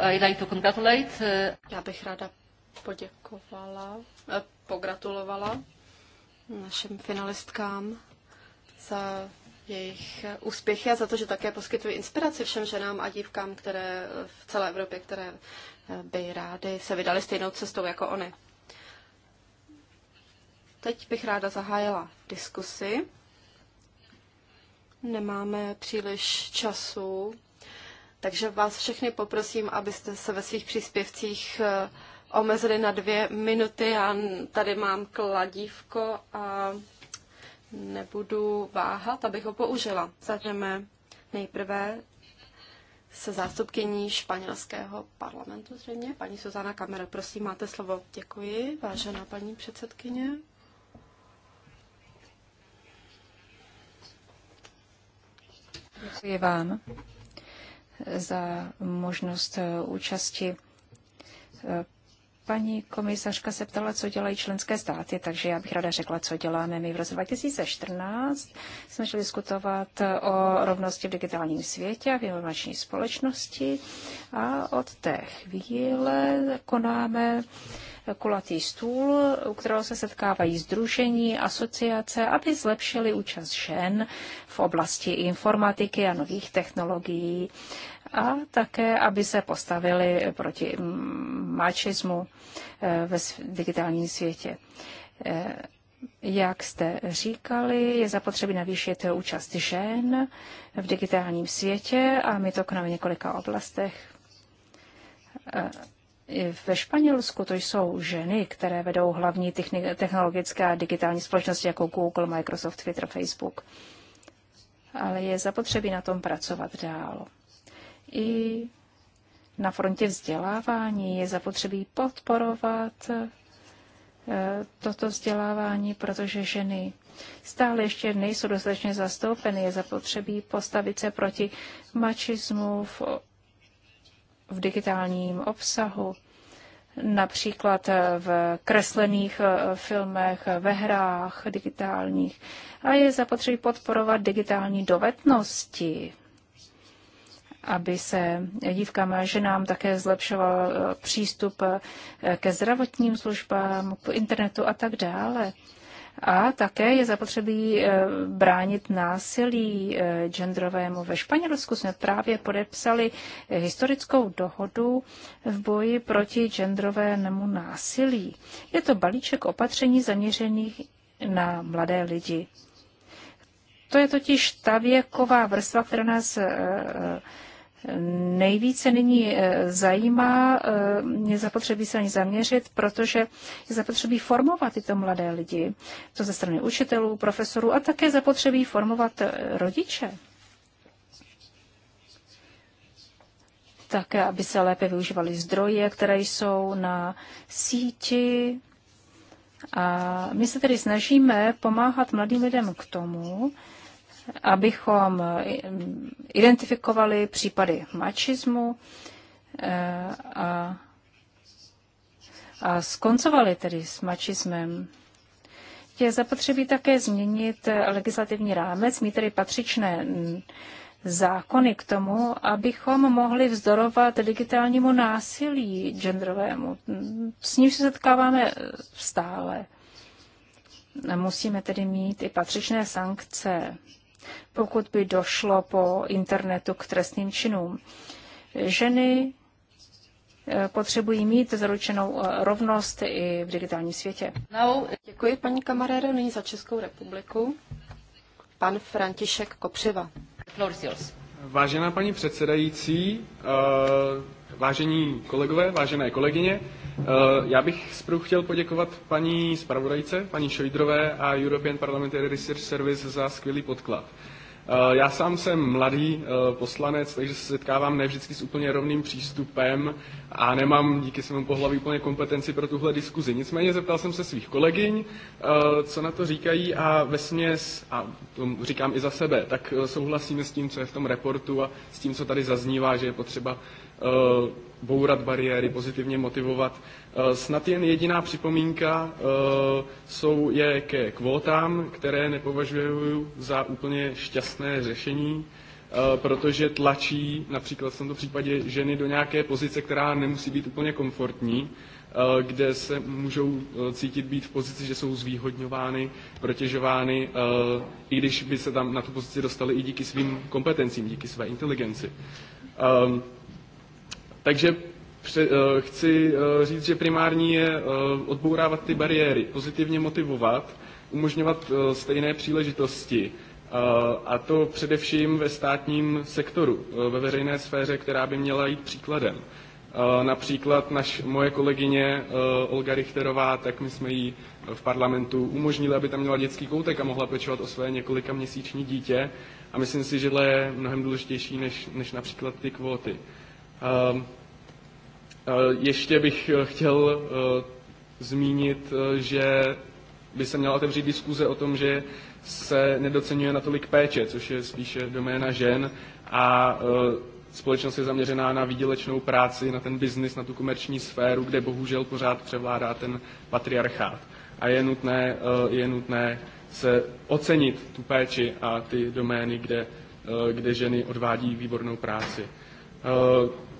I'd like to congratulate. Uh, Já bych ráda poděkovala, eh, pogratulovala našim finalistkám za jejich eh, úspěchy a za to, že také poskytují inspiraci všem ženám a dívkám, které eh, v celé Evropě, které by rády se vydali stejnou cestou jako oni. Teď bych ráda zahájila diskusy. Nemáme příliš času takže vás všechny poprosím, abyste se ve svých příspěvcích eh, omezili na dvě minuty. Já tady mám kladívko a nebudu váhat, abych ho použila. Začneme nejprve se zástupkyní španělského parlamentu zřejmě. Paní Suzana Kamera, prosím, máte slovo. Děkuji, vážená paní předsedkyně. Děkuji vám za možnost eh, účasti. Eh, paní komisařka se ptala, co dělají členské státy, takže já bych ráda řekla, co děláme. My v roce 2014 jsme šli diskutovat eh, o rovnosti v digitálním světě a v informační společnosti a od té chvíle konáme kulatý stůl, u kterého se setkávají združení, asociace, aby zlepšili účast žen v oblasti informatiky a nových technologií a také, aby se postavili proti mm, mačismu eh, ve digitálním světě. Eh, jak jste říkali, je zapotřebí navýšit účast žen v digitálním světě a my to konáme v několika oblastech eh, ve Španělsku to jsou ženy, které vedou hlavní technologické a digitální společnosti jako Google, Microsoft, Twitter, Facebook. Ale je zapotřebí na tom pracovat dál. I na frontě vzdělávání je zapotřebí podporovat eh, toto vzdělávání, protože ženy stále ještě nejsou dostatečně zastoupeny. Je zapotřebí postavit se proti mačismu v v digitálním obsahu, například v kreslených eh, filmech, ve hrách digitálních. A je zapotřebí podporovat digitální dovednosti, aby se dívkám a ženám také zlepšoval eh, přístup eh, ke zdravotním službám, k internetu a tak dále. A také je zapotřebí eh, bránit násilí eh, genderovému. Ve Španělsku jsme právě podepsali eh, historickou dohodu v boji proti genderovému násilí. Je to balíček opatření zaměřených na mladé lidi. To je totiž ta věková vrstva, která nás Nejvíce nyní eh, zajímá, eh, je zapotřebí se ani zaměřit, protože je zapotřebí formovat tyto mladé lidi, to ze strany učitelů, profesorů a také zapotřebí formovat eh, rodiče. Také, aby se lépe využívaly zdroje, které jsou na síti. A my se tedy snažíme pomáhat mladým lidem k tomu, abychom eh, identifikovali případy mačismu eh, a, a skoncovali tedy s mačismem. Je zapotřebí také změnit eh, legislativní rámec, mít tedy patřičné mm, zákony k tomu, abychom mohli vzdorovat digitálnímu násilí genderovému. Mm, s ním se setkáváme stále. Musíme tedy mít i patřičné sankce pokud by došlo po internetu k trestným činům. Ženy eh, potřebují mít zaručenou eh, rovnost i v digitálním světě. No, děkuji paní Kamarero, nyní za Českou republiku. Pan František Kopřiva. Vážená paní předsedající, eh, vážení kolegové, vážené kolegyně, Eh, já bych zprvu chtěl poděkovat paní zpravodajce, paní Šojdrové a European Parliamentary Research Service za skvělý podklad. Eh, já sám jsem mladý eh, poslanec, takže se setkávám ne vždycky s úplně rovným přístupem a nemám díky svému pohlaví úplně kompetenci pro tuhle diskuzi. Nicméně zeptal jsem se svých kolegyň, eh, co na to říkají a ve směs, a to říkám i za sebe, tak souhlasíme s tím, co je v tom reportu a s tím, co tady zaznívá, že je potřeba bourat bariéry, pozitivně motivovat. Snad jen jediná připomínka jsou, je ke kvótám, které nepovažuji za úplně šťastné jasné řešení, eh, protože tlačí například v tomto případě ženy do nějaké pozice, která nemusí být úplně komfortní, eh, kde se můžou eh, cítit být v pozici, že jsou zvýhodňovány, protěžovány, i když by se tam na tu pozici dostali i díky svým kompetencím, díky své inteligenci. Ehm, takže chci říct, že primární je odbourávat ty bariéry, pozitivně motivovat, umožňovat stejné příležitosti, Eh, a to především ve státním sektoru, eh, ve veřejné sféře, která by měla jít příkladem. Eh, například naš, moje kolegyně Olga Richterová, tak my jsme jí v parlamentu umožnili, aby tam měla dětský koutek a mohla pečovat o své několika měsíční dítě. A myslím si, že je mnohem důležitější než, než například ty kvóty. Ještě bych chtěl zmínit, že by se měla otevřít diskuze o tom, že se nedocenuje natolik péče, což je spíše doména žen a e, společnost je zaměřená na výdělečnou práci, na ten biznis, na tu komerční sféru, kde bohužel pořád převládá ten patriarchát. A je nutné, e, je nutné se ocenit tu péči a ty domény, kde, e, kde ženy odvádí výbornou práci.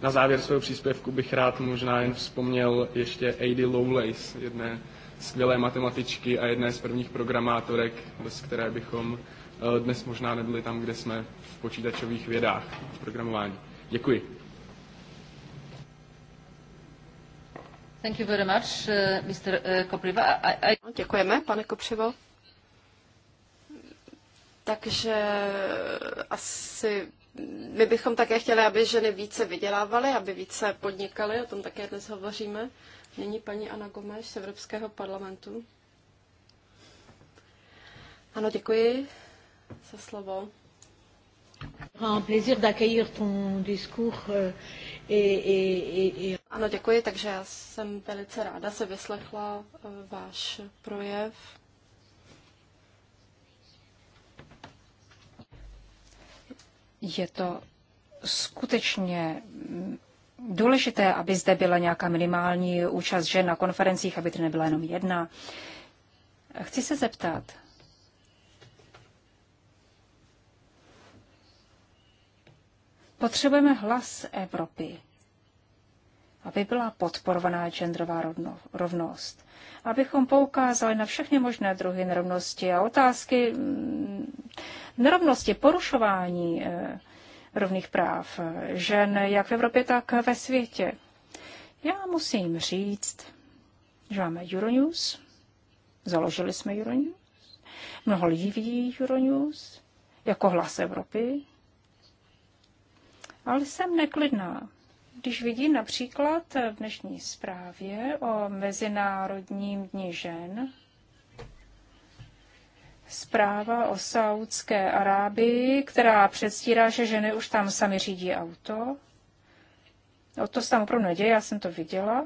Na závěr svého příspěvku bych rád možná jen vzpomněl ještě Aidy Lowlace, jedné skvělé matematičky a jedné z prvních programátorek, bez které bychom eh, dnes možná nebyli tam, kde jsme v počítačových vědách, v programování. Děkuji. Thank you very much, uh, eh, Mr. Eh, Kopriva. I, I... Děkujeme, pane Kopřivo. Takže asi my bychom také chtěli, aby ženy více vydělávaly, aby více podnikaly, o tom také dnes hovoříme. Nyní paní Ana Gomeš z Evropského parlamentu. Ano, děkuji za slovo. plaisir d'accueillir ton discours euh, Ano, děkuji, takže já jsem velice ráda se vyslechla eh, váš projev. Je to skutečně mm, důležité, aby zde byla nějaká minimální účast žen na konferencích, aby to nebyla jenom jedna. Chci se zeptat, Potřebujeme hlas Evropy, aby byla podporovaná genderová rovnost, abychom poukázali na všechny možné druhy nerovnosti a otázky mm, nerovnosti, porušování eh, rovných práv žen, jak v Evropě, tak ve světě. Já musím říct, že máme Euronews, založili jsme Euronews, mnoho lidí vidí Euronews jako hlas Evropy, ale jsem neklidná. Když vidím například v dnešní zprávě o Mezinárodním dní žen, zpráva o Saudské Arábii, která předstírá, že ženy už tam sami řídí auto. O to se tam opravdu neděje, já jsem to viděla.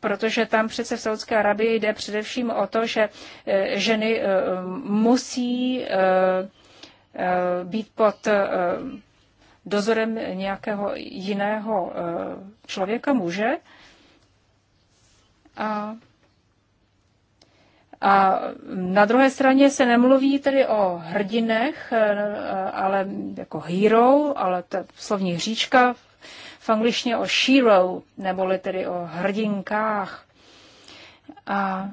Protože tam přece v Saudské Arabii jde především o to, že eh, ženy eh, musí eh, být pod dozorem nějakého jiného člověka, muže. A a na druhé straně se nemluví tedy o hrdinech, eh, ale jako hero, ale ta slovní hříčka v angličtině o shero, neboli tedy o hrdinkách. A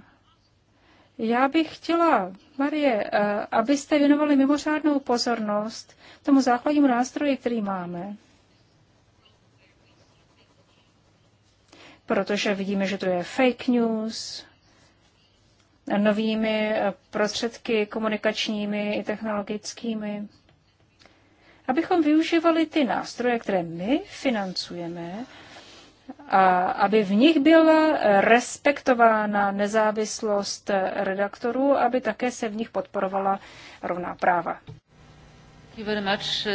já bych chtěla, Marie, eh, abyste věnovali mimořádnou pozornost tomu základnímu nástroji, který máme. Protože vidíme, že to je fake news, novými eh, prostředky komunikačními i technologickými. Abychom využívali ty nástroje, které my financujeme, a aby v nich byla eh, respektována nezávislost eh, redaktorů, aby také se v nich podporovala rovná práva. Much,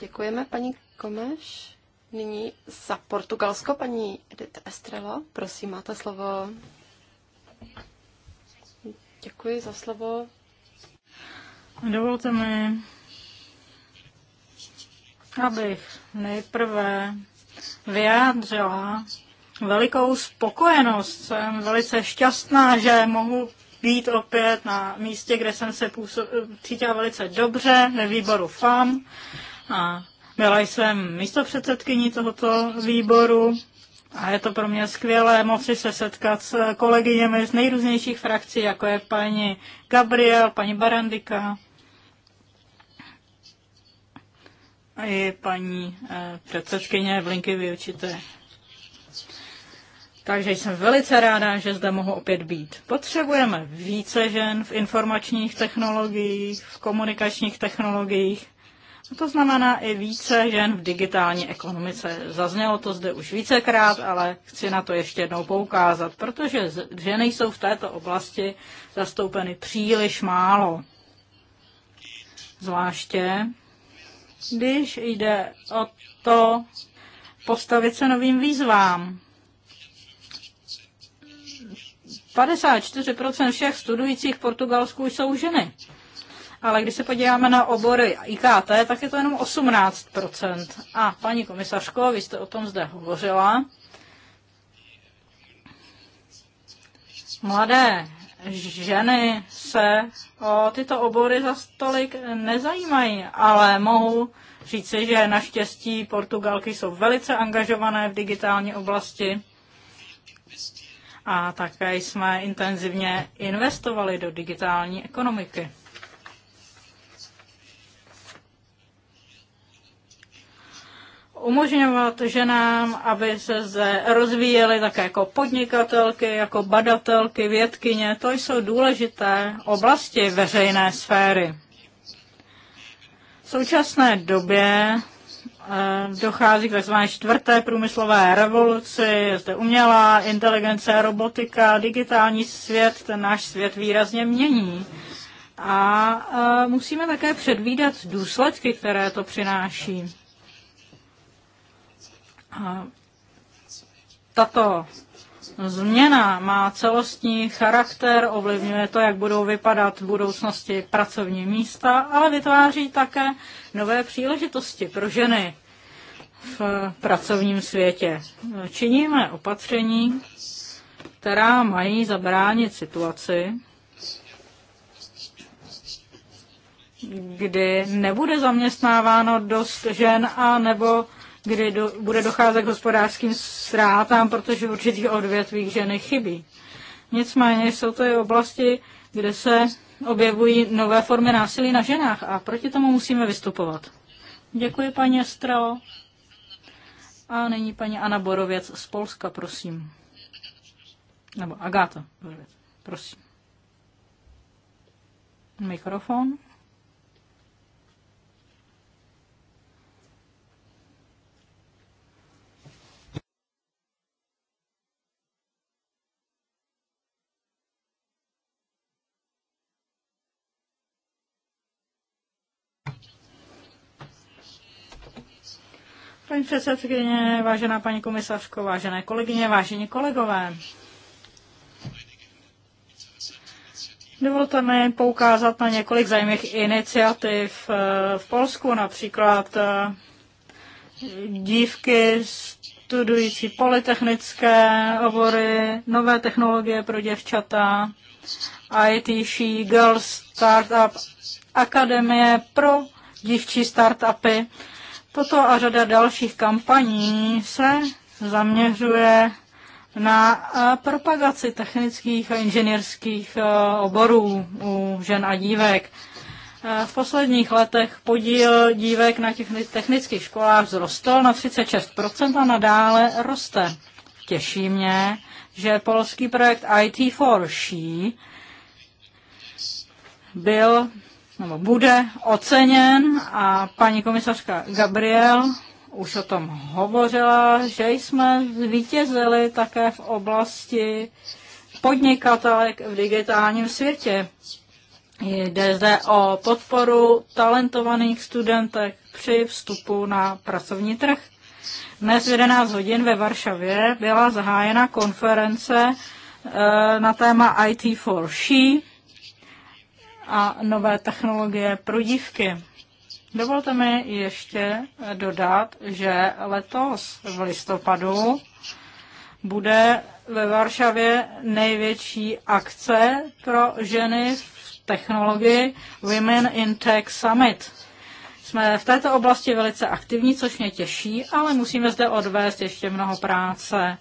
Děkujeme, paní Komeš. Nyní za Portugalsko paní Edith Estrela. Prosím, máte slovo. Děkuji za slovo. Dovolte mi, abych nejprve vyjádřila velikou spokojenost. Jsem velice šťastná, že mohu být opět na místě, kde jsem se působ... cítila velice dobře, ve výboru FAM. A byla jsem místopředsedkyní tohoto výboru a je to pro mě skvělé moci se setkat s kolegyněmi z nejrůznějších frakcí, jako je paní Gabriel, paní Barandika a i paní eh, předsedkyně Blinky vyučité. Takže jsem velice ráda, že zde mohu opět být. Potřebujeme více žen v informačních technologiích, v komunikačních technologiích to znamená i více žen v digitální ekonomice. Zaznělo to zde už vícekrát, ale chci na to ještě jednou poukázat, protože ženy jsou v této oblasti zastoupeny příliš málo. Zvláště když jde o to postavit se novým výzvám. 54% všech studujících v Portugalsku jsou ženy ale když se podíváme na obory IKT, tak je to jenom 18%. A paní komisařko, vy jste o tom zde hovořila. Mladé ženy se o tyto obory za stolik nezajímají, ale mohu říci, že naštěstí Portugalky jsou velice angažované v digitální oblasti a také jsme intenzivně investovali do digitální ekonomiky. umožňovat ženám, aby se zde rozvíjely také jako podnikatelky, jako badatelky, vědkyně. To jsou důležité oblasti veřejné sféry. V současné době eh, dochází k tzv. čtvrté průmyslové revoluci, je zde umělá inteligence, robotika, digitální svět, ten náš svět výrazně mění. A eh, musíme také předvídat důsledky, které to přináší tato změna má celostní charakter, ovlivňuje to, jak budou vypadat v budoucnosti pracovní místa, ale vytváří také nové příležitosti pro ženy v pracovním světě. Činíme opatření, která mají zabránit situaci, kdy nebude zaměstnáváno dost žen a nebo kdy do, bude docházet k hospodářským ztrátám, protože v určitých odvětvích ženy chybí. Nicméně jsou to i oblasti, kde se objevují nové formy násilí na ženách a proti tomu musíme vystupovat. Děkuji, paní Estrao. A nyní paní Ana Borověc z Polska, prosím. Nebo Agáta Borověc, prosím. Mikrofon. Paní předsedkyně, vážená paní komisařko, vážené kolegyně, vážení kolegové. Dovolte mi poukázat na několik zajímavých iniciativ eh, v Polsku, například eh, dívky studující polytechnické obory, nové technologie pro děvčata, ITC, Girls Startup, Akademie pro dívčí startupy. Toto a řada dalších kampaní se zaměřuje na propagaci technických a inženýrských oborů u žen a dívek. V posledních letech podíl dívek na těch technických školách vzrostl na 36% a nadále roste. Těší mě, že polský projekt IT4She byl nebo bude oceněn a paní komisařka Gabriel už o tom hovořila, že jsme zvítězili také v oblasti podnikatelek v digitálním světě. Jde zde o podporu talentovaných studentek při vstupu na pracovní trh. Dnes v 11 hodin ve Varšavě byla zahájena konference eh, na téma IT for She, a nové technologie pro dívky. Dovolte mi ještě dodat, že letos v listopadu bude ve Varšavě největší akce pro ženy v technologii Women in Tech Summit. Jsme v této oblasti velice aktivní, což mě těší, ale musíme zde odvést ještě mnoho práce.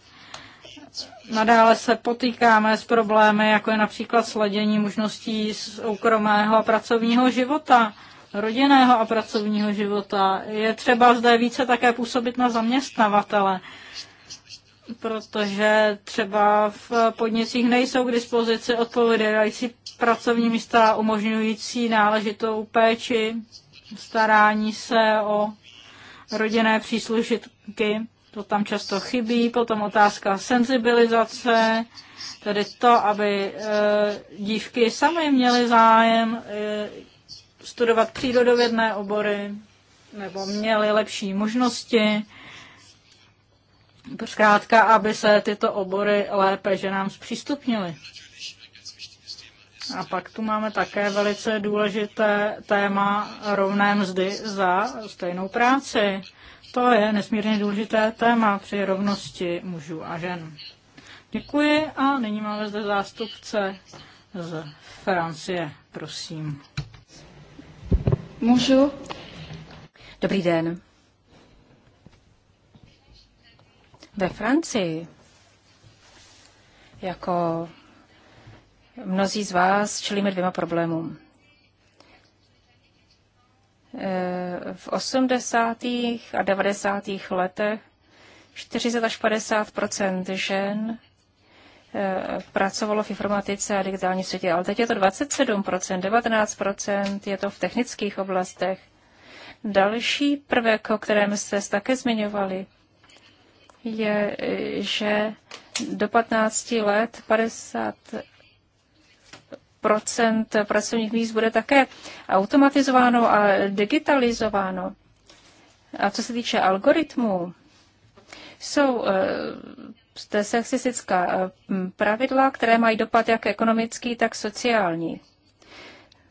Nadále se potýkáme s problémy, jako je například sledění možností soukromého a pracovního života, rodinného a pracovního života. Je třeba zde více také působit na zaměstnavatele, protože třeba v podnicích nejsou k dispozici odpovědající pracovní místa umožňující náležitou péči, starání se o rodinné příslušitky to tam často chybí. Potom otázka senzibilizace, tedy to, aby eh, dívky samy měly zájem eh, studovat přírodovědné obory nebo měly lepší možnosti. Zkrátka, aby se tyto obory lépe ženám zpřístupnily. A pak tu máme také velice důležité téma rovné mzdy za stejnou práci. To je nesmírně důležité téma při rovnosti mužů a žen. Děkuji a nyní máme zde zástupce z Francie. Prosím. Můžu? Dobrý den. Ve Francii, jako mnozí z vás, čelíme dvěma problémům. Eh, v 80. a 90. letech 40 až 50 žen eh, pracovalo v informatice a digitální světě, ale teď je to 27 19 je to v technických oblastech. Další prvek, o kterém jste také zmiňovali, je, eh, že do 15 let 50 Procent pracovních míst bude také automatizováno a digitalizováno. A co se týče algoritmů, jsou to eh, sexistická eh, pravidla, které mají dopad jak ekonomický, tak sociální.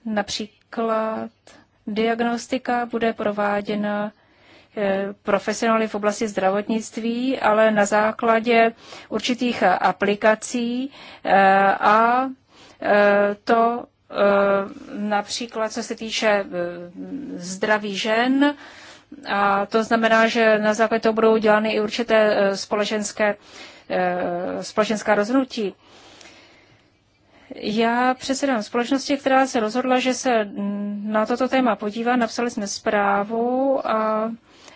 Například diagnostika bude prováděna eh, profesionály v oblasti zdravotnictví, ale na základě určitých aplikací a to eh, například co se týče eh, zdraví žen, a to znamená, že na základě toho budou dělány i určité eh, společenské, společenská rozhodnutí. Já předsedám společnosti, která se rozhodla, že se na toto téma podívá. Napsali jsme zprávu a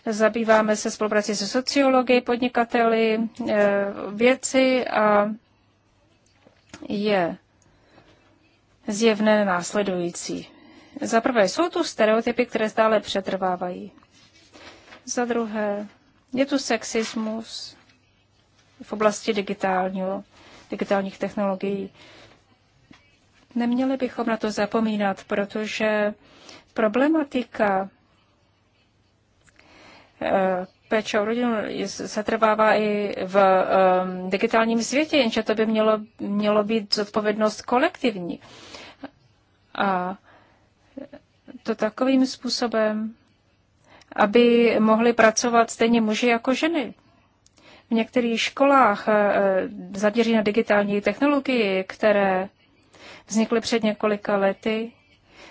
zabýváme se spolupráci se sociology, podnikateli, věci a je zjevné následující. Za prvé, jsou tu stereotypy, které stále přetrvávají. Za druhé, je tu sexismus v oblasti digitálního, digitálních technologií. Neměli bychom na to zapomínat, protože problematika eh, péče o rodinu zatrvává i v eh, digitálním světě, jenže to by mělo, mělo být zodpovědnost kolektivní. A to takovým způsobem, aby mohli pracovat stejně muži jako ženy. V některých školách eh, zaměří na digitální technologii, které vznikly před několika lety,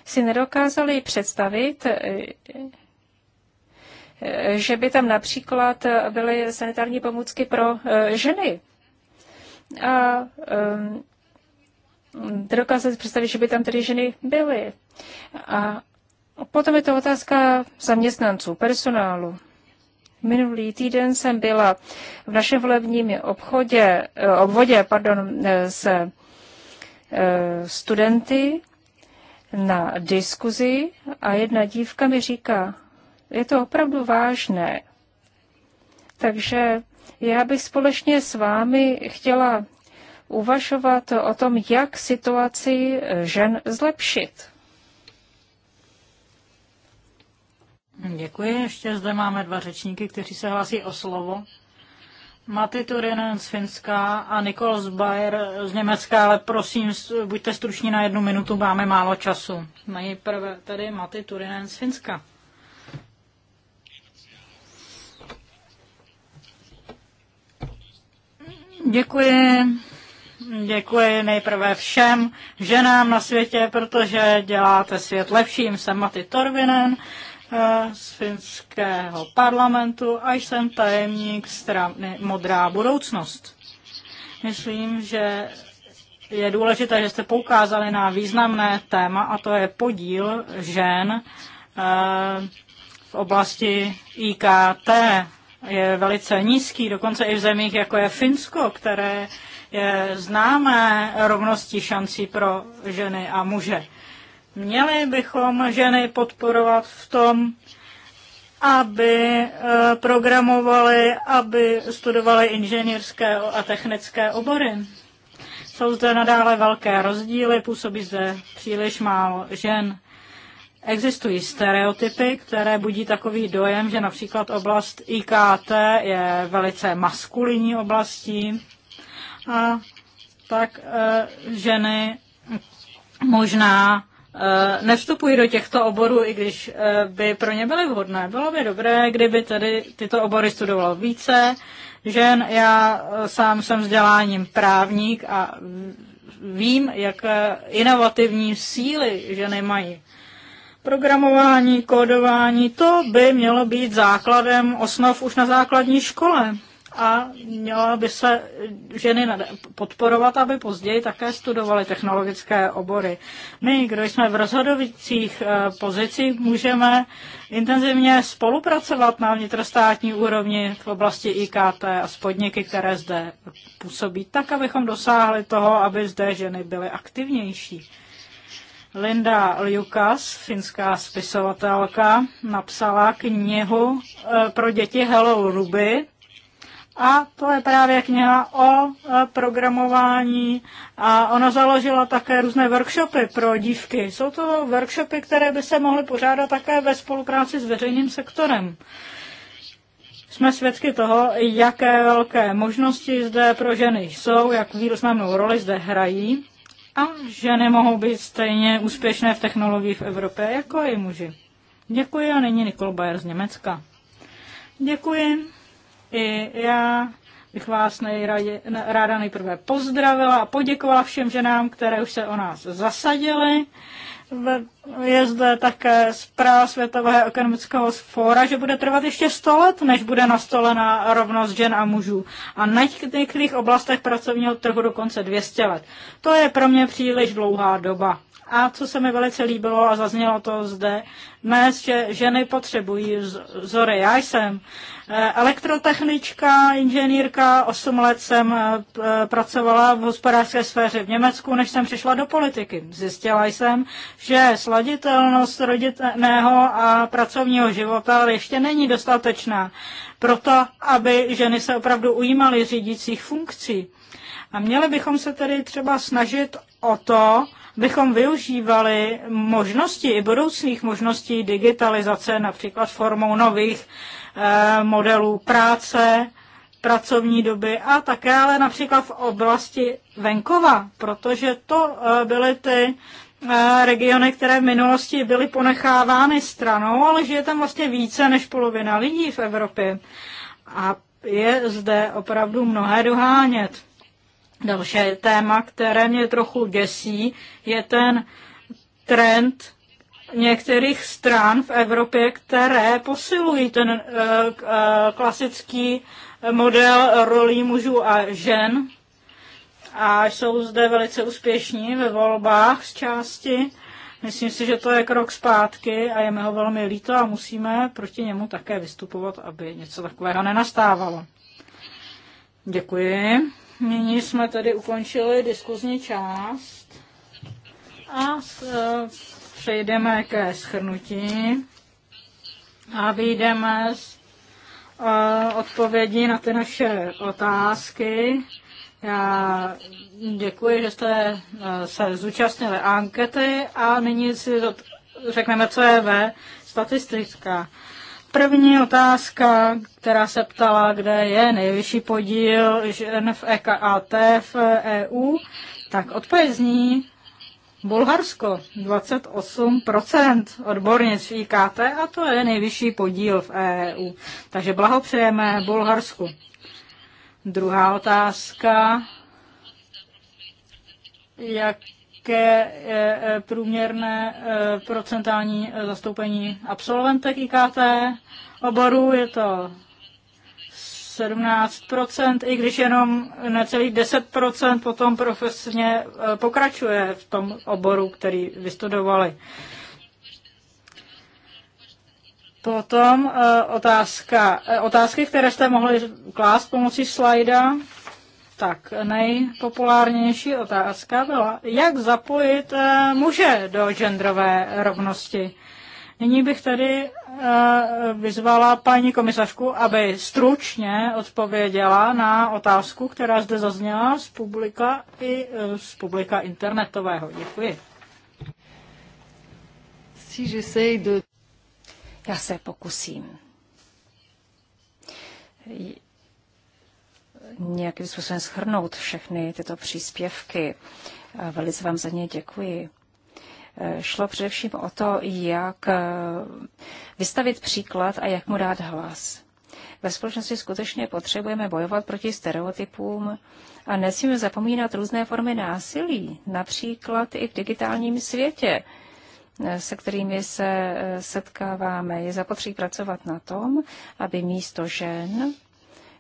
si nedokázali představit, eh, že by tam například byly sanitární pomůcky pro eh, ženy. A ehm, dokázat představit, že by tam tedy ženy byly. A potom je to otázka zaměstnanců, personálu. Minulý týden jsem byla v našem volebním obchodě, eh, obvodě pardon, eh, s eh, studenty na diskuzi a jedna dívka mi říká, je to opravdu vážné. Takže já bych společně s vámi chtěla uvažovat o tom, jak situaci žen zlepšit. Děkuji. Ještě zde máme dva řečníky, kteří se hlásí o slovo. Maty Turinen z Finska a Nikol z Bayer z Německa, ale prosím, buďte struční na jednu minutu, máme málo času. Nejprve tady Maty Turinen z Finska. Děkuji děkuji nejprve všem ženám na světě, protože děláte svět lepším. Jsem Mati Torvinen eh, z finského parlamentu a jsem tajemník strany Modrá budoucnost. Myslím, že je důležité, že jste poukázali na významné téma a to je podíl žen eh, v oblasti IKT. Je velice nízký, dokonce i v zemích, jako je Finsko, které známé rovnosti šancí pro ženy a muže. Měli bychom ženy podporovat v tom, aby eh, programovali, aby studovali inženýrské a technické obory. Jsou zde nadále velké rozdíly, působí zde příliš málo žen. Existují stereotypy, které budí takový dojem, že například oblast IKT je velice maskulinní oblastí a tak e, ženy možná e, nevstupují do těchto oborů, i když e, by pro ně byly vhodné. Bylo by dobré, kdyby tedy tyto obory studovalo více žen. Já sám jsem vzděláním právník a vím, jak inovativní síly ženy mají. Programování, kódování, to by mělo být základem osnov už na základní škole a měla by se ženy podporovat, aby později také studovaly technologické obory. My, kdo jsme v rozhodovacích eh, pozicích, můžeme intenzivně spolupracovat na vnitrostátní úrovni v oblasti IKT a s podniky, které zde působí, tak, abychom dosáhli toho, aby zde ženy byly aktivnější. Linda Lukas, finská spisovatelka, napsala knihu eh, pro děti Hello Ruby, a to je právě kniha o e, programování a ona založila také různé workshopy pro dívky. Jsou to workshopy, které by se mohly pořádat také ve spolupráci s veřejným sektorem. Jsme svědky toho, jaké velké možnosti zde pro ženy jsou, jak významnou roli zde hrají a ženy mohou být stejně úspěšné v technologiích v Evropě jako i muži. Děkuji a nyní Nikol Bayer z Německa. Děkuji. I já bych vás nejradě, ráda nejprve pozdravila a poděkovala všem ženám, které už se o nás zasadily. Je zde také zpráva Světového ekonomického fóra, že bude trvat ještě 100 let, než bude nastolena rovnost žen a mužů. A na některých oblastech pracovního trhu dokonce 200 let. To je pro mě příliš dlouhá doba. A co se mi velice líbilo a zaznělo to zde dnes, že ženy potřebují vzory. Já jsem eh, elektrotechnička, inženýrka, 8 let jsem eh, eh, pracovala v hospodářské sféře v Německu, než jsem přišla do politiky. Zjistila jsem, že sladitelnost rodinného a pracovního života ještě není dostatečná pro to, aby ženy se opravdu ujímaly řídících funkcí. A měli bychom se tedy třeba snažit o to, bychom využívali možnosti i budoucích možností digitalizace, například formou nových eh, modelů práce, pracovní doby a také ale například v oblasti venkova, protože to eh, byly ty eh, regiony, které v minulosti byly ponechávány stranou, ale že je tam vlastně více než polovina lidí v Evropě. A je zde opravdu mnohé dohánět. Další téma, které mě trochu děsí, je ten trend některých stran v Evropě, které posilují ten eh, eh, klasický model rolí mužů a žen a jsou zde velice úspěšní ve volbách z části. Myslím si, že to je krok zpátky a je mi ho velmi líto a musíme proti němu také vystupovat, aby něco takového nenastávalo. Děkuji. Nyní jsme tedy ukončili diskuzní část a e, přejdeme ke schrnutí a vyjdeme z e, odpovědí na ty naše otázky. Já děkuji, že jste e, se zúčastnili ankety a nyní si řekneme, co je ve statistika. První otázka, která se ptala, kde je nejvyšší podíl žen e v EKAT v EU, tak odpověď zní Bulharsko 28% odbornic v IKT a to je nejvyšší podíl v EU. Takže blahopřejeme Bulharsku. Druhá otázka, jak ke e, e, průměrné e, procentální zastoupení absolventek IKT oboru. Je to 17%, i když jenom necelých 10% potom profesně pokračuje v tom oboru, který vystudovali. Potom otázka, otázky, které jste mohli klást pomocí slajda tak nejpopulárnější otázka byla, jak zapojit eh, muže do genderové rovnosti. Nyní bych tedy eh, vyzvala paní komisařku, aby stručně odpověděla na otázku, která zde zazněla z publika i eh, z publika internetového. Děkuji. Já se pokusím nějakým způsobem schrnout všechny tyto příspěvky. Velice vám za ně děkuji. Eh, šlo především o to, jak eh, vystavit příklad a jak mu dát hlas. Ve společnosti skutečně potřebujeme bojovat proti stereotypům a nesmíme zapomínat různé formy násilí, například i v digitálním světě, eh, se kterými se setkáváme. Je zapotřebí pracovat na tom, aby místo žen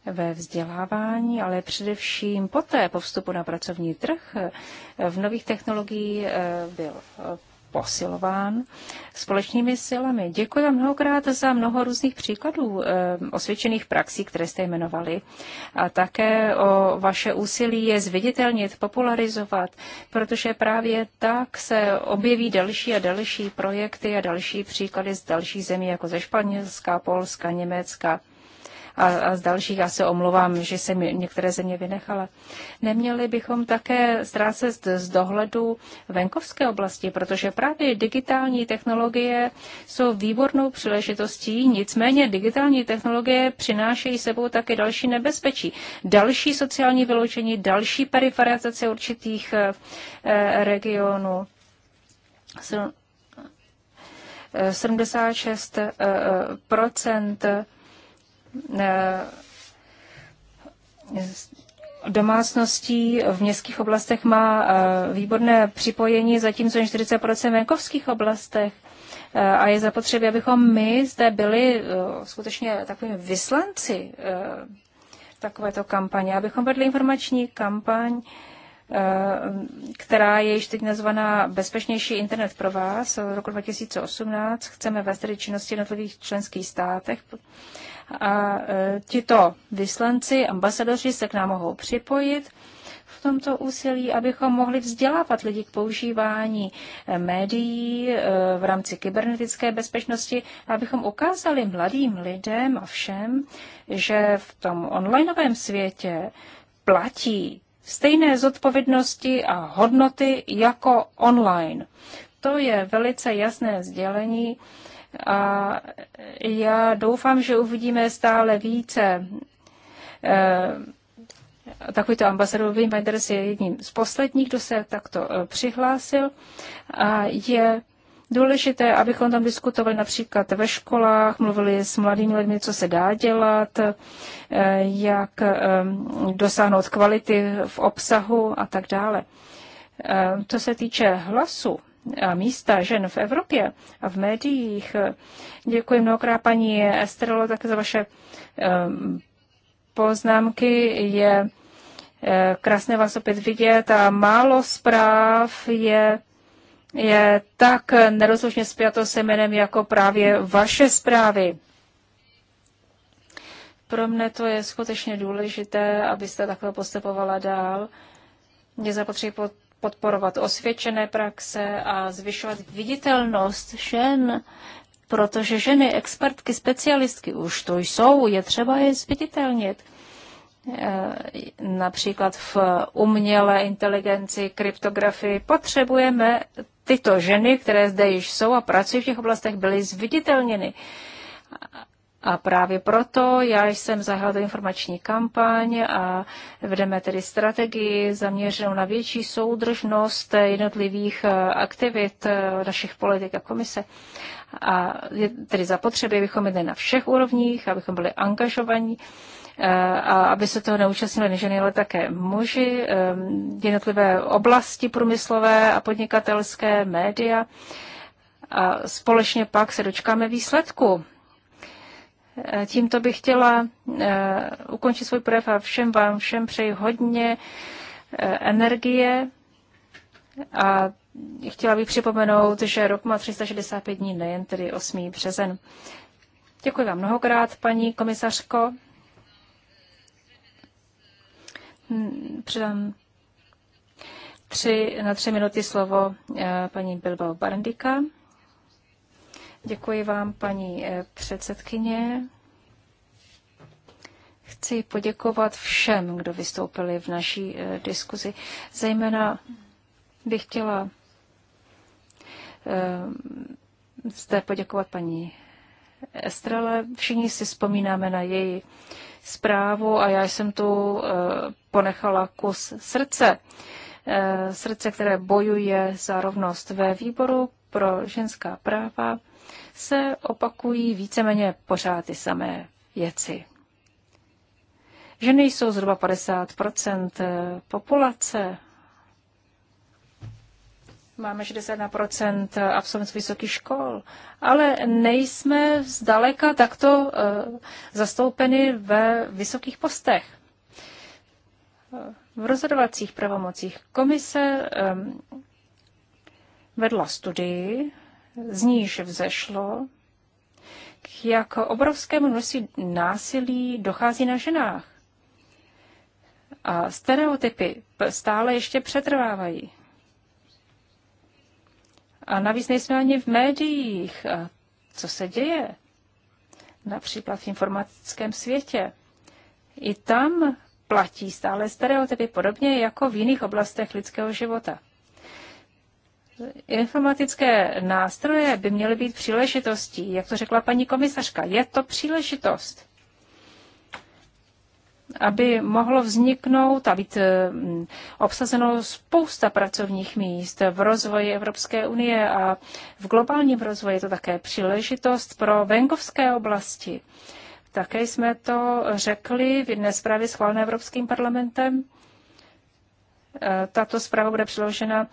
ve vzdělávání, ale především poté, po vstupu na pracovní trh, eh, v nových technologií eh, byl eh, posilován společnými silami. Děkuji vám mnohokrát za mnoho různých příkladů osvědčených praxí, které jste jmenovali. A také o vaše úsilí je zviditelnit, popularizovat, protože právě tak se objeví další a další projekty a další příklady z dalších zemí, jako ze Španělska, Polska, Německa a, a z dalších. Já se omlouvám, že jsem některé země vynechala. Neměli bychom také ztrácet z, z dohledu venkovské oblasti, protože právě digitální technologie jsou výbornou příležitostí, nicméně digitální technologie přinášejí sebou také další nebezpečí, další sociální vyloučení, další periferizace určitých eh, eh regionů. 76 eh, eh, Eh, domácností v městských oblastech má eh, výborné připojení, zatímco jen 40 venkovských oblastech. Eh, a je zapotřebí, abychom my zde byli skutečně takovými vyslanci takovéto kampaně, abychom vedli informační kampaň, která je již teď nazvaná Bezpečnější internet pro vás. V roku 2018 chceme vést tedy činnosti jednotlivých členských státech a e, tito vyslanci, ambasadoři se k nám mohou připojit v tomto úsilí, abychom mohli vzdělávat lidi k používání e, médií e, v rámci kybernetické bezpečnosti, abychom ukázali mladým lidem a všem, že v tom onlineovém světě platí stejné zodpovědnosti a hodnoty jako online. To je velice jasné sdělení, a já doufám, že uvidíme stále více eh, takovýto ambasador Wim Wenders je jedním z posledních, kdo se takto eh, přihlásil. A je důležité, abychom tam diskutovali například ve školách, mluvili s mladými lidmi, co se dá dělat, eh, jak dosáhnout kvality v obsahu a tak dále. Co se týče hlasu, a místa žen v Evropě a v médiích. Děkuji mnohokrát paní Estrelo také za vaše ehm, poznámky. Je eh, krásné vás opět vidět a málo zpráv je je tak nerozlučně spjato se jménem jako právě vaše zprávy. Pro mne to je skutečně důležité, abyste takhle postupovala dál. Mě zapotřebí podporovat osvědčené praxe a zvyšovat viditelnost žen, protože ženy, expertky, specialistky už to jsou, je třeba je zviditelnit. Eh, například v umělé inteligenci, kryptografii potřebujeme tyto ženy, které zde již jsou a pracují v těch oblastech, byly zviditelněny. A právě proto já jsem zahájil informační kampaň a vedeme tedy strategii zaměřenou na větší soudržnost jednotlivých eh, aktivit eh, našich politik a komise. A je tedy zapotřebí, abychom jedli na všech úrovních, abychom byli angažovaní eh, a aby se toho neúčastnili ženy, ale také muži, jednotlivé oblasti průmyslové a podnikatelské, média. A společně pak se dočkáme výsledku Eh, tímto bych chtěla eh, ukončit svůj projev a všem vám všem přeji hodně eh, energie a chtěla bych připomenout, že rok má 365 dní, nejen tedy 8. březen. Děkuji vám mnohokrát, paní komisařko. Hmm, předám tři, na tři minuty slovo paní Bilbao Barandika. Děkuji vám, paní eh, předsedkyně. Chci poděkovat všem, kdo vystoupili v naší eh, diskuzi. Zejména bych chtěla eh, zde poděkovat paní Estrele. Všichni si vzpomínáme na její zprávu a já jsem tu ponechala kus srdce. Srdce, které bojuje za rovnost ve výboru pro ženská práva se opakují víceméně pořád ty samé věci. Ženy jsou zhruba 50 eh, populace. Máme 61 eh, absolventů vysokých škol, ale nejsme zdaleka takto eh, zastoupeny ve vysokých postech. V rozhodovacích pravomocích komise vedla studii z níž vzešlo, jak obrovskému množství násilí dochází na ženách. A stereotypy stále ještě přetrvávají. A navíc nejsme ani v médiích. A co se děje? Například v informatickém světě. I tam platí stále stereotypy, podobně jako v jiných oblastech lidského života. Informatické nástroje by měly být příležitostí, jak to řekla paní komisařka. Je to příležitost, aby mohlo vzniknout a být eh, obsazeno spousta pracovních míst v rozvoji Evropské unie a v globálním rozvoji je to také příležitost pro venkovské oblasti. Také jsme to řekli v jedné zprávě schválené Evropským parlamentem. Eh, tato zpráva bude přiložena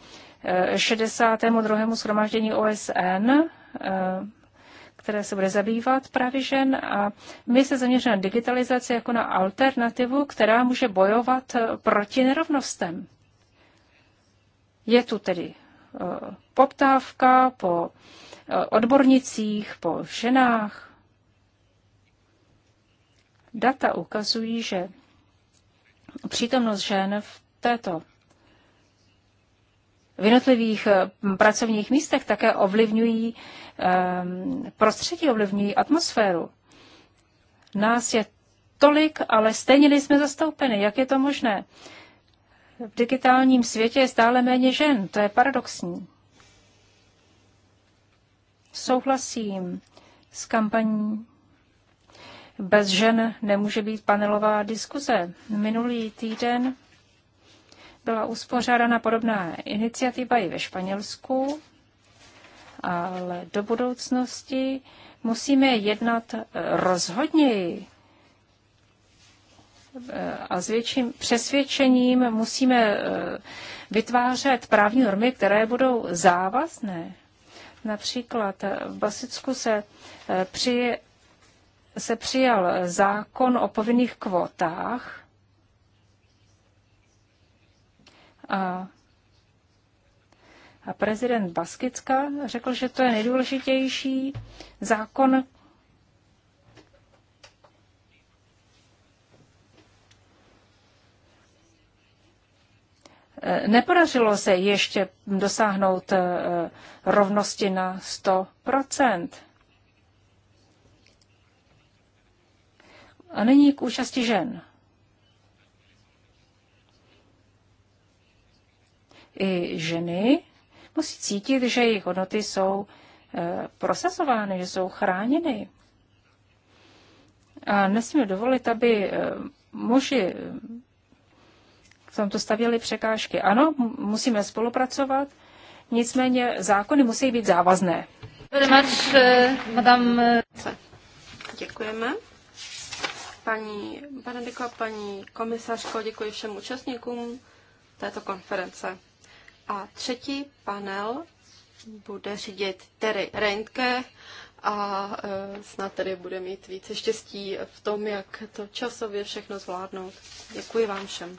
62. schromaždění OSN, které se bude zabývat právě žen a my se zaměříme na digitalizaci jako na alternativu, která může bojovat eh, proti nerovnostem. Je tu tedy eh, poptávka po eh, odbornicích, po ženách. Data ukazují, že přítomnost žen v této v jednotlivých eh, pracovních místech také ovlivňují ehm, prostředí, ovlivňují atmosféru. Nás je tolik, ale stejně nejsme zastoupeny. Jak je to možné? V digitálním světě je stále méně žen. To je paradoxní. Souhlasím s kampaní bez žen nemůže být panelová diskuze. Minulý týden byla uspořádána podobná iniciativa i ve Španělsku, ale do budoucnosti musíme jednat eh, rozhodněji eh, a s větším přesvědčením musíme eh, vytvářet právní normy, které budou závazné. Například v Basicku se, při, se přijal zákon o povinných kvotách, A, a prezident Baskicka řekl, že to je nejdůležitější zákon, e, Nepodařilo se ještě dosáhnout e, rovnosti na 100 A nyní k účasti žen. i ženy musí cítit, že jejich hodnoty jsou eh, prosazovány, že jsou chráněny. A nesmíme dovolit, aby eh, muži eh, v tomto stavěli překážky. Ano, musíme spolupracovat, nicméně zákony musí být závazné. Děkujeme. Paní Benediko, paní komisařko, děkuji všem účastníkům této konference. A třetí panel bude řídit Terry Reintke a e, snad tedy bude mít více štěstí v tom, jak to časově všechno zvládnout. Děkuji vám všem.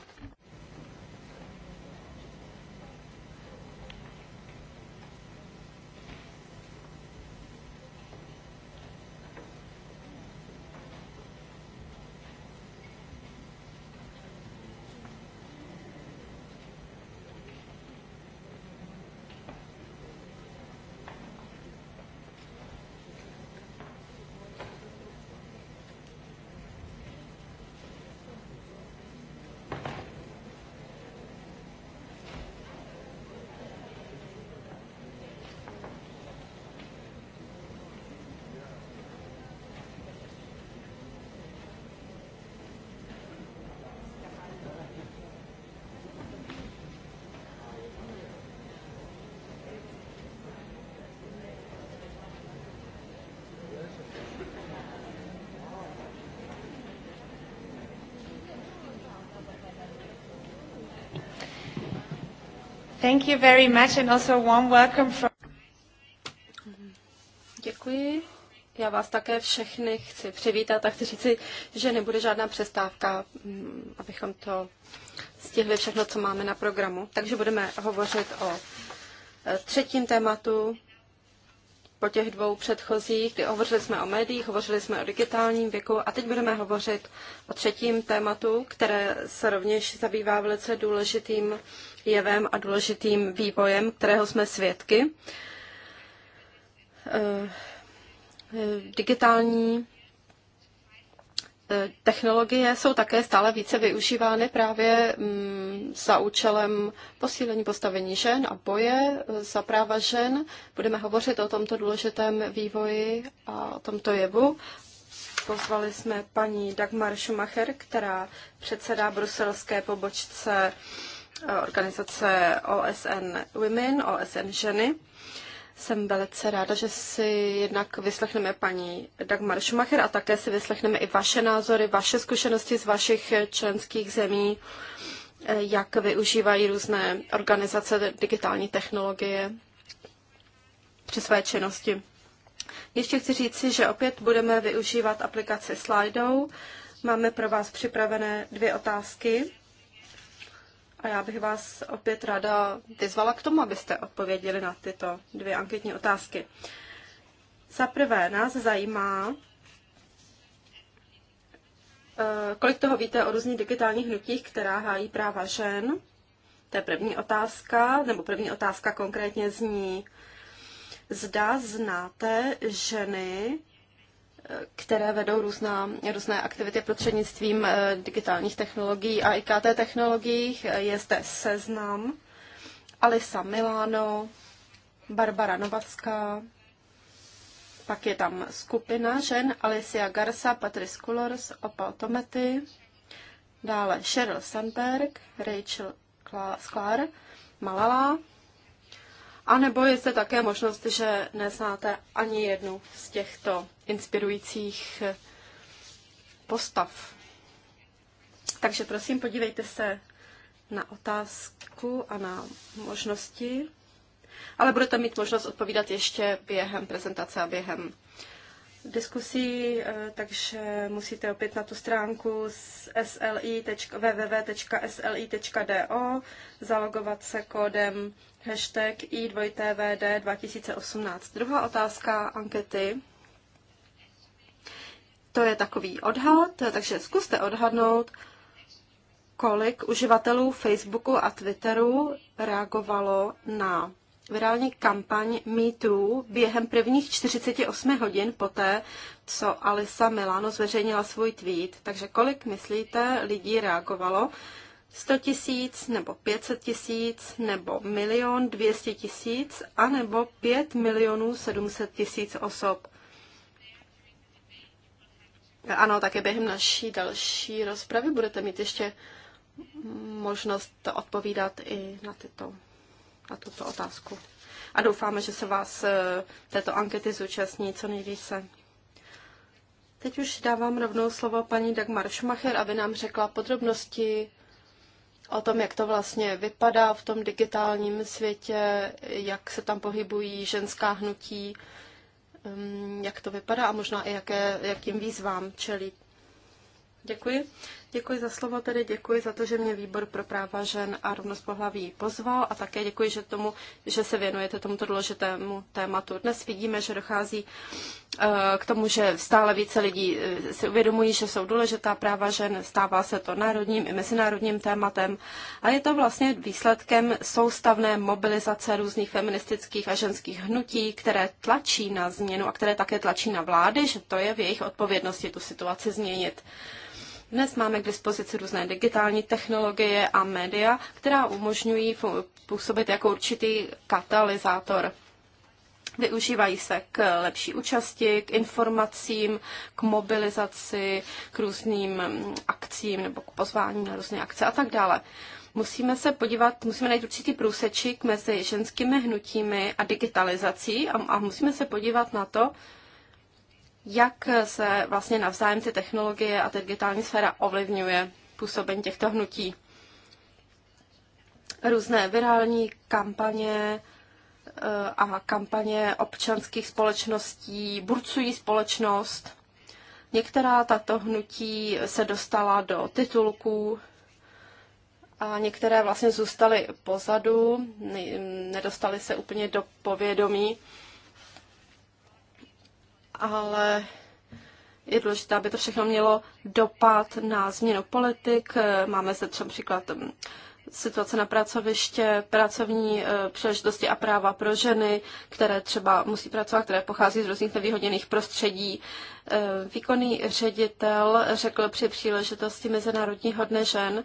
Thank you very much and also warm welcome from... Děkuji. Já vás také všechny chci přivítat a chci říci, že nebude žádná přestávka, mm, abychom to stihli všechno, co máme na programu. Takže budeme hovořit o eh, třetím tématu, po těch dvou předchozích, kdy hovořili jsme o médiích, hovořili jsme o digitálním věku a teď budeme hovořit o třetím tématu, které se rovněž zabývá velice důležitým jevem a důležitým vývojem, kterého jsme svědky. Eh, eh, digitální technologie jsou také stále více využívány právě mm, za účelem posílení postavení žen a boje e, za práva žen. Budeme hovořit o tomto důležitém vývoji a o tomto jevu. Pozvali jsme paní Dagmar Schumacher, která předsedá bruselské pobočce e, organizace OSN Women, OSN Ženy. Jsem velice ráda, že si jednak vyslechneme paní Dagmar Schumacher a také si vyslechneme i vaše názory, vaše zkušenosti z vašich členských zemí, eh, jak využívají různé organizace digitální technologie při své činnosti. Ještě chci říci, že opět budeme využívat aplikaci Slido. Máme pro vás připravené dvě otázky. A já bych vás opět ráda vyzvala k tomu, abyste odpověděli na tyto dvě anketní otázky. Za prvé, nás zajímá, eh, kolik toho víte o různých digitálních hnutích, která hájí práva žen. To je první otázka, nebo první otázka konkrétně zní, zda znáte ženy, které vedou různá, různé aktivity prostřednictvím eh, digitálních technologií a IKT technologií. Eh, je zde Seznam, Alisa Milano, Barbara Novacká, pak je tam skupina žen Alicia Garza, Patrice Colors, Opal Tomety, dále Sheryl Sandberg, Rachel Sklar, Malala, a nebo je zde také možnost, že neznáte ani jednu z těchto inspirujících eh, postav. Takže prosím, podívejte se na otázku a na možnosti, ale budete mít možnost odpovídat ještě během prezentace a během diskusí, eh, takže musíte opět na tu stránku www.sli.do zalogovat se kódem hashtag i2tvd 2018. Druhá otázka ankety. To je takový odhad, takže zkuste odhadnout, kolik uživatelů Facebooku a Twitteru reagovalo na virální kampaň MeToo během prvních 48 hodin poté, co Alisa Milano zveřejnila svůj tweet. Takže kolik, myslíte, lidí reagovalo? 100 tisíc, nebo 500 tisíc, nebo milion 200 tisíc, anebo 5 milionů 700 tisíc osob. Ano, také během naší další rozpravy budete mít ještě možnost odpovídat i na tyto na tuto otázku. A doufáme, že se vás eh, této ankety zúčastní co nejvíce. Teď už dávám rovnou slovo paní Dagmar Schmacher, aby nám řekla podrobnosti o tom, jak to vlastně vypadá v tom digitálním světě, jak se tam pohybují ženská hnutí, ehm, jak to vypadá a možná i jaké, jakým výzvám čelí. Děkuji. Děkuji za slovo, tedy děkuji za to, že mě výbor pro práva žen a rovnost pohlaví pozval a také děkuji, že, tomu, že se věnujete tomuto důležitému tématu. Dnes vidíme, že dochází eh, k tomu, že stále více lidí eh, si uvědomují, že jsou důležitá práva žen, stává se to národním i mezinárodním tématem a je to vlastně výsledkem soustavné mobilizace různých feministických a ženských hnutí, které tlačí na změnu a které také tlačí na vlády, že to je v jejich odpovědnosti tu situaci změnit. Dnes máme k dispozici různé digitální technologie a média, která umožňují působit jako určitý katalyzátor. Využívají se k lepší účasti, k informacím, k mobilizaci, k různým mm, akcím nebo k pozvání na různé akce a tak dále musíme se podívat, musíme najít určitý průsečík mezi ženskými hnutími a digitalizací a, a musíme se podívat na to, jak se vlastně navzájem ty technologie a ta digitální sféra ovlivňuje působení těchto hnutí. Různé virální kampaně eh, a kampaně občanských společností burcují společnost. Některá tato hnutí se dostala do titulků a některé vlastně zůstaly pozadu, nedostaly se úplně do povědomí ale je důležité, aby to všechno mělo dopad na změnu politik. Máme zde třeba příklad mm, situace na pracoviště, pracovní e, příležitosti a práva pro ženy, které třeba musí pracovat, které pochází z různých nevýhodněných prostředí. E, výkonný ředitel řekl při příležitosti Mezinárodního dne žen,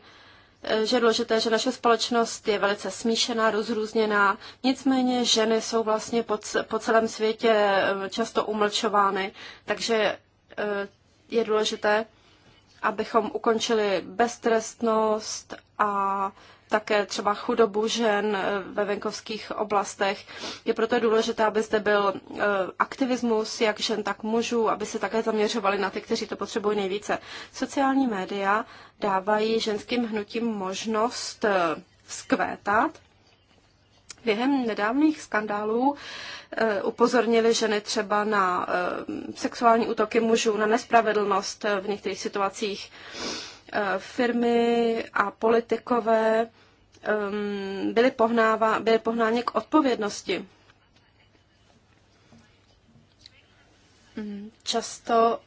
Eh, že je důležité, že naše společnost je velice smíšená, rozrůzněná, nicméně ženy jsou vlastně po, po celém světě eh, často umlčovány, takže eh, je důležité, abychom ukončili beztrestnost a také třeba chudobu žen eh, ve venkovských oblastech. Je proto důležité, aby zde byl eh, aktivismus jak žen, tak mužů, aby se také zaměřovali na ty, kteří to potřebují nejvíce. Sociální média dávají ženským hnutím možnost eh, vzkvétat. Během nedávných skandálů upozornili ženy třeba na sexuální útoky mužů, na nespravedlnost v některých situacích. Eh, firmy a politikové ehm, byli, pohnává, byli pohnáni k odpovědnosti. Mm, často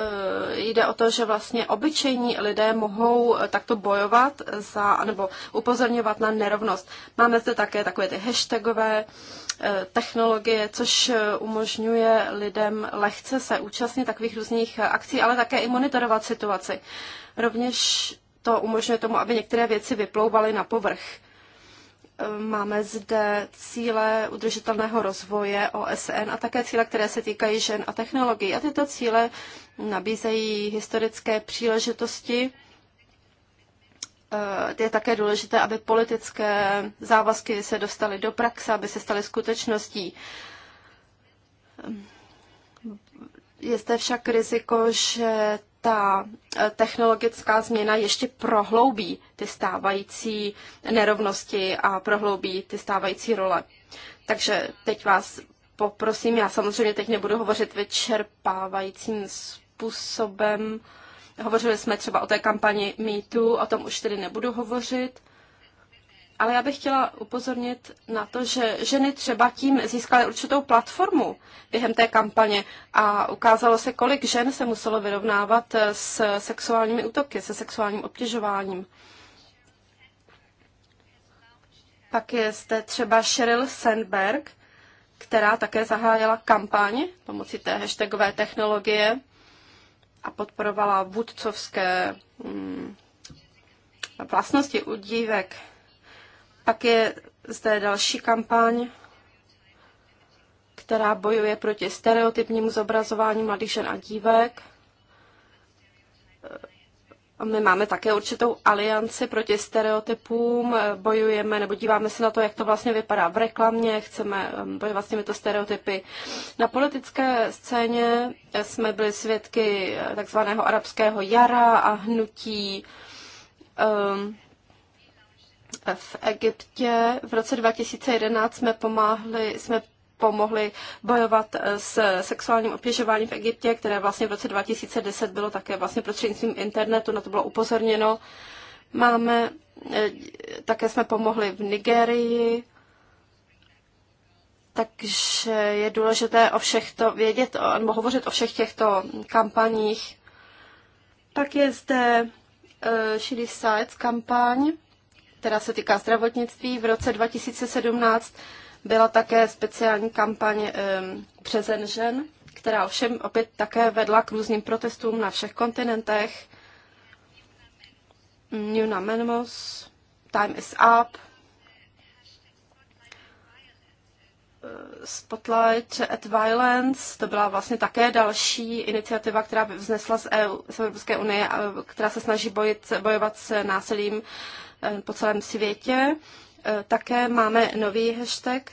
Eh, jde o to, že vlastně obyčejní lidé mohou eh, takto bojovat za, nebo upozorňovat na nerovnost. Máme zde také takové ty hashtagové eh, technologie, což umožňuje lidem lehce se účastnit takových různých akcí, ale také i monitorovat situaci. Rovněž to umožňuje tomu, aby některé věci vyplouvaly na povrch. Máme zde cíle udržitelného rozvoje OSN a také cíle, které se týkají žen a technologií. A tyto cíle nabízejí historické příležitosti. Eh, je také důležité, aby politické závazky se dostaly do praxe, aby se staly skutečností. Ehm, je zde však riziko, že ta eh, technologická změna ještě prohloubí ty stávající nerovnosti a prohloubí ty stávající role. Takže teď vás poprosím, já samozřejmě teď nebudu hovořit vyčerpávajícím způsobem. Hovořili jsme třeba o té kampani MeToo, o tom už tedy nebudu hovořit. Ale já bych chtěla upozornit na to, že ženy třeba tím získaly určitou platformu během té kampaně a ukázalo se, kolik žen se muselo vyrovnávat s sexuálními útoky, se sexuálním obtěžováním. Pak je zde třeba Sheryl Sandberg, která také zahájila kampaň pomocí té hashtagové technologie a podporovala vůdcovské mm, vlastnosti u dívek. Pak je zde další kampaň, která bojuje proti stereotypnímu zobrazování mladých žen a dívek. My máme také určitou alianci proti stereotypům, bojujeme nebo díváme se na to, jak to vlastně vypadá v reklamě, chceme um, bojovat s těmito stereotypy. Na politické scéně jsme byli svědky eh, takzvaného arabského jara a hnutí um, v Egyptě. V roce 2011 jsme pomáhli, jsme pomohli bojovat s sexuálním obtěžováním v Egyptě, které vlastně v roce 2010 bylo také vlastně prostřednictvím internetu, na to bylo upozorněno. Máme, eh, také jsme pomohli v Nigerii, takže je důležité o všech to vědět, nebo hovořit o všech těchto kampaních. Pak je zde uh, eh, Shady Sides kampaň, která se týká zdravotnictví. V roce 2017 byla také speciální kampaň eh, Přezen žen, která ovšem opět také vedla k různým protestům na všech kontinentech. New Anonymous, Time is Up, eh, Spotlight at Violence, to byla vlastně také další iniciativa, která vznesla z, EU, z Evropské unie, která se snaží bojit, bojovat s násilím Eh, po celém světě. Eh, také máme nový hashtag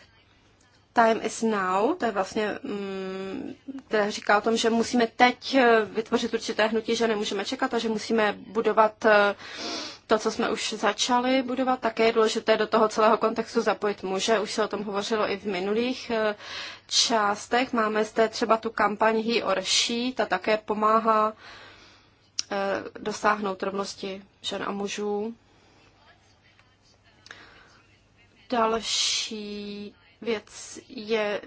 Time is now, to je vlastně, mm, které říká o tom, že musíme teď eh, vytvořit určité hnutí, že nemůžeme čekat a že musíme budovat to, co jsme už začali budovat, také je důležité do toho celého kontextu zapojit muže. Už se o tom hovořilo i v minulých částech. Máme zde třeba tu kampaň He or She, ta také pomáhá dosáhnout rovnosti žen a mužů. Další věc je,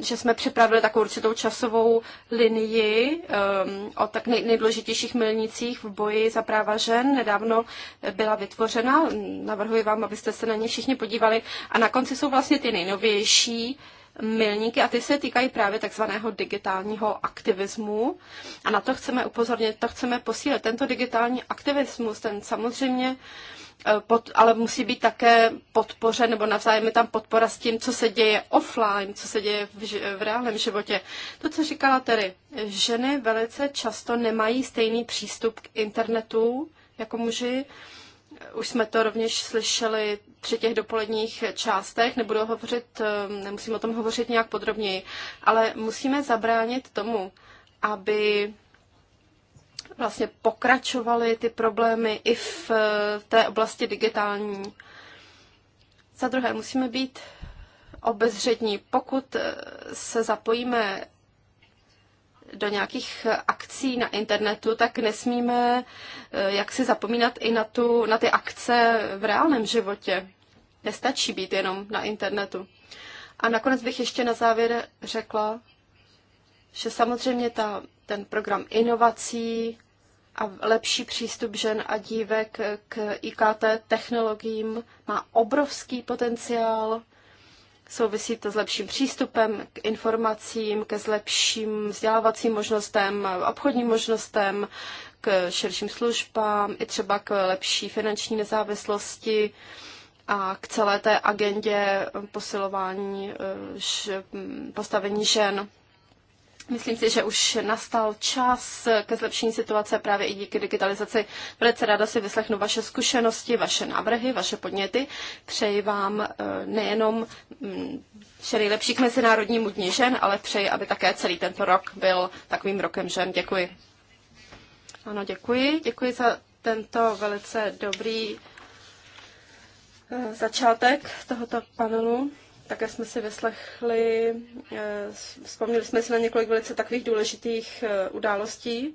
že jsme připravili takovou určitou časovou linii um, o tak nej, nejdůležitějších milnicích v boji za práva žen. Nedávno byla vytvořena, navrhuji vám, abyste se na ně všichni podívali. A na konci jsou vlastně ty nejnovější milníky a ty se týkají právě takzvaného digitálního aktivismu a na to chceme upozornit, to chceme posílit. Tento digitální aktivismus, ten samozřejmě Eh, pod, ale musí být také podpoře, nebo navzájem je tam podpora s tím, co se děje offline, co se děje v, v reálném životě. To, co říkala tedy, ženy velice často nemají stejný přístup k internetu jako muži. Eh, už jsme to rovněž slyšeli při těch dopoledních částech, nebudu hovořit, eh, nemusím o tom hovořit nějak podrobněji, ale musíme zabránit tomu, aby vlastně pokračovaly ty problémy i eh, v té oblasti digitální. Za druhé, musíme být obezřední. Pokud eh, se zapojíme do nějakých akcí na internetu, tak nesmíme eh, jak si zapomínat i na, tu, na ty akce v reálném životě. Nestačí být jenom na internetu. A nakonec bych ještě na závěr řekla, že samozřejmě ta, ten program inovací a lepší přístup žen a dívek k IKT technologiím má obrovský potenciál. Souvisí to s lepším přístupem k informacím, ke zlepším vzdělávacím možnostem, obchodním možnostem, k širším službám, i třeba k lepší finanční nezávislosti a k celé té agendě posilování eh, postavení žen. Myslím si, že už nastal čas ke zlepšení situace právě i díky digitalizaci. Velice ráda si vyslechnu vaše zkušenosti, vaše návrhy, vaše podněty. Přeji vám eh, nejenom mm, vše nejlepší k Mezinárodnímu dní žen, ale přeji, aby také celý tento rok byl takovým rokem žen. Děkuji. Ano, děkuji. Děkuji za tento velice dobrý eh, začátek tohoto panelu. Také jsme si vyslechli, eh, vzpomněli jsme si na několik velice takových důležitých eh, událostí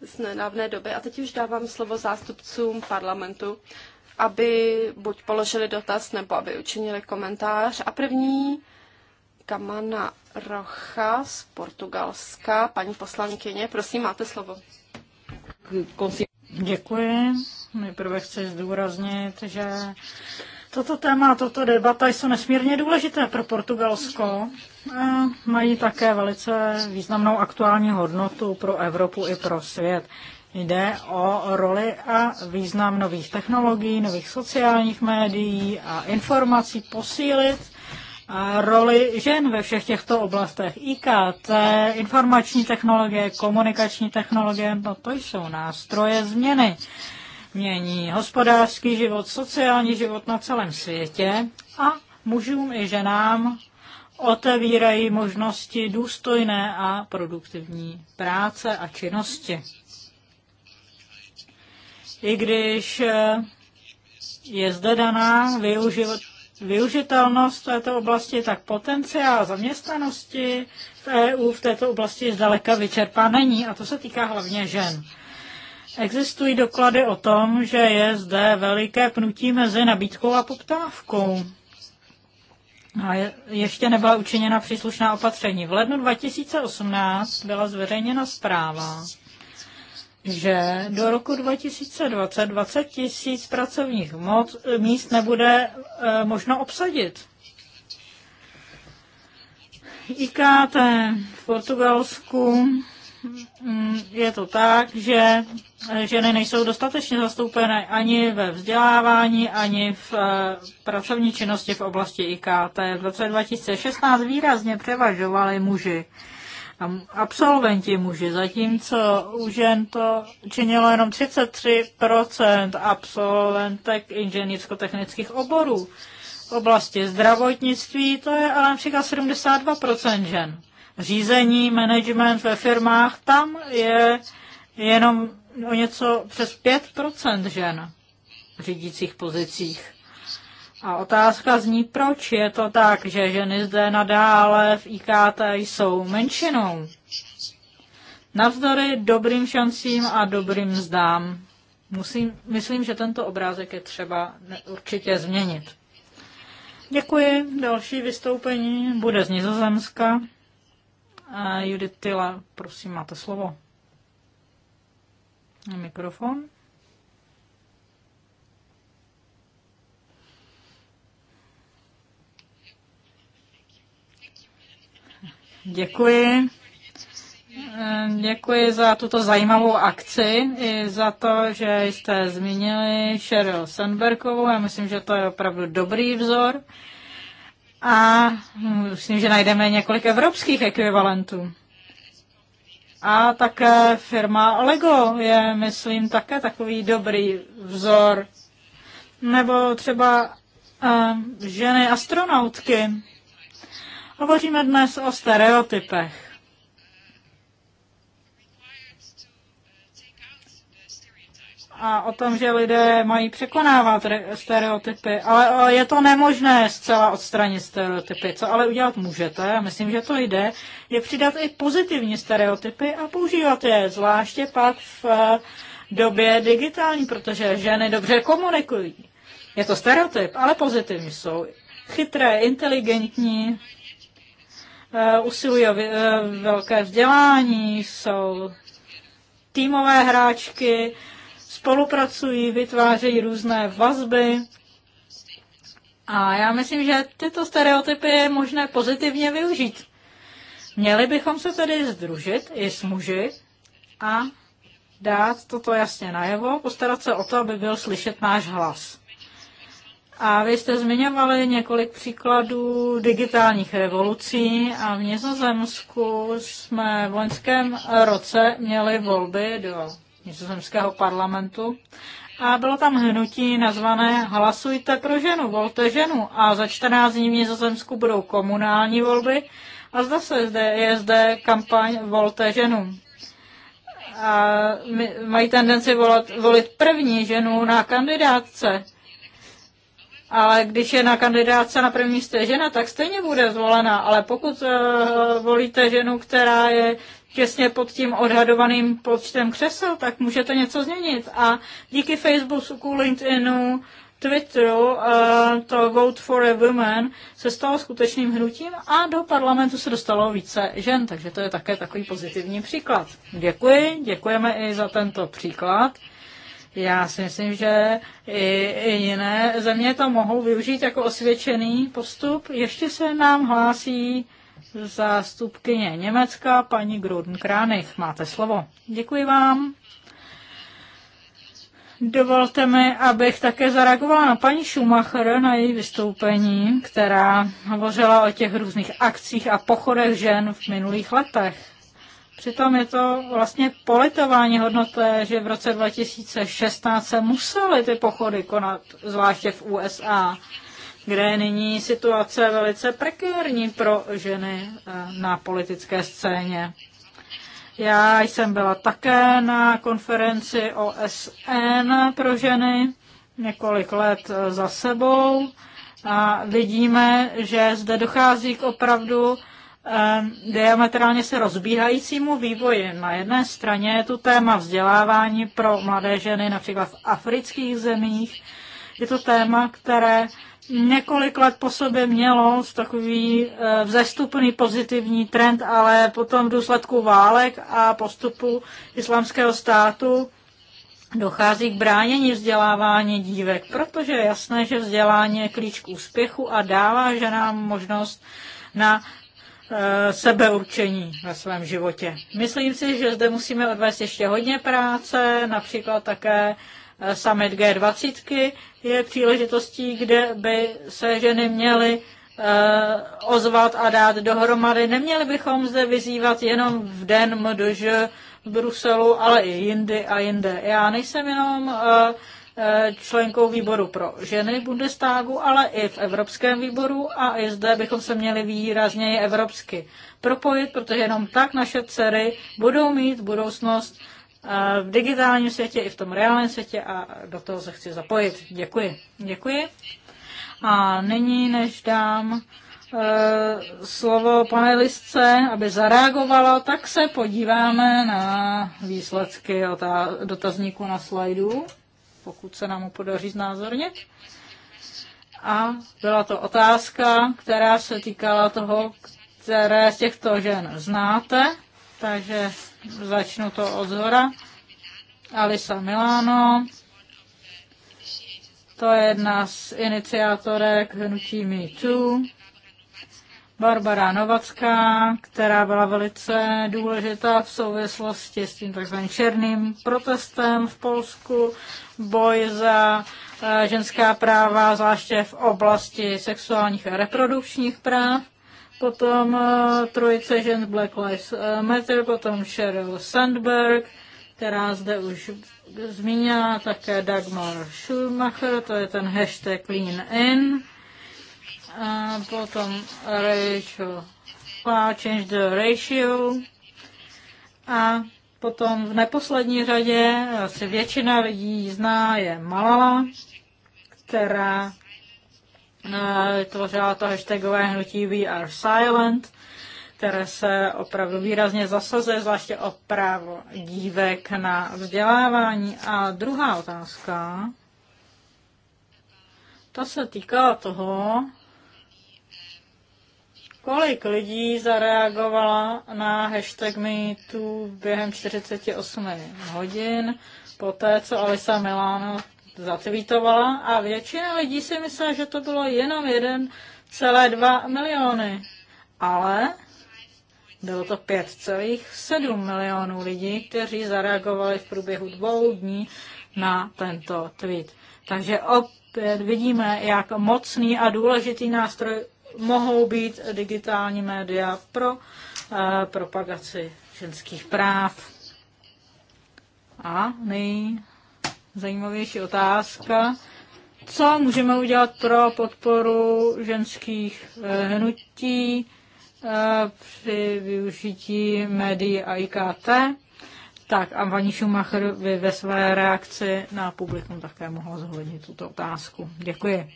z nedávné doby. A teď už dávám slovo zástupcům parlamentu, aby buď položili dotaz, nebo aby učinili komentář. A první Kamana Rocha z Portugalska, paní poslankyně, prosím, máte slovo. Děkuji. Nejprve chci zdůraznit, že Toto téma, toto debata jsou nesmírně důležité pro Portugalsko. Mají také velice významnou aktuální hodnotu pro Evropu i pro svět. Jde o roli a význam nových technologií, nových sociálních médií a informací posílit a roli žen ve všech těchto oblastech. IKT, informační technologie, komunikační technologie, no to jsou nástroje změny mění hospodářský život, sociální život na celém světě a mužům i ženám otevírají možnosti důstojné a produktivní práce a činnosti. I když eh, je zde daná využit, využitelnost této oblasti, tak potenciál zaměstnanosti v EU v této oblasti zdaleka vyčerpá není. A to se týká hlavně žen. Existují doklady o tom, že je zde veliké pnutí mezi nabídkou a poptávkou. A je, ještě nebyla učiněna příslušná opatření. V lednu 2018 byla zveřejněna zpráva, že do roku 2020 20 tisíc pracovních moc, míst nebude e, možno obsadit. IKT v Portugalsku Mm, je to tak, že eh, ženy nejsou dostatečně zastoupené ani ve vzdělávání, ani v eh, pracovní činnosti v oblasti IKT. V roce 2016 výrazně převažovali muži absolventi muži, zatímco u žen to činilo jenom 33% absolventek inženýrsko-technických oborů. V oblasti zdravotnictví to je ale například 72% žen řízení, management ve firmách, tam je jenom o něco přes 5% žen v řídících pozicích. A otázka zní, proč je to tak, že ženy zde nadále v IKT jsou menšinou. Navzdory dobrým šancím a dobrým zdám. Musím, myslím, že tento obrázek je třeba určitě změnit. Děkuji. Další vystoupení bude z Nizozemska. Uh, Judith Tyla, prosím, máte slovo. Mikrofon. Děkuji. Děkuji za tuto zajímavou akci i za to, že jste zmínili Sheryl Sandbergovou. Já myslím, že to je opravdu dobrý vzor. A hm, myslím, že najdeme několik evropských ekvivalentů. A také firma Lego je, myslím, také takový dobrý vzor. Nebo třeba uh, ženy astronautky. Hovoříme dnes o stereotypech. a o tom, že lidé mají překonávat stereotypy, ale je to nemožné zcela odstranit stereotypy. Co ale udělat můžete, a myslím, že to jde, je přidat i pozitivní stereotypy a používat je, zvláště pak v eh, době digitální, protože ženy dobře komunikují. Je to stereotyp, ale pozitivní jsou. Chytré, inteligentní, eh, usilují o eh, velké vzdělání, jsou týmové hráčky, spolupracují, vytvářejí různé vazby. A já myslím, že tyto stereotypy je možné pozitivně využít. Měli bychom se tedy združit i s muži a dát toto jasně najevo, postarat se o to, aby byl slyšet náš hlas. A vy jste zmiňovali několik příkladů digitálních revolucí a v Nizozemsku jsme v loňském roce měli volby do nizozemského parlamentu. A bylo tam hnutí nazvané Hlasujte pro ženu, volte ženu. A za 14 dní v Nizozemsku budou komunální volby. A zda se zde, je zde kampaň Volte ženu. A mají tendenci volat, volit první ženu na kandidátce. Ale když je na kandidátce na první místě žena, tak stejně bude zvolena. Ale pokud uh, volíte ženu, která je těsně pod tím odhadovaným počtem křesel, tak můžete něco změnit. A díky Facebooku, LinkedInu, Twitteru, eh, to Vote for a Woman se stalo skutečným hnutím a do parlamentu se dostalo více žen, takže to je také takový pozitivní příklad. Děkuji, děkujeme i za tento příklad. Já si myslím, že i, i jiné země to mohou využít jako osvědčený postup. Ještě se nám hlásí zástupkyně Německa, paní Gruden Kránich. Máte slovo. Děkuji vám. Dovolte mi, abych také zareagovala na paní Schumacher, na její vystoupení, která hovořila o těch různých akcích a pochodech žen v minulých letech. Přitom je to vlastně politování hodnoté, že v roce 2016 se musely ty pochody konat, zvláště v USA kde je nyní situace velice prekérní pro ženy eh, na politické scéně. Já jsem byla také na konferenci OSN pro ženy několik let eh, za sebou a vidíme, že zde dochází k opravdu eh, diametrálně se rozbíhajícímu vývoji. Na jedné straně je tu téma vzdělávání pro mladé ženy například v afrických zemích, je to téma, které několik let po sobě mělo takový eh, vzestupný pozitivní trend, ale potom v důsledku válek a postupu islámského státu dochází k bránění vzdělávání dívek, protože je jasné, že vzdělání je klíč k úspěchu a dává ženám možnost na eh, sebeurčení ve svém životě. Myslím si, že zde musíme odvést ještě hodně práce, například také summit G20 je příležitostí, kde by se ženy měly eh, ozvat a dát dohromady. Neměli bychom zde vyzývat jenom v den MDŽ v Bruselu, ale i jindy a jinde. Já nejsem jenom eh, eh, členkou výboru pro ženy v Bundestagu, ale i v Evropském výboru a i zde bychom se měli výrazněji evropsky propojit, protože jenom tak naše dcery budou mít budoucnost v digitálním světě i v tom reálném světě a do toho se chci zapojit. Děkuji. Děkuji. A nyní, než dám e, slovo panelistce, aby zareagovalo, tak se podíváme na výsledky dotazníku na slajdu, pokud se nám podaří znázornit. A byla to otázka, která se týkala toho, které z těchto žen znáte, takže Začnu to od zhora. Alisa Milano, to je jedna z iniciátorek hnutí Me Too. Barbara Novacká, která byla velice důležitá v souvislosti s tím takzvaným černým protestem v Polsku, boj za eh, ženská práva, zvláště v oblasti sexuálních a reprodukčních práv potom eh, trojice žen Black Lives Matter, potom Sheryl Sandberg, která zde už zmínila, také Dagmar Schumacher, to je ten hashtag Lean In, a potom Rachel Pa, Change the Ratio a potom v neposlední řadě asi většina lidí zná je Malala, která Eh, vytvořila to hashtagové hnutí We Are Silent, které se opravdu výrazně zasazuje, zvláště o právo dívek na vzdělávání. A druhá otázka, ta se týkala toho, kolik lidí zareagovala na hashtag MeToo během 48 hodin, poté co Alisa Milano zatvítovala a většina lidí si myslela, že to bylo jenom 1,2 miliony. Ale bylo to 5,7 milionů lidí, kteří zareagovali v průběhu dvou dní na tento tweet. Takže opět vidíme, jak mocný a důležitý nástroj mohou být digitální média pro eh, propagaci ženských práv. A nyní zajímavější otázka. Co můžeme udělat pro podporu ženských eh, hnutí eh, při využití médií a IKT? Tak a paní Schumacher by ve své reakci na publikum také mohla zhodnit tuto otázku. Děkuji.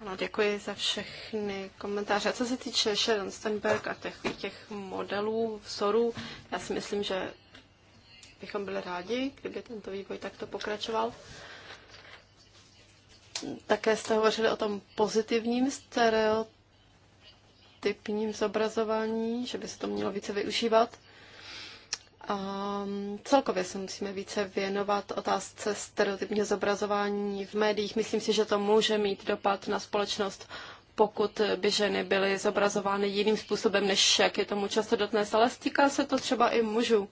Ano, děkuji za všechny komentáře. A Co se týče Sharon Steinberg a těch, těch modelů, vzorů, já si myslím, že bychom byli rádi, kdyby tento vývoj takto pokračoval. Také jste hovořili o tom pozitivním stereotypním zobrazování, že by se to mělo více využívat. A mm, celkově se musíme více věnovat otázce stereotypního zobrazování v médiích. Myslím si, že to může mít dopad na společnost, pokud by ženy byly zobrazovány jiným způsobem, než jak je tomu často dotnes, ale stýká se to třeba i mužů.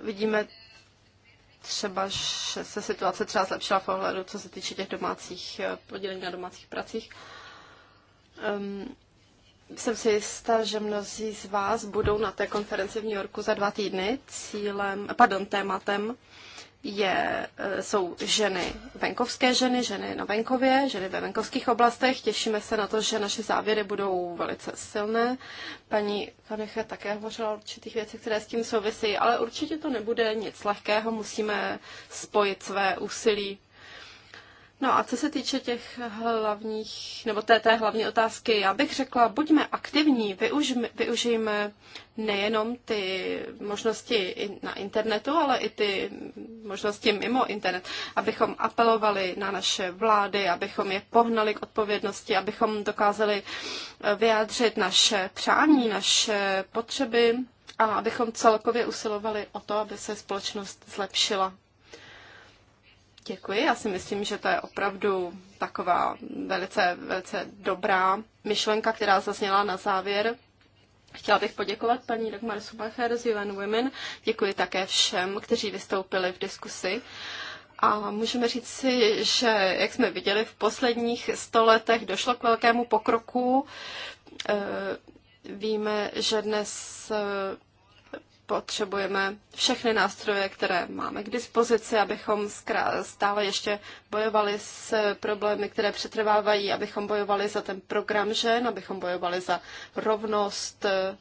vidíme třeba, že se situace třeba zlepšila v ohledu, co se týče těch domácích eh, podílení na domácích pracích. Um, jsem si jistá, že mnozí z vás budou na té konferenci v New Yorku za dva týdny cílem, eh, pardon, tématem je, eh, jsou ženy, venkovské ženy, ženy na venkově, ženy ve venkovských oblastech. Těšíme se na to, že naše závěry budou velice silné. Paní Kanecha také hovořila o určitých věcech, které s tím souvisí, ale určitě to nebude nic lehkého, musíme spojit své úsilí. No a co se týče těch hlavních, nebo té, té hlavní otázky, já bych řekla, buďme aktivní, využ, využijme nejenom ty možnosti na internetu, ale i ty možnosti mimo internet, abychom apelovali na naše vlády, abychom je pohnali k odpovědnosti, abychom dokázali eh, vyjádřit naše přání, naše potřeby a abychom celkově usilovali o to, aby se společnost zlepšila. Děkuji. Já si myslím, že to je opravdu taková velice, velice dobrá myšlenka, která zazněla na závěr. Chtěla bych poděkovat paní Dagmar Subacher z UN Women. Děkuji také všem, kteří vystoupili v diskusi. A můžeme říct si, že jak jsme viděli v posledních sto letech došlo k velkému pokroku. Eh, víme, že dnes eh, potřebujeme všechny nástroje, které máme k dispozici, abychom stále ještě bojovali s problémy, které přetrvávají, abychom bojovali za ten program žen, abychom bojovali za rovnost eh,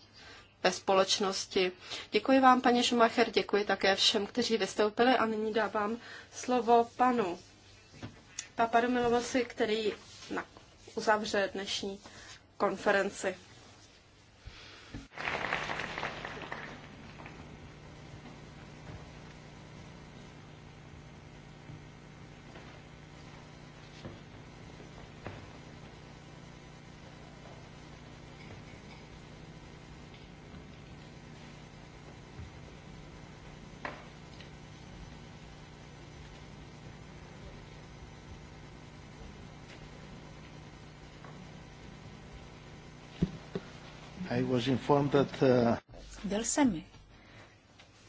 ve společnosti. Děkuji vám, paní Šumacher, děkuji také všem, kteří vystoupili a nyní dávám slovo panu Milovosi, který uzavře dnešní konferenci. Uh, Byl jsem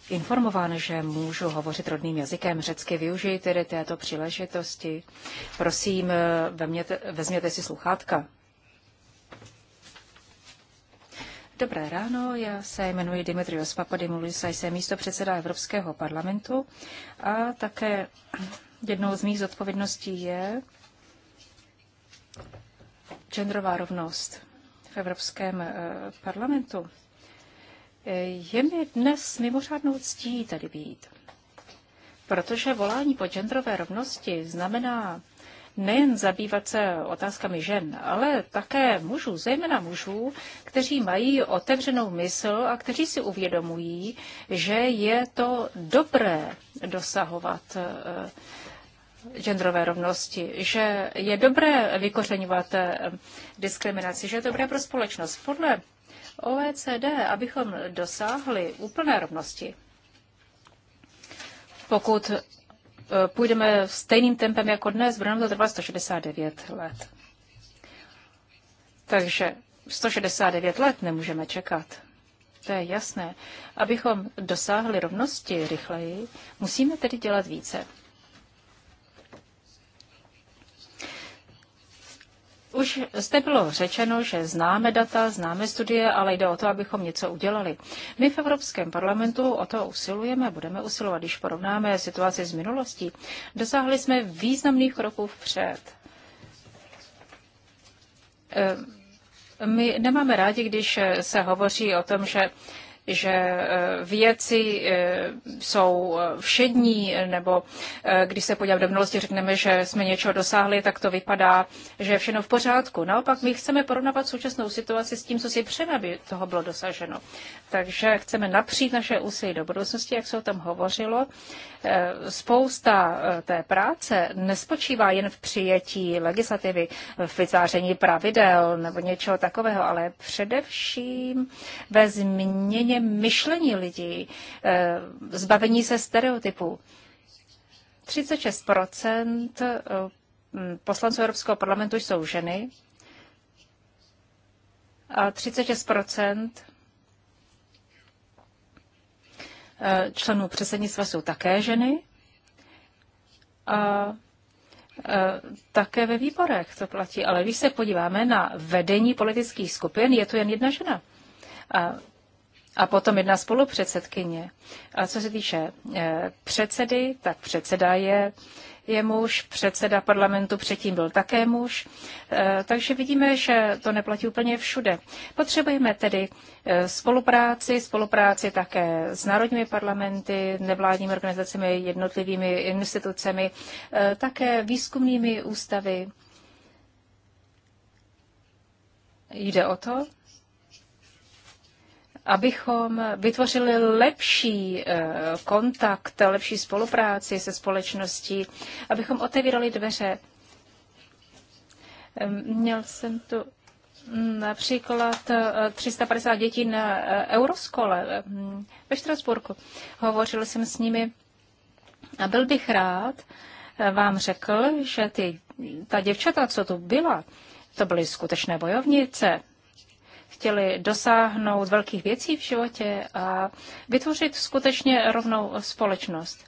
informován, že můžu hovořit rodným jazykem řecky. Využiji tedy této příležitosti. Prosím, eh, vezměte, vezměte si sluchátka. Dobré ráno, já se jmenuji Dimitrios Papadimulis a jsem místo předseda Evropského parlamentu a také jednou z mých zodpovědností je genderová rovnost v Evropském eh, parlamentu. Eh, je mi dnes mimořádnou ctí tady být, protože volání po genderové rovnosti znamená nejen zabývat se otázkami žen, ale také mužů, zejména mužů, kteří mají otevřenou mysl a kteří si uvědomují, že je to dobré dosahovat eh, genderové rovnosti, že je dobré vykořenovat eh, diskriminaci, že je dobré pro společnost. Podle OECD, abychom dosáhli úplné rovnosti, pokud eh, půjdeme stejným tempem jako dnes, bude nám to trvat 169 let. Takže 169 let nemůžeme čekat. To je jasné. Abychom dosáhli rovnosti rychleji, musíme tedy dělat více. Už jste bylo řečeno, že známe data, známe studie, ale jde o to, abychom něco udělali. My v Evropském parlamentu o to usilujeme, budeme usilovat, když porovnáme situaci s minulostí. Dosáhli jsme významných kroků vpřed. Ehm, my nemáme rádi, když se hovoří o tom, že že eh, věci eh, jsou eh, všední, nebo když se podíváme do minulosti, řekneme, že jsme něčeho dosáhli, tak to vypadá, že je všechno v pořádku. Naopak my chceme porovnávat současnou situaci s tím, co si přejeme, aby toho bylo dosaženo. Takže chceme napřít naše úsilí do budoucnosti, jak se o tom hovořilo. Spousta té práce nespočívá jen v přijetí legislativy, v vytváření pravidel nebo něčeho takového, ale především ve změně změně myšlení lidí, eh, zbavení se stereotypů. 36 eh, poslanců Evropského parlamentu jsou ženy a 36 eh, členů předsednictva jsou také ženy. A také ve výborech to platí. Ale když se podíváme na vedení politických skupin, je tu jen jedna žena. A a potom jedna spolupředsedkyně. A co se týče eh, předsedy, tak předseda je, je muž, předseda parlamentu předtím byl také muž. Eh, takže vidíme, že to neplatí úplně všude. Potřebujeme tedy eh, spolupráci, spolupráci také s národními parlamenty, nevládními organizacemi, jednotlivými institucemi, také výzkumnými ústavy. Jde o to, abychom vytvořili lepší eh, kontakt, lepší spolupráci se společností, abychom otevírali dveře. Měl jsem tu například 350 eh, dětí na eh, Euroskole ve Štrasburku. Hovořil jsem s nimi a byl bych rád, vám řekl, že ty, ta děvčata, co tu byla, to byly skutečné bojovnice chtěli dosáhnout velkých věcí v životě a vytvořit skutečně rovnou společnost.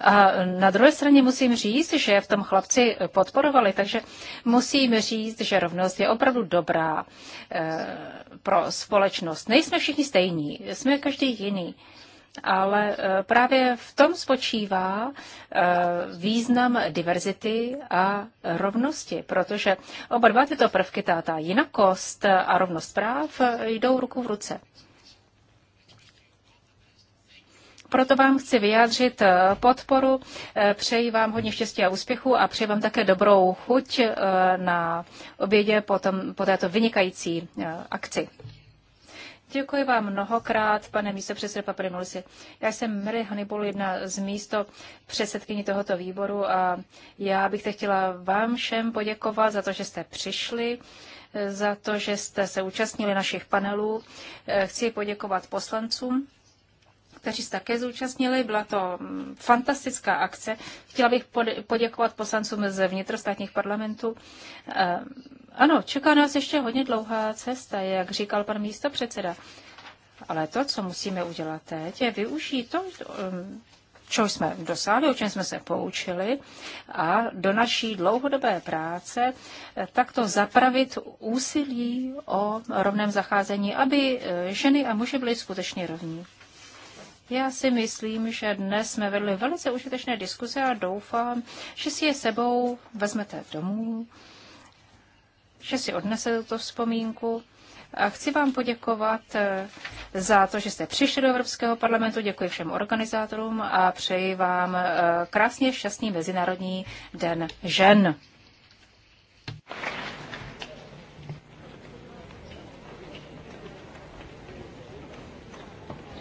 A na druhé straně musím říct, že v tom chlapci podporovali, takže musím říct, že rovnost je opravdu dobrá e, pro společnost. Nejsme všichni stejní, jsme každý jiný ale eh, právě v tom spočívá eh, význam diverzity a rovnosti, protože oba dva tyto prvky, ta, ta jinakost a rovnost práv, eh, jdou ruku v ruce. Proto vám chci vyjádřit podporu, přeji vám hodně štěstí a úspěchu a přeji vám také dobrou chuť na obědě po, tom, po této vynikající akci. Děkuji vám mnohokrát, pane místopředsedo Paprimulisi. Já jsem Mary Hannibal, jedna z místo předsedkyní tohoto výboru a já bych te chtěla vám všem poděkovat za to, že jste přišli za to, že jste se účastnili našich panelů. Chci poděkovat poslancům kteří se také zúčastnili. Byla to mm, fantastická akce. Chtěla bych poděkovat poslancům ze vnitrostátních parlamentů. Eh, ano, čeká nás ještě hodně dlouhá cesta, jak říkal pan místo předseda. Ale to, co musíme udělat teď, je využít to, čeho jsme dosáhli, o čem jsme se poučili a do naší dlouhodobé práce eh, takto zapravit úsilí o rovném zacházení, aby eh, ženy a muži byli skutečně rovní. Já si myslím, že dnes jsme vedli velice užitečné diskuze a doufám, že si je sebou vezmete domů, že si odnesete tuto vzpomínku. A chci vám poděkovat eh, za to, že jste přišli do Evropského parlamentu. Děkuji všem organizátorům a přeji vám eh, krásně šťastný Mezinárodní den žen.